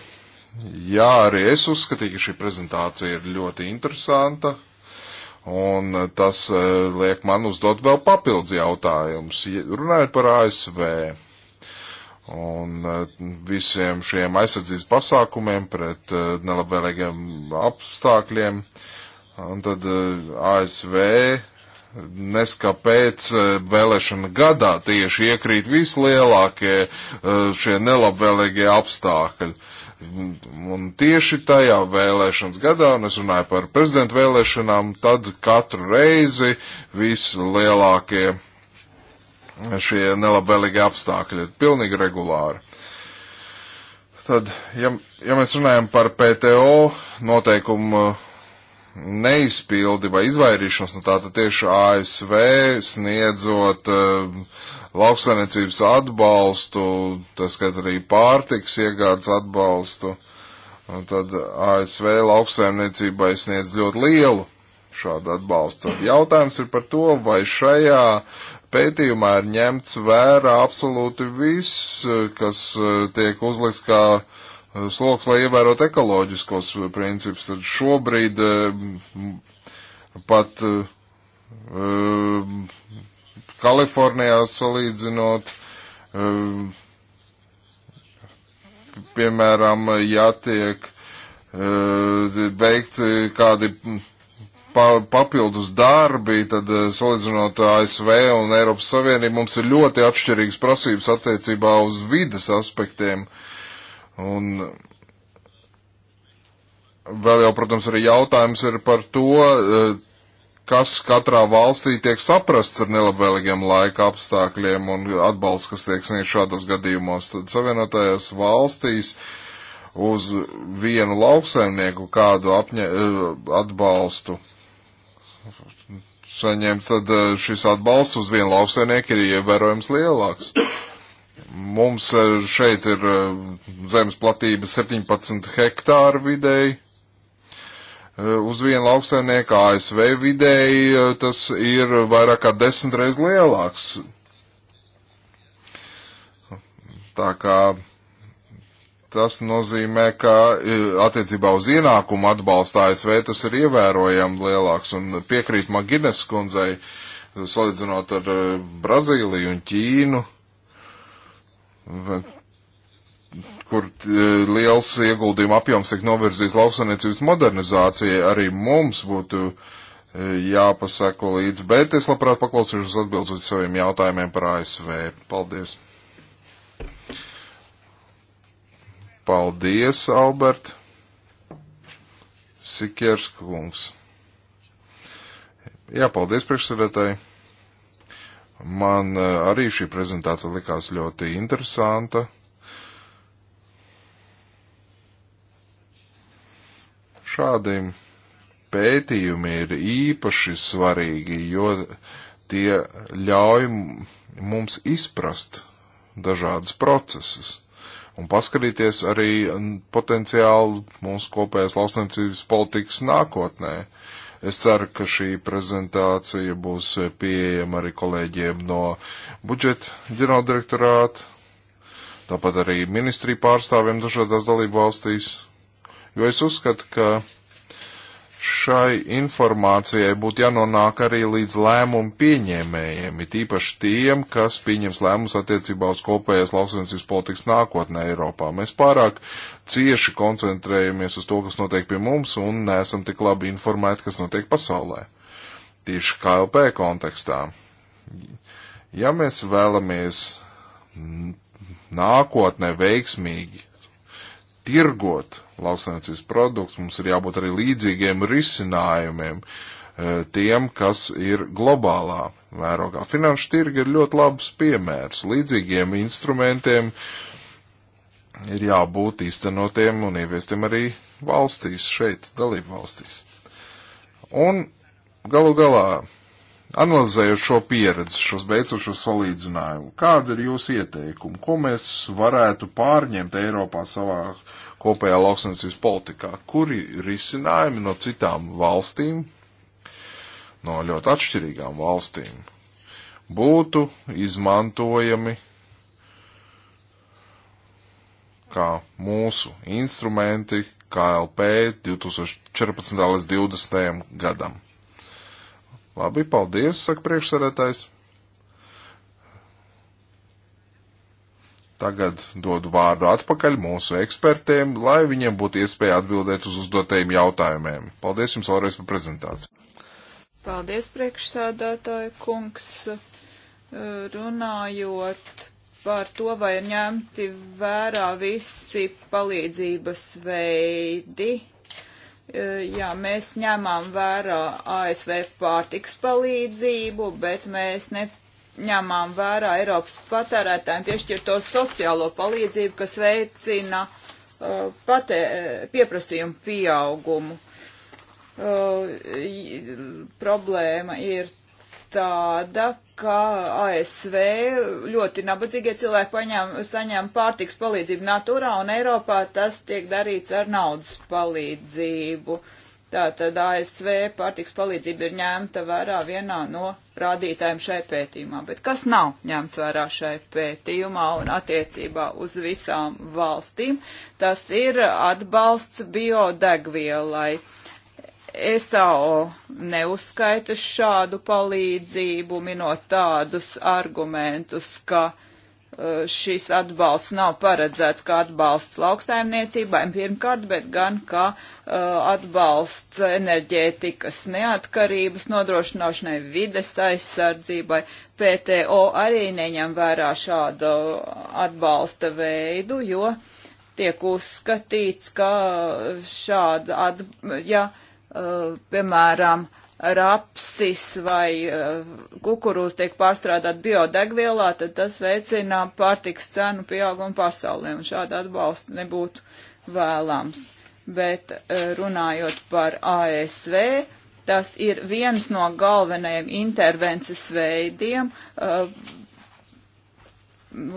S2: Jā, arī es uzskatīju, ka šī prezentācija ir ļoti interesanta. Un tas e, liek man uzdot vēl papildus jautājumus, runājot par ASV un e, visiem šiem aizsardzības pasākumiem pret e, nelabvēlīgiem apstākļiem. Un tad ASV nes kāpēc e, vēlēšana gadā tieši iekrīt vislielākie e, šie nelabvēlīgie apstākļi. Un tieši tajā vēlēšanas gadā, un es runāju par prezidentu vēlēšanām, tad katru reizi vislielākie e, šie nelabvēlīgie apstākļi ir pilnīgi regulāri. Tad, ja, ja mēs runājam par PTO noteikumu neizpildi vai izvairīšanos no tā, tad tieši ASV sniedzot uh, um, lauksainiecības atbalstu, tas, kad arī pārtiks iegādes atbalstu, tad ASV lauksainiecībai sniedz ļoti lielu šādu atbalstu. Jautājums ir par to, vai šajā pētījumā ir ņemts vērā absolūti viss, kas uh, tiek uzlikts kā uh, Eh, sloks, lai ievērot ekoloģiskos eh, principus. Tad šobrīd eh, pat Kalifornijā salīdzinot, piemēram, jātiek veikt kādi pa, papildus darbi, tad salīdzinot ASV un Eiropas Savienību, mums ir ļoti atšķirīgas prasības attiecībā uz vides aspektiem. Uh, Un vēl jau, protams, arī jautājums ir par to, e, kas katrā valstī tiek saprasts ar nelabvēlīgiem laika apstākļiem un atbalsts, kas tiek sniegts šādos gadījumos. Tad savienotajās valstīs uz vienu lauksaimnieku kādu apņē, e, atbalstu saņemt, tad e, šis atbalsts uz vienu lauksaimnieku ir ievērojams lielāks. Mums eh, šeit ir eh, zemes platība 17 hektāru vidēji. Eh, uz vienu lauksaimnieku ASV vidēji tas ir vairāk kā desmit reizes lielāks. Tā kā tas nozīmē, ka attiecībā uz ienākumu atbalstu ASV tas ir ievērojami lielāks. Un piekrīt Magines kundzei, salīdzinot ar Brazīliju un Ķīnu kur e, liels ieguldījuma apjoms tiek novirzīs lauksaniecības modernizācijai, arī mums būtu e, jāpaseko līdz, bet es labprāt paklausīšos atbildes uz saviem jautājumiem par ASV. Paldies! Paldies, Albert! Sikierska kungs. Jā, paldies priekšsēdētāji. Man eh, arī šī prezentācija likās ļoti interesanta. Šādi pētījumi ir īpaši svarīgi, jo tie ļauj mums izprast dažādas procesus un paskatīties arī potenciāli mūsu kopējās lauksaimniecības politikas nākotnē. Uh, Es ceru, ka šī prezentācija būs pieejama arī kolēģiem no budžeta ģenerāldirektorāta, tāpat arī ministriju pārstāvjiem dažādās dalību valstīs, jo es uzskatu, ka šai informācijai būtu jānonāk arī līdz lēmumu pieņēmējiem, it īpaši tiem, kas pieņems lēmumus attiecībā uz kopējās lauksaimniecības politikas nākotnē Eiropā. Mēs pārāk cieši koncentrējamies uz to, kas notiek pie mums, un neesam tik labi informēti, kas notiek pasaulē. Tieši KLP kontekstā. Ja mēs vēlamies nākotnē veiksmīgi tirgot lauksaimniecības produktus, mums ir jābūt arī līdzīgiem risinājumiem e, tiem, kas ir globālā mērogā. Finanšu tirgi ir ļoti labs piemērs. Līdzīgiem instrumentiem ir jābūt īstenotiem un ieviestiem arī valstīs, šeit, dalību valstīs. Un galu galā Analizējot šo pieredzi, šos beidzošo salīdzinājumu, kāda ir jūsu ieteikuma, ko mēs varētu pārņemt Eiropā savā kopējā lauksaimniecības politikā, kuri risinājumi no citām valstīm, no ļoti atšķirīgām valstīm, būtu izmantojami kā mūsu instrumenti KLP 2014. līdz 2020. gadam. Labi, paldies, saka priekšsarētājs. Tagad dodu vārdu atpakaļ mūsu ekspertiem, lai viņiem būtu iespēja atbildēt uz uzdotajiem jautājumiem. Paldies jums vēlreiz par prezentāciju.
S3: Paldies, priekšsēdētāja kungs, runājot par to, vai ir ņemti vērā visi palīdzības veidi E, jā, mēs ņemam vērā ASV pārtiks palīdzību, bet mēs neņemam vērā Eiropas patērētājiem piešķirto sociālo palīdzību, kas veicina uh, patē, pieprasījumu pieaugumu. Uh, problēma ir tāda, ka ASV ļoti nabadzīgie cilvēki paņem, saņem pārtiks palīdzību naturā, un Eiropā tas tiek darīts ar naudas palīdzību. Tātad ASV pārtiks palīdzība ir ņemta vērā vienā no rādītājiem šai pētījumā, bet kas nav ņemts vērā šai pētījumā un attiecībā uz visām valstīm, tas ir atbalsts biodegvielai E SAO neuzskaita šādu palīdzību, minot tādus argumentus, ka e, šis atbalsts nav paredzēts kā atbalsts lauksaimniecībai pirmkārt, bet gan kā uh, atbalsts enerģētikas neatkarības nodrošināšanai, vides aizsardzībai. PTO arī neņem vērā šādu atbalsta veidu, jo tiek uzskatīts, ka šāda atbalsta, ja, uh, Uh, piemēram, rapsis vai uh, kukurūz tiek pārstrādāt biodegvielā, tad tas veicina pārtiks cenu pieaugumu pasaulē, un šāda atbalsta nebūtu vēlams. Bet uh, runājot par ASV, tas ir viens no galvenajiem intervences veidiem uh,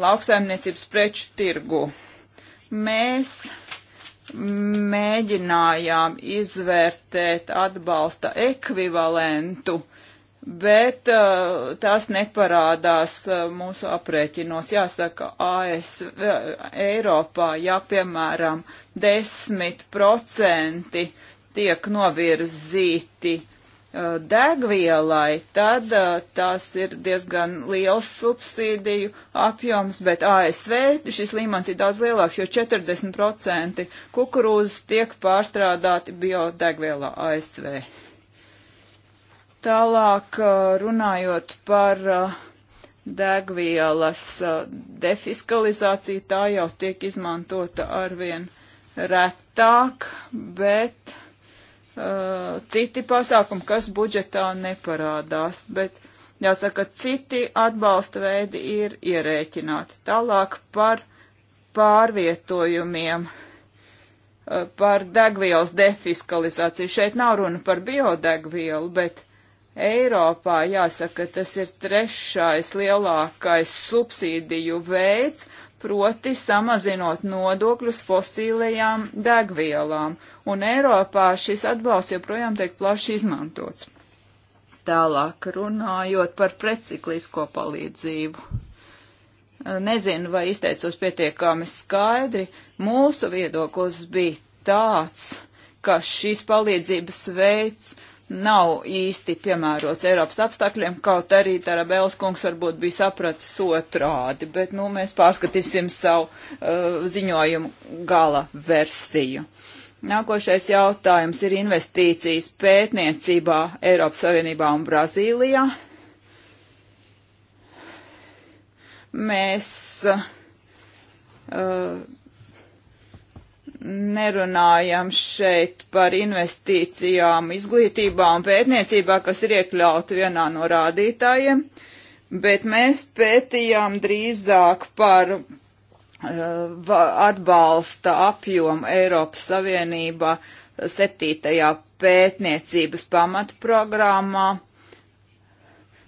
S3: lauksaimniecības preču tirgu. Mēs mēģinājām izvērtēt atbalsta ekvivalentu, bet uh, tas neparādās uh, mūsu aprēķinos. Jāsaka, AS, uh, Eiropā, ja piemēram 10% tiek novirzīti uh, Uh, degvielai, tad uh, tas ir diezgan liels subsīdiju apjoms, bet ASV šis līmenis ir daudz lielāks, jo 40% kukurūzas tiek pārstrādāti biodegvielā ASV. Tālāk uh, runājot par degvielas defiskalizāciju, tā jau tiek izmantota arvien retāk, bet uh, citi pasākumi, kas budžetā neparādās, bet jāsaka, citi atbalsta veidi ir ierēķināti. Tālāk par pārvietojumiem, uh, par degvielas defiskalizāciju. Šeit nav runa par biodegvielu, bet Eiropā jāsaka, tas ir trešais lielākais subsīdiju veids, proti samazinot nodokļus fosīlajām degvielām, un Eiropā šis atbalsts joprojām tiek plaši izmantots. Tālāk runājot par preciklisko palīdzību. Nezinu, vai izteicos pietiekami skaidri, mūsu viedoklis bija tāds, ka šīs palīdzības veids nav īsti piemērots Eiropas apstākļiem, kaut arī Tarabēls kungs varbūt bija sapratis otrādi, bet nu, mēs pārskatīsim savu uh, ziņojumu gala versiju. Nākošais jautājums ir investīcijas pētniecībā Eiropas Savienībā un Brazīlijā. Mēs uh, nerunājam šeit par investīcijām izglītībā un pētniecībā, kas ir iekļauti vienā no rādītājiem, bet mēs pētījām drīzāk par eh, atbalsta apjomu Eiropas Savienībā septītajā pētniecības pamatprogrammā.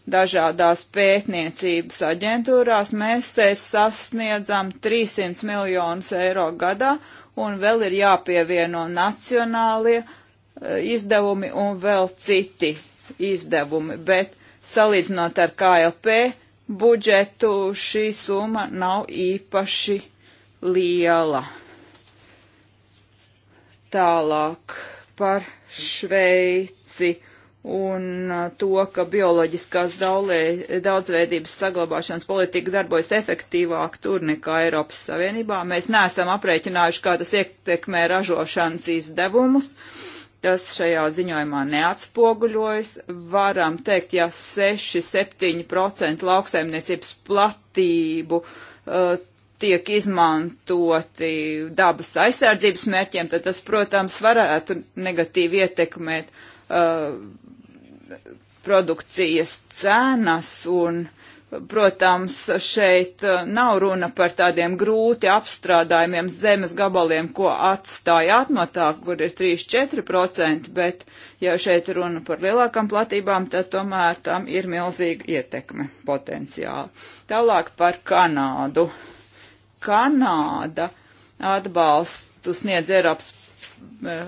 S3: Dažādās pētniecības aģentūrās mēs sasniedzam 300 miljonus eiro gadā, un vēl ir jāpievieno nacionālie e, izdevumi un vēl citi izdevumi, bet salīdzinot ar KLP budžetu šī summa nav īpaši liela. Tālāk par Šveici un uh, to, ka bioloģiskās daulē, daudzveidības saglabāšanas politika darbojas efektīvāk tur nekā Eiropas Savienībā. Mēs neesam aprēķinājuši, kā tas ietekmē ražošanas izdevumus. Tas šajā ziņojumā neatspoguļojas. Varam teikt, ja 6-7% lauksaimniecības platību uh, tiek izmantoti dabas aizsardzības mērķiem, tad tas, protams, varētu negatīvi ietekmēt uh, produkcijas cenas un, protams, šeit eh, nav runa par tādiem grūti apstrādājumiem zemes gabaliem, ko atstāja atmatā, kur ir 3-4%, bet ja šeit runa par lielākām platībām, tad tomēr tam ir milzīga ietekme potenciāli. Tālāk par Kanādu. Kanāda atbalstu sniedz Eiropas eh,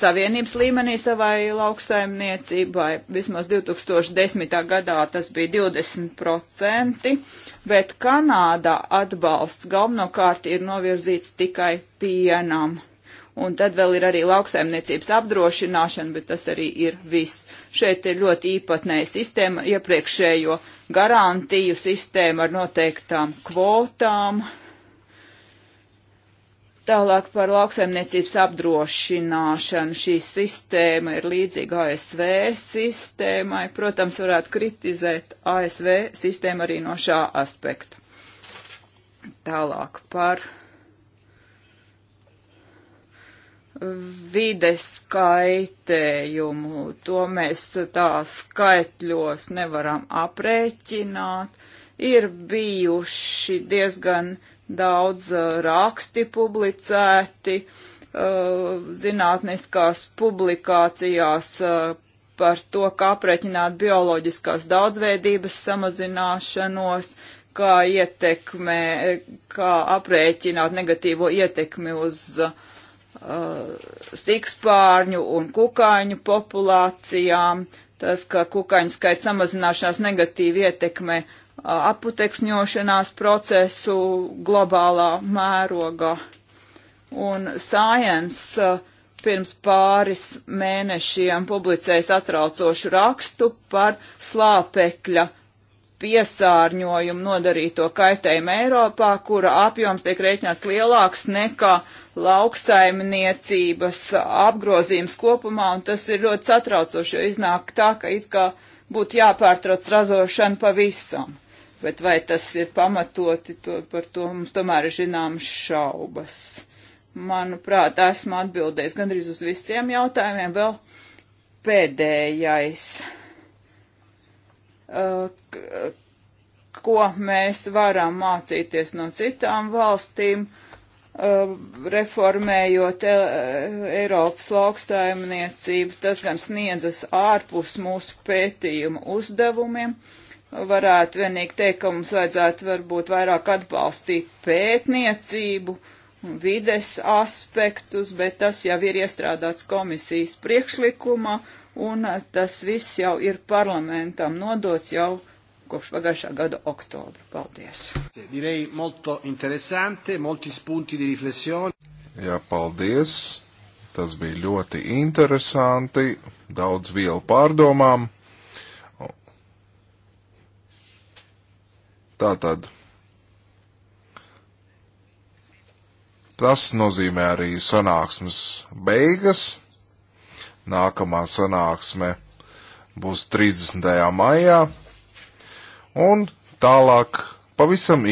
S3: Savienības līmenī savai lauksaimniecībai. Vismaz 2010. gadā tas bija 20%, bet Kanādā atbalsts galvenokārt ir novirzīts tikai pienam. Un tad vēl ir arī lauksaimniecības apdrošināšana, bet tas arī ir viss. Šeit ir ļoti īpatnēja sistēma, iepriekšējo garantiju sistēma ar noteiktām kvotām. Uh, Tālāk par lauksaimniecības apdrošināšanu. Šī sistēma ir līdzīga ASV sistēmai. Protams, varētu kritizēt ASV sistēmu arī no šā aspekta. Tālāk par vides kaitējumu. To mēs tā skaitļos nevaram aprēķināt. Ir bijuši diezgan uh, daudz uh, raksti publicēti uh, zinātniskās publikācijās uh, par to, kā apreķināt bioloģiskās daudzveidības samazināšanos, kā ietekmē, kā aprēķināt negatīvo ietekmi uz uh, sikspārņu un kukaiņu populācijām, tas, ka kukaiņu skaits samazināšanās negatīvi ietekmē uh, aputeksņošanās procesu globālā mērogā. Un Science uh, pirms pāris mēnešiem publicēja satraucošu rakstu par slāpekļa piesārņojumu nodarīto kaitējumu Eiropā, kura apjoms tiek rēķināts lielāks nekā lauksaimniecības apgrozījums kopumā, un tas ir ļoti satraucoši, jo iznāk tā, ka it kā būtu jāpārtrauc ražošana pavisam bet vai tas ir pamatoti, to, par to mums tomēr ir zināmas šaubas. Manuprāt, esmu atbildējis gandrīz uz visiem jautājumiem. Vēl pēdējais, uh, ko mēs varam mācīties no citām valstīm, uh, reformējot uh, Eiropas lauksaimniecību, tas gan sniedzas ārpus mūsu pētījumu uzdevumiem. Uh, varētu vienīgi teikt, ka mums vajadzētu varbūt vairāk atbalstīt pētniecību, vides aspektus, bet tas jau ir iestrādāts komisijas priekšlikumā, un tas viss jau ir parlamentam nodots jau kopš pagājušā gada oktobra. Paldies! Direi molto interesante, molti spunti
S2: di riflessione. Jā, paldies! Tas bija ļoti interesanti, daudz vielu pārdomām. Tātad tas nozīmē arī sanāksmes beigas. Nākamā sanāksme būs 30. maijā un tālāk pavisam